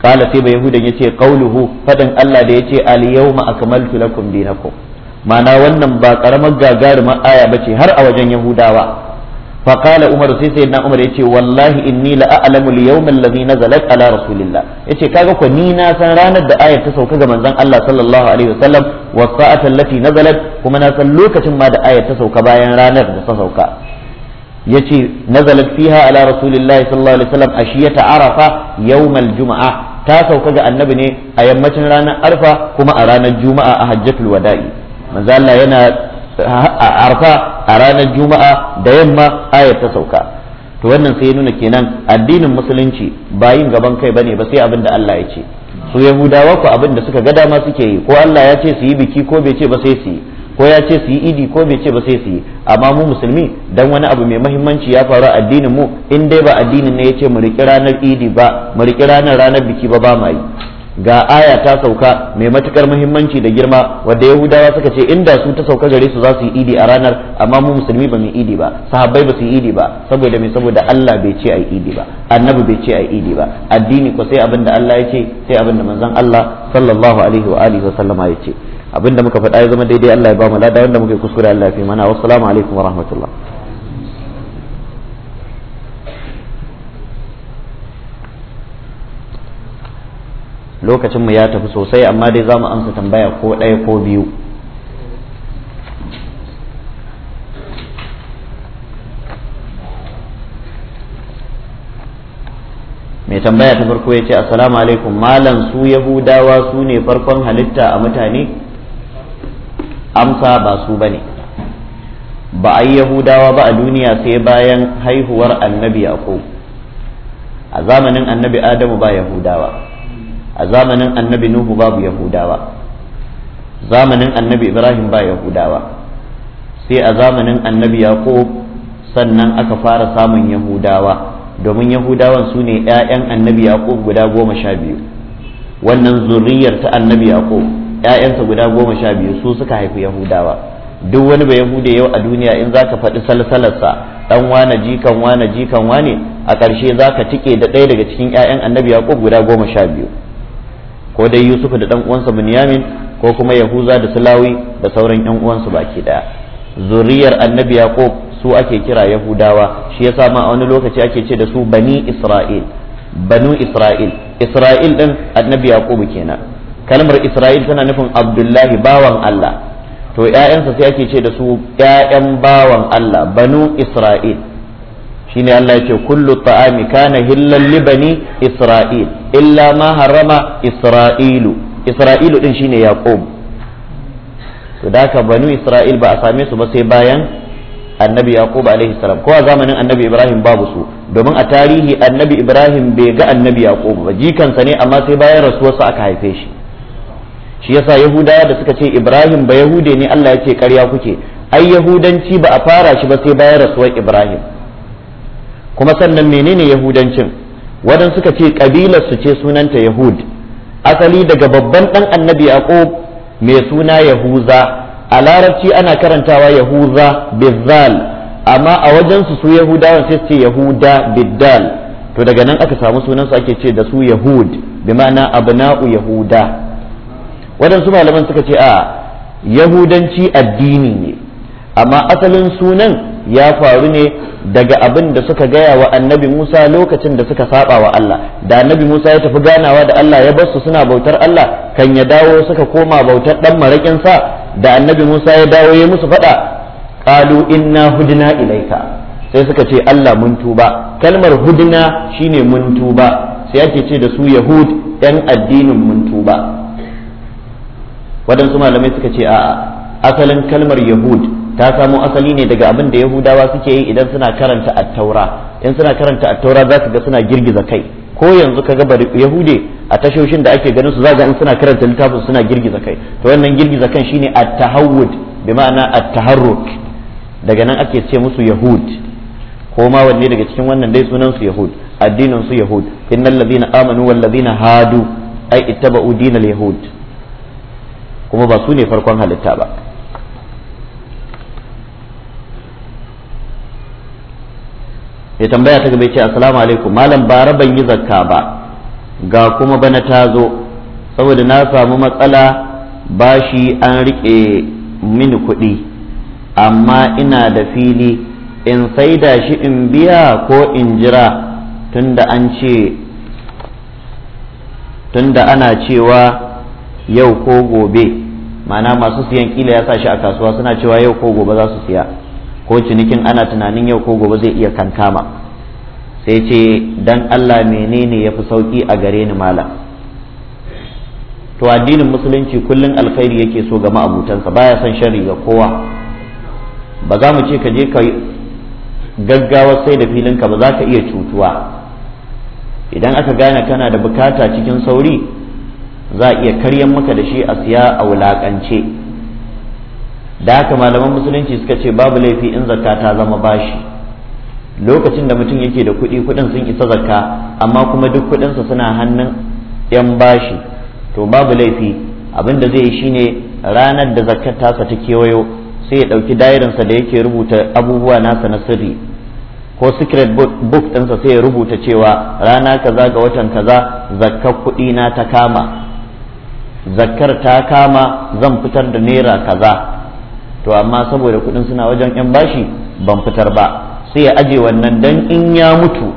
kala sai ba ya yace kauluhu fadan Allah da yace al yawma akmaltu lakum dinakum ma'ana wannan ba karamar gagarumar aya bace har a wajen yahudawa فقال عمر سي سيدنا عمر يتي والله اني لا اعلم اليوم الذي نزلت على رسول الله يتي كاغا كو ني نا سان ranar da ayar ta sauka ga manzon Allah sallallahu alaihi wasallam wa sa'at allati nazalat kuma na san lokacin ma da ayar ta sauka bayan ranar da ta sauka yace nazalat fiha ala rasulillahi sallallahu alaihi wasallam ashiyata arafa yawmal juma'a ta sauka ga annabi ne a yammacin ranar arfa kuma a ranar juma'a a hajjatul wada'i manzo Allah yana a arfa a ranar juma'a da yamma ayar ta sauka to wannan sai ya nuna kenan addinin musulunci ba yin gaban kai bane ba sai abin da Allah ya ce su yahudawa ku abin da suka ga dama suke yi ko Allah ya ce su yi biki ko bai ce ba sai su yi ko ya ce su yi idi ko bai ce ba sai su yi amma mu musulmi dan wani abu mai muhimmanci ya faru addinin mu in dai ba addinin ne ya ce mu riƙi ranar idi ba mu riƙi ranar ranar biki ba ba ma ga aya ta sauka mai matukar muhimmanci da girma wadda yahudawa suka ce inda su ta sauka gare su za su yi idi a ranar amma mu musulmi ba mu idi ba sahabbai ba su yi idi ba saboda me saboda Allah bai ce ai idi ba annabi bai ce ai idi ba addini ko sai abin da Allah ya ce sai abin da manzon Allah sallallahu alaihi wa alihi wa sallama ya ce abin da muka faɗa ya zama daidai Allah ya ba mu lada wanda muke kuskure Allah ya fi mana wassalamu alaikum wa rahmatullah lokacin mu ya tafi sosai amma dai za mu amsa tambaya ko ɗaya ko biyu mai tambaya ta farko ya ce assalamu alaikum malam su yahudawa su ne farkon halitta a mutane amsa ba su ba ne ba a yi yahudawa ba a duniya sai bayan haihuwar annabi ko a zamanin annabi adamu ba yahudawa a zamanin annabi nuhu babu yahudawa zamanin annabi ibrahim ba yahudawa sai a zamanin annabi yaqub sannan aka fara samun yahudawa domin yahudawan su ne 'ya'yan annabi yaqub guda goma sha biyu wannan zuriyar ta annabi yaqub 'ya'yansa guda goma sha biyu su suka haifi yahudawa duk wani bai yahude yau a duniya in zaka faɗi salsalarsa dan wane jikan wane jikan wane a ƙarshe zaka tike da ɗaya daga cikin 'ya'yan annabi yaqub guda goma sha biyu ko dai Yusuf da dan uwansa Binyamin ko kuma Yahuza da Sulawi da sauran yan uwansu baki daya zuriyar annabi Yaqub su ake kira Yahudawa shi yasa ma a wani lokaci ake ce da su bani Isra'il banu Isra'il Isra'il din annabi Yaqub kenan kalmar Isra'il tana nufin Abdullahi bawan Allah to ‘ya'yansa sai ake ce da su ‘ya'yan bawan Allah banu Isra'il shine Allah yace ce kullu ta'ami kana hillan li isra'il illa ma harrama isra'ilu isra'ilu din shine yaqub to da ka banu isra'il ba a same su ba sai bayan annabi yaqub alaihi salam ko a zamanin annabi ibrahim babu su domin a tarihi annabi ibrahim bai ga annabi yaqub ba jikansa ne amma sai bayan rasuwarsa aka haife shi shi yasa yahudawa da suka ce ibrahim ba yahude ne Allah ya ce kuke ai yahudanci ba a fara shi ba sai bayan rasuwar ibrahim kuma sannan menene yahudancin wadan suka ce kabilar su ce sunanta yahud asali daga babban dan annabi yaqub mai suna yahuza a larabci ana karantawa yahuza bizal amma a wajen su su yahudawan sai ce yahuda biddal to daga nan aka samu sunan su ake ce da su yahud bi ma'ana abna'u yahuda wadansu malaman suka ce a yahudanci addini ne amma asalin sunan ya faru ne daga abin da suka gaya wa annabi Musa lokacin da suka saba wa Allah da annabi Musa ya tafi ganawa da Allah ya basu suna bautar Allah kan ya dawo suka koma bautar dan marakin sa da annabi Musa ya dawo ya musu faɗa qalu inna hudna ilaika sai suka ce Allah mun tuba kalmar hudna shine mun tuba sai ake ce da su yahud yan addinin mun tuba waɗansu malamai suka ce a'a asalin kalmar yahud ta samo asali ne daga abin da yahudawa suke yi idan suna karanta attaura in suna karanta attaura za su ga suna girgiza kai ko yanzu kaga gaba yahude a tashoshin da ake ganin su zaga in suna karanta littafin suna girgiza kai to wannan girgiza kan shine at-tahawud bi ma'ana at-taharruk daga nan ake ce musu yahud ko ma wanne daga cikin wannan dai sunan su yahud addinin su yahud innal ladina amanu wal ladina hadu ay ittaba'u dinal yahud kuma ba su ne farkon halitta ba ya tambaya ta gaba ce assalamu alaikum malam bara ban yi zakka ba ga kuma bana ta zo saboda na samu matsala bashi an riƙe mini kuɗi amma ina da fili in saida shi in biya ko in jira tunda an ce tunda ana cewa yau ko gobe ma'ana masu siyan kila ya sa shi a kasuwa suna cewa yau ko gobe za su siya ko cinikin ana tunanin yau ko gobe zai iya kankama sai ce dan Allah menene ya fi sauki a gare ni malam to addinin musulunci kullum alkhairi yake so ga ma'abutansa baya son sharri ga kowa ba za mu ce ka je ka gaggawa sai da filinka ba za ka iya cutuwa idan aka gane kana da bukata cikin sauri za a iya karyan maka da shi a siya a wulaƙance. da haka malaman musulunci suka ce babu laifi in zakka ta zama bashi lokacin da mutum yake da kuɗi kuɗin sun isa zakka amma kuma duk kuɗinsa suna hannun 'yan bashi to babu laifi abin da zai yi shine ranar da zakkar tasa ta kewayo sai ya ɗauki dairinsa da yake rubuta abubuwa nasa na sirri ko secret book ɗinsa sai ya rubuta cewa rana kaza ga watan kaza zakkar kuɗi na ta kama zakkar ta kama zan fitar da naira kaza to amma saboda kuɗin suna wajen 'yan bashi ban fitar ba sai ya aje wannan dan in ya mutu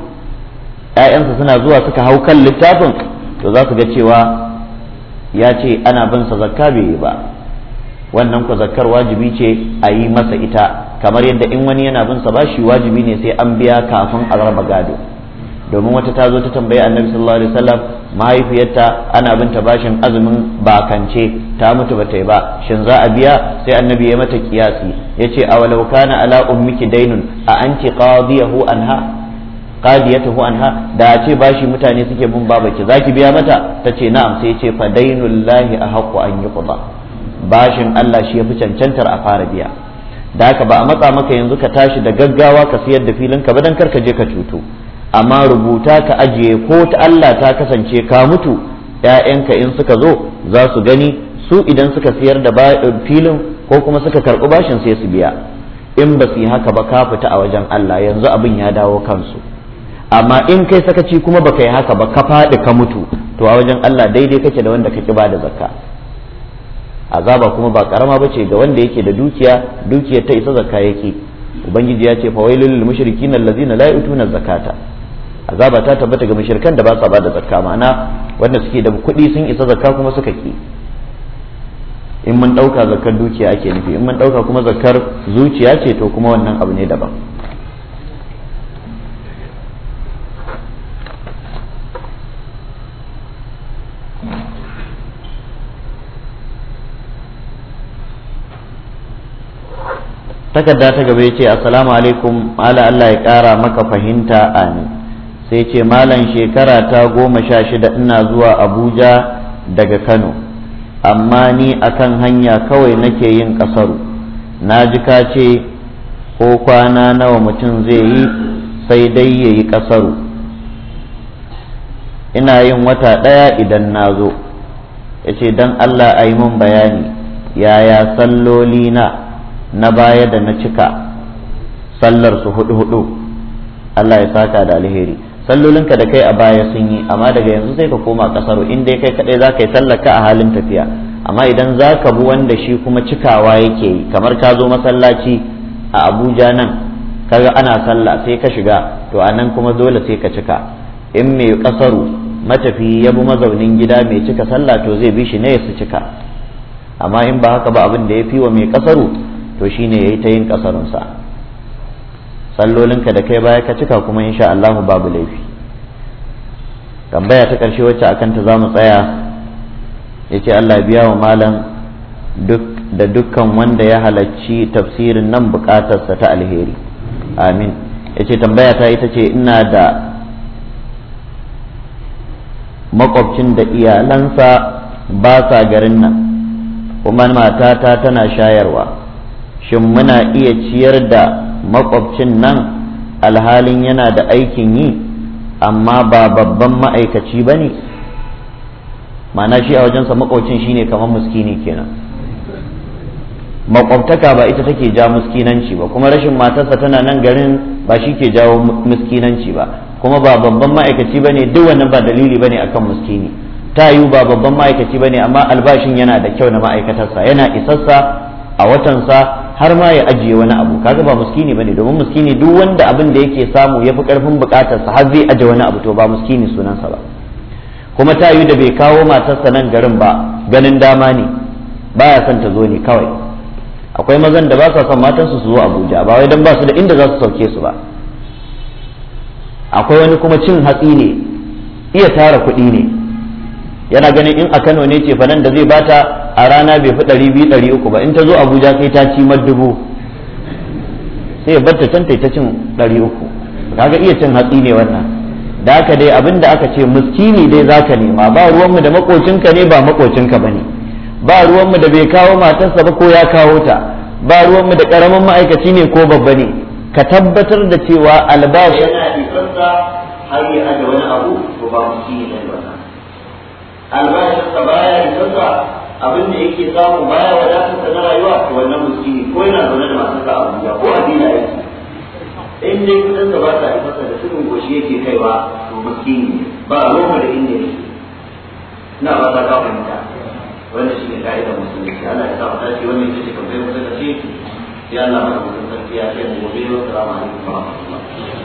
'ya'yansa suna zuwa suka hau kan littafin to za su ga cewa ya ce ana bin sa zakka bai ba wannan ku zakkar wajibi ce a yi masa ita kamar yadda in wani yana bin sa bashi wajibi ne sai an biya kafin a raba gado domin wata ta zo ta tambayi annabi sallallahu alaihi wasallam mahaifiyarta ana binta bashin azumin bakance ta mutu bata yi ba shin za a biya sai annabi ya mata kiyasi ya ce a walauka kana ala ummiki dainun a anti qadiyahu anha qadiyatuhu anha da a ce bashi mutane suke bin babaki ki biya mata tace na'am sai ce fa dainul lahi ahqqu an yuqda bashin Allah shi ya fi cancantar a fara biya da haka ba a matsa maka yanzu ka tashi da gaggawa ka siyar da filin ka ba dan kar ka je ka cuto amma rubuta ka ajiye ko ta Allah ta kasance ka mutu ‘ya'yanka in suka zo za su gani su idan suka siyar da eh, filin ko kuma suka karɓi bashin sai su biya in ba su yi haka ba ka fita a wajen Allah yanzu abin ya dawo kansu amma in kai sakaci kuma baka yi haka ba ka faɗi ka mutu to a wajen Allah daidai kake da wanda ka ba da zakka azaba kuma ba karama ce ga wanda yake da dukiya dukiyar ta isa zakka yake ubangiji ya ce fa wailul mushrikin allazina la yu'tuna zakata azaba ta tabbata ga mushrikan da ba sa bada zakka ma'ana wanda suke da kuɗi sun isa zakka kuma suka ki in mun ɗauka zakkar dukiya ake nufi in mun ɗauka kuma zakkar zuciya ce to kuma wannan abu ne daban takarda ta gaba ya ce assalamu alaikum ala Allah ya ƙara maka fahimta amin sai ce malam shekara ta goma sha shida ina zuwa abuja daga kano amma ni akan hanya kawai nake yin kasaru na ji ka ce ko kwana nawa mutum zai yi sai dai ya yi kasaru ina yin wata ɗaya idan na zo ya ce don allah a yi mun bayani yaya salloli na na baya da na cika sallar su hudu hudu allah ya saka da alheri sallolinka da kai a baya sun yi amma daga yanzu sai ka koma kasaro in dai kai kadai za ka yi sallaka a halin tafiya amma idan za ka bi wanda shi kuma cikawa yake yi kamar ka zo masallaci a abuja nan kaga ana sallah sai ka shiga to a nan kuma dole sai ka cika in mai kasaro matafi ya bi mazaunin gida mai cika sallah to zai bi shi ne ya su cika amma in ba haka ba abin da ya fi wa mai kasaru to shine ya yi ta yin kasarunsa. sallolinka da kai baya ka cika kuma insha Allahu babu laifi tambaya ta ƙarshe wacce akan ta zamu tsaya yace Allah biya wa malam duk da dukkan wanda ya halacci tafsirin nan bukatarsa ta alheri amin yace tambaya ta ita ce ina da makwabcin da iyalansa ba sa garin nan kuma matata tana shayarwa shin muna iya ciyar da makwabcin nan alhalin yana da aikin yi amma ba babban ma'aikaci ba ne ma'ana shi a wajensa makwabcin shine kamar muskini kenan makwabtaka ba ita take ja muskinanci ba kuma rashin matarsa tana nan garin ba shi ke jawo muskinanci ba kuma ba babban ma'aikaci ba ne duk wannan ba dalili ba ne akan muskini ta yi ba babban ma'aikaci ba ne amma albashin yana da kyau na ma'aikatarsa yana isassa a watansa har ma ya ajiye wani abu kaga ba muskini bane domin muskini duk wanda abin da yake samu yafi karfin bukatar sa har zai aje wani abu to ba muskini sunansa ba kuma ta yi da bai kawo matarsa nan garin ba ganin dama ne baya son ta zo ne kawai akwai mazan da ba sa son matansu su zo Abuja ba wai dan ba su da inda za su sauke su ba akwai wani kuma cin hatsi ne iya tara kuɗi ne yana ganin in a Kano ne ce fa nan da zai bata a rana bai fi ɗari biyu ɗari uku ba in ta zo abuja sai ta ci dubu sai batta can ta cin ɗari uku kaga iya cin hatsi ne wannan da haka dai abin da aka ce miskini dai zaka nema ba ruwanmu da makocinka ne ba makocinka ba ne ba ruwanmu da bai kawo matarsa ba ko ya kawo ta ba ruwanmu da ƙaramin ma'aikaci ne ko babba ne ka tabbatar da cewa albashi yana isansa har ya da wani abu ko ba miskini ne ba albashinsa baya isansa abin da yake samu baya wadatar da rayuwa to wannan musulmi ko yana zaune da masu ka'a abuja ko adina yake in dai kudin da ba ta yi masa da tudun goshi yake kaiwa to musulmi ba ruwa da inda yake na ba ta ka fahimta wanda shi ne ka'ida musulunci ana ya samu tashi wannan ita ce kamar yadda ta ce ya Allah mai mutuntar ya ce mu gobe salamu alaikum wa rahmatullahi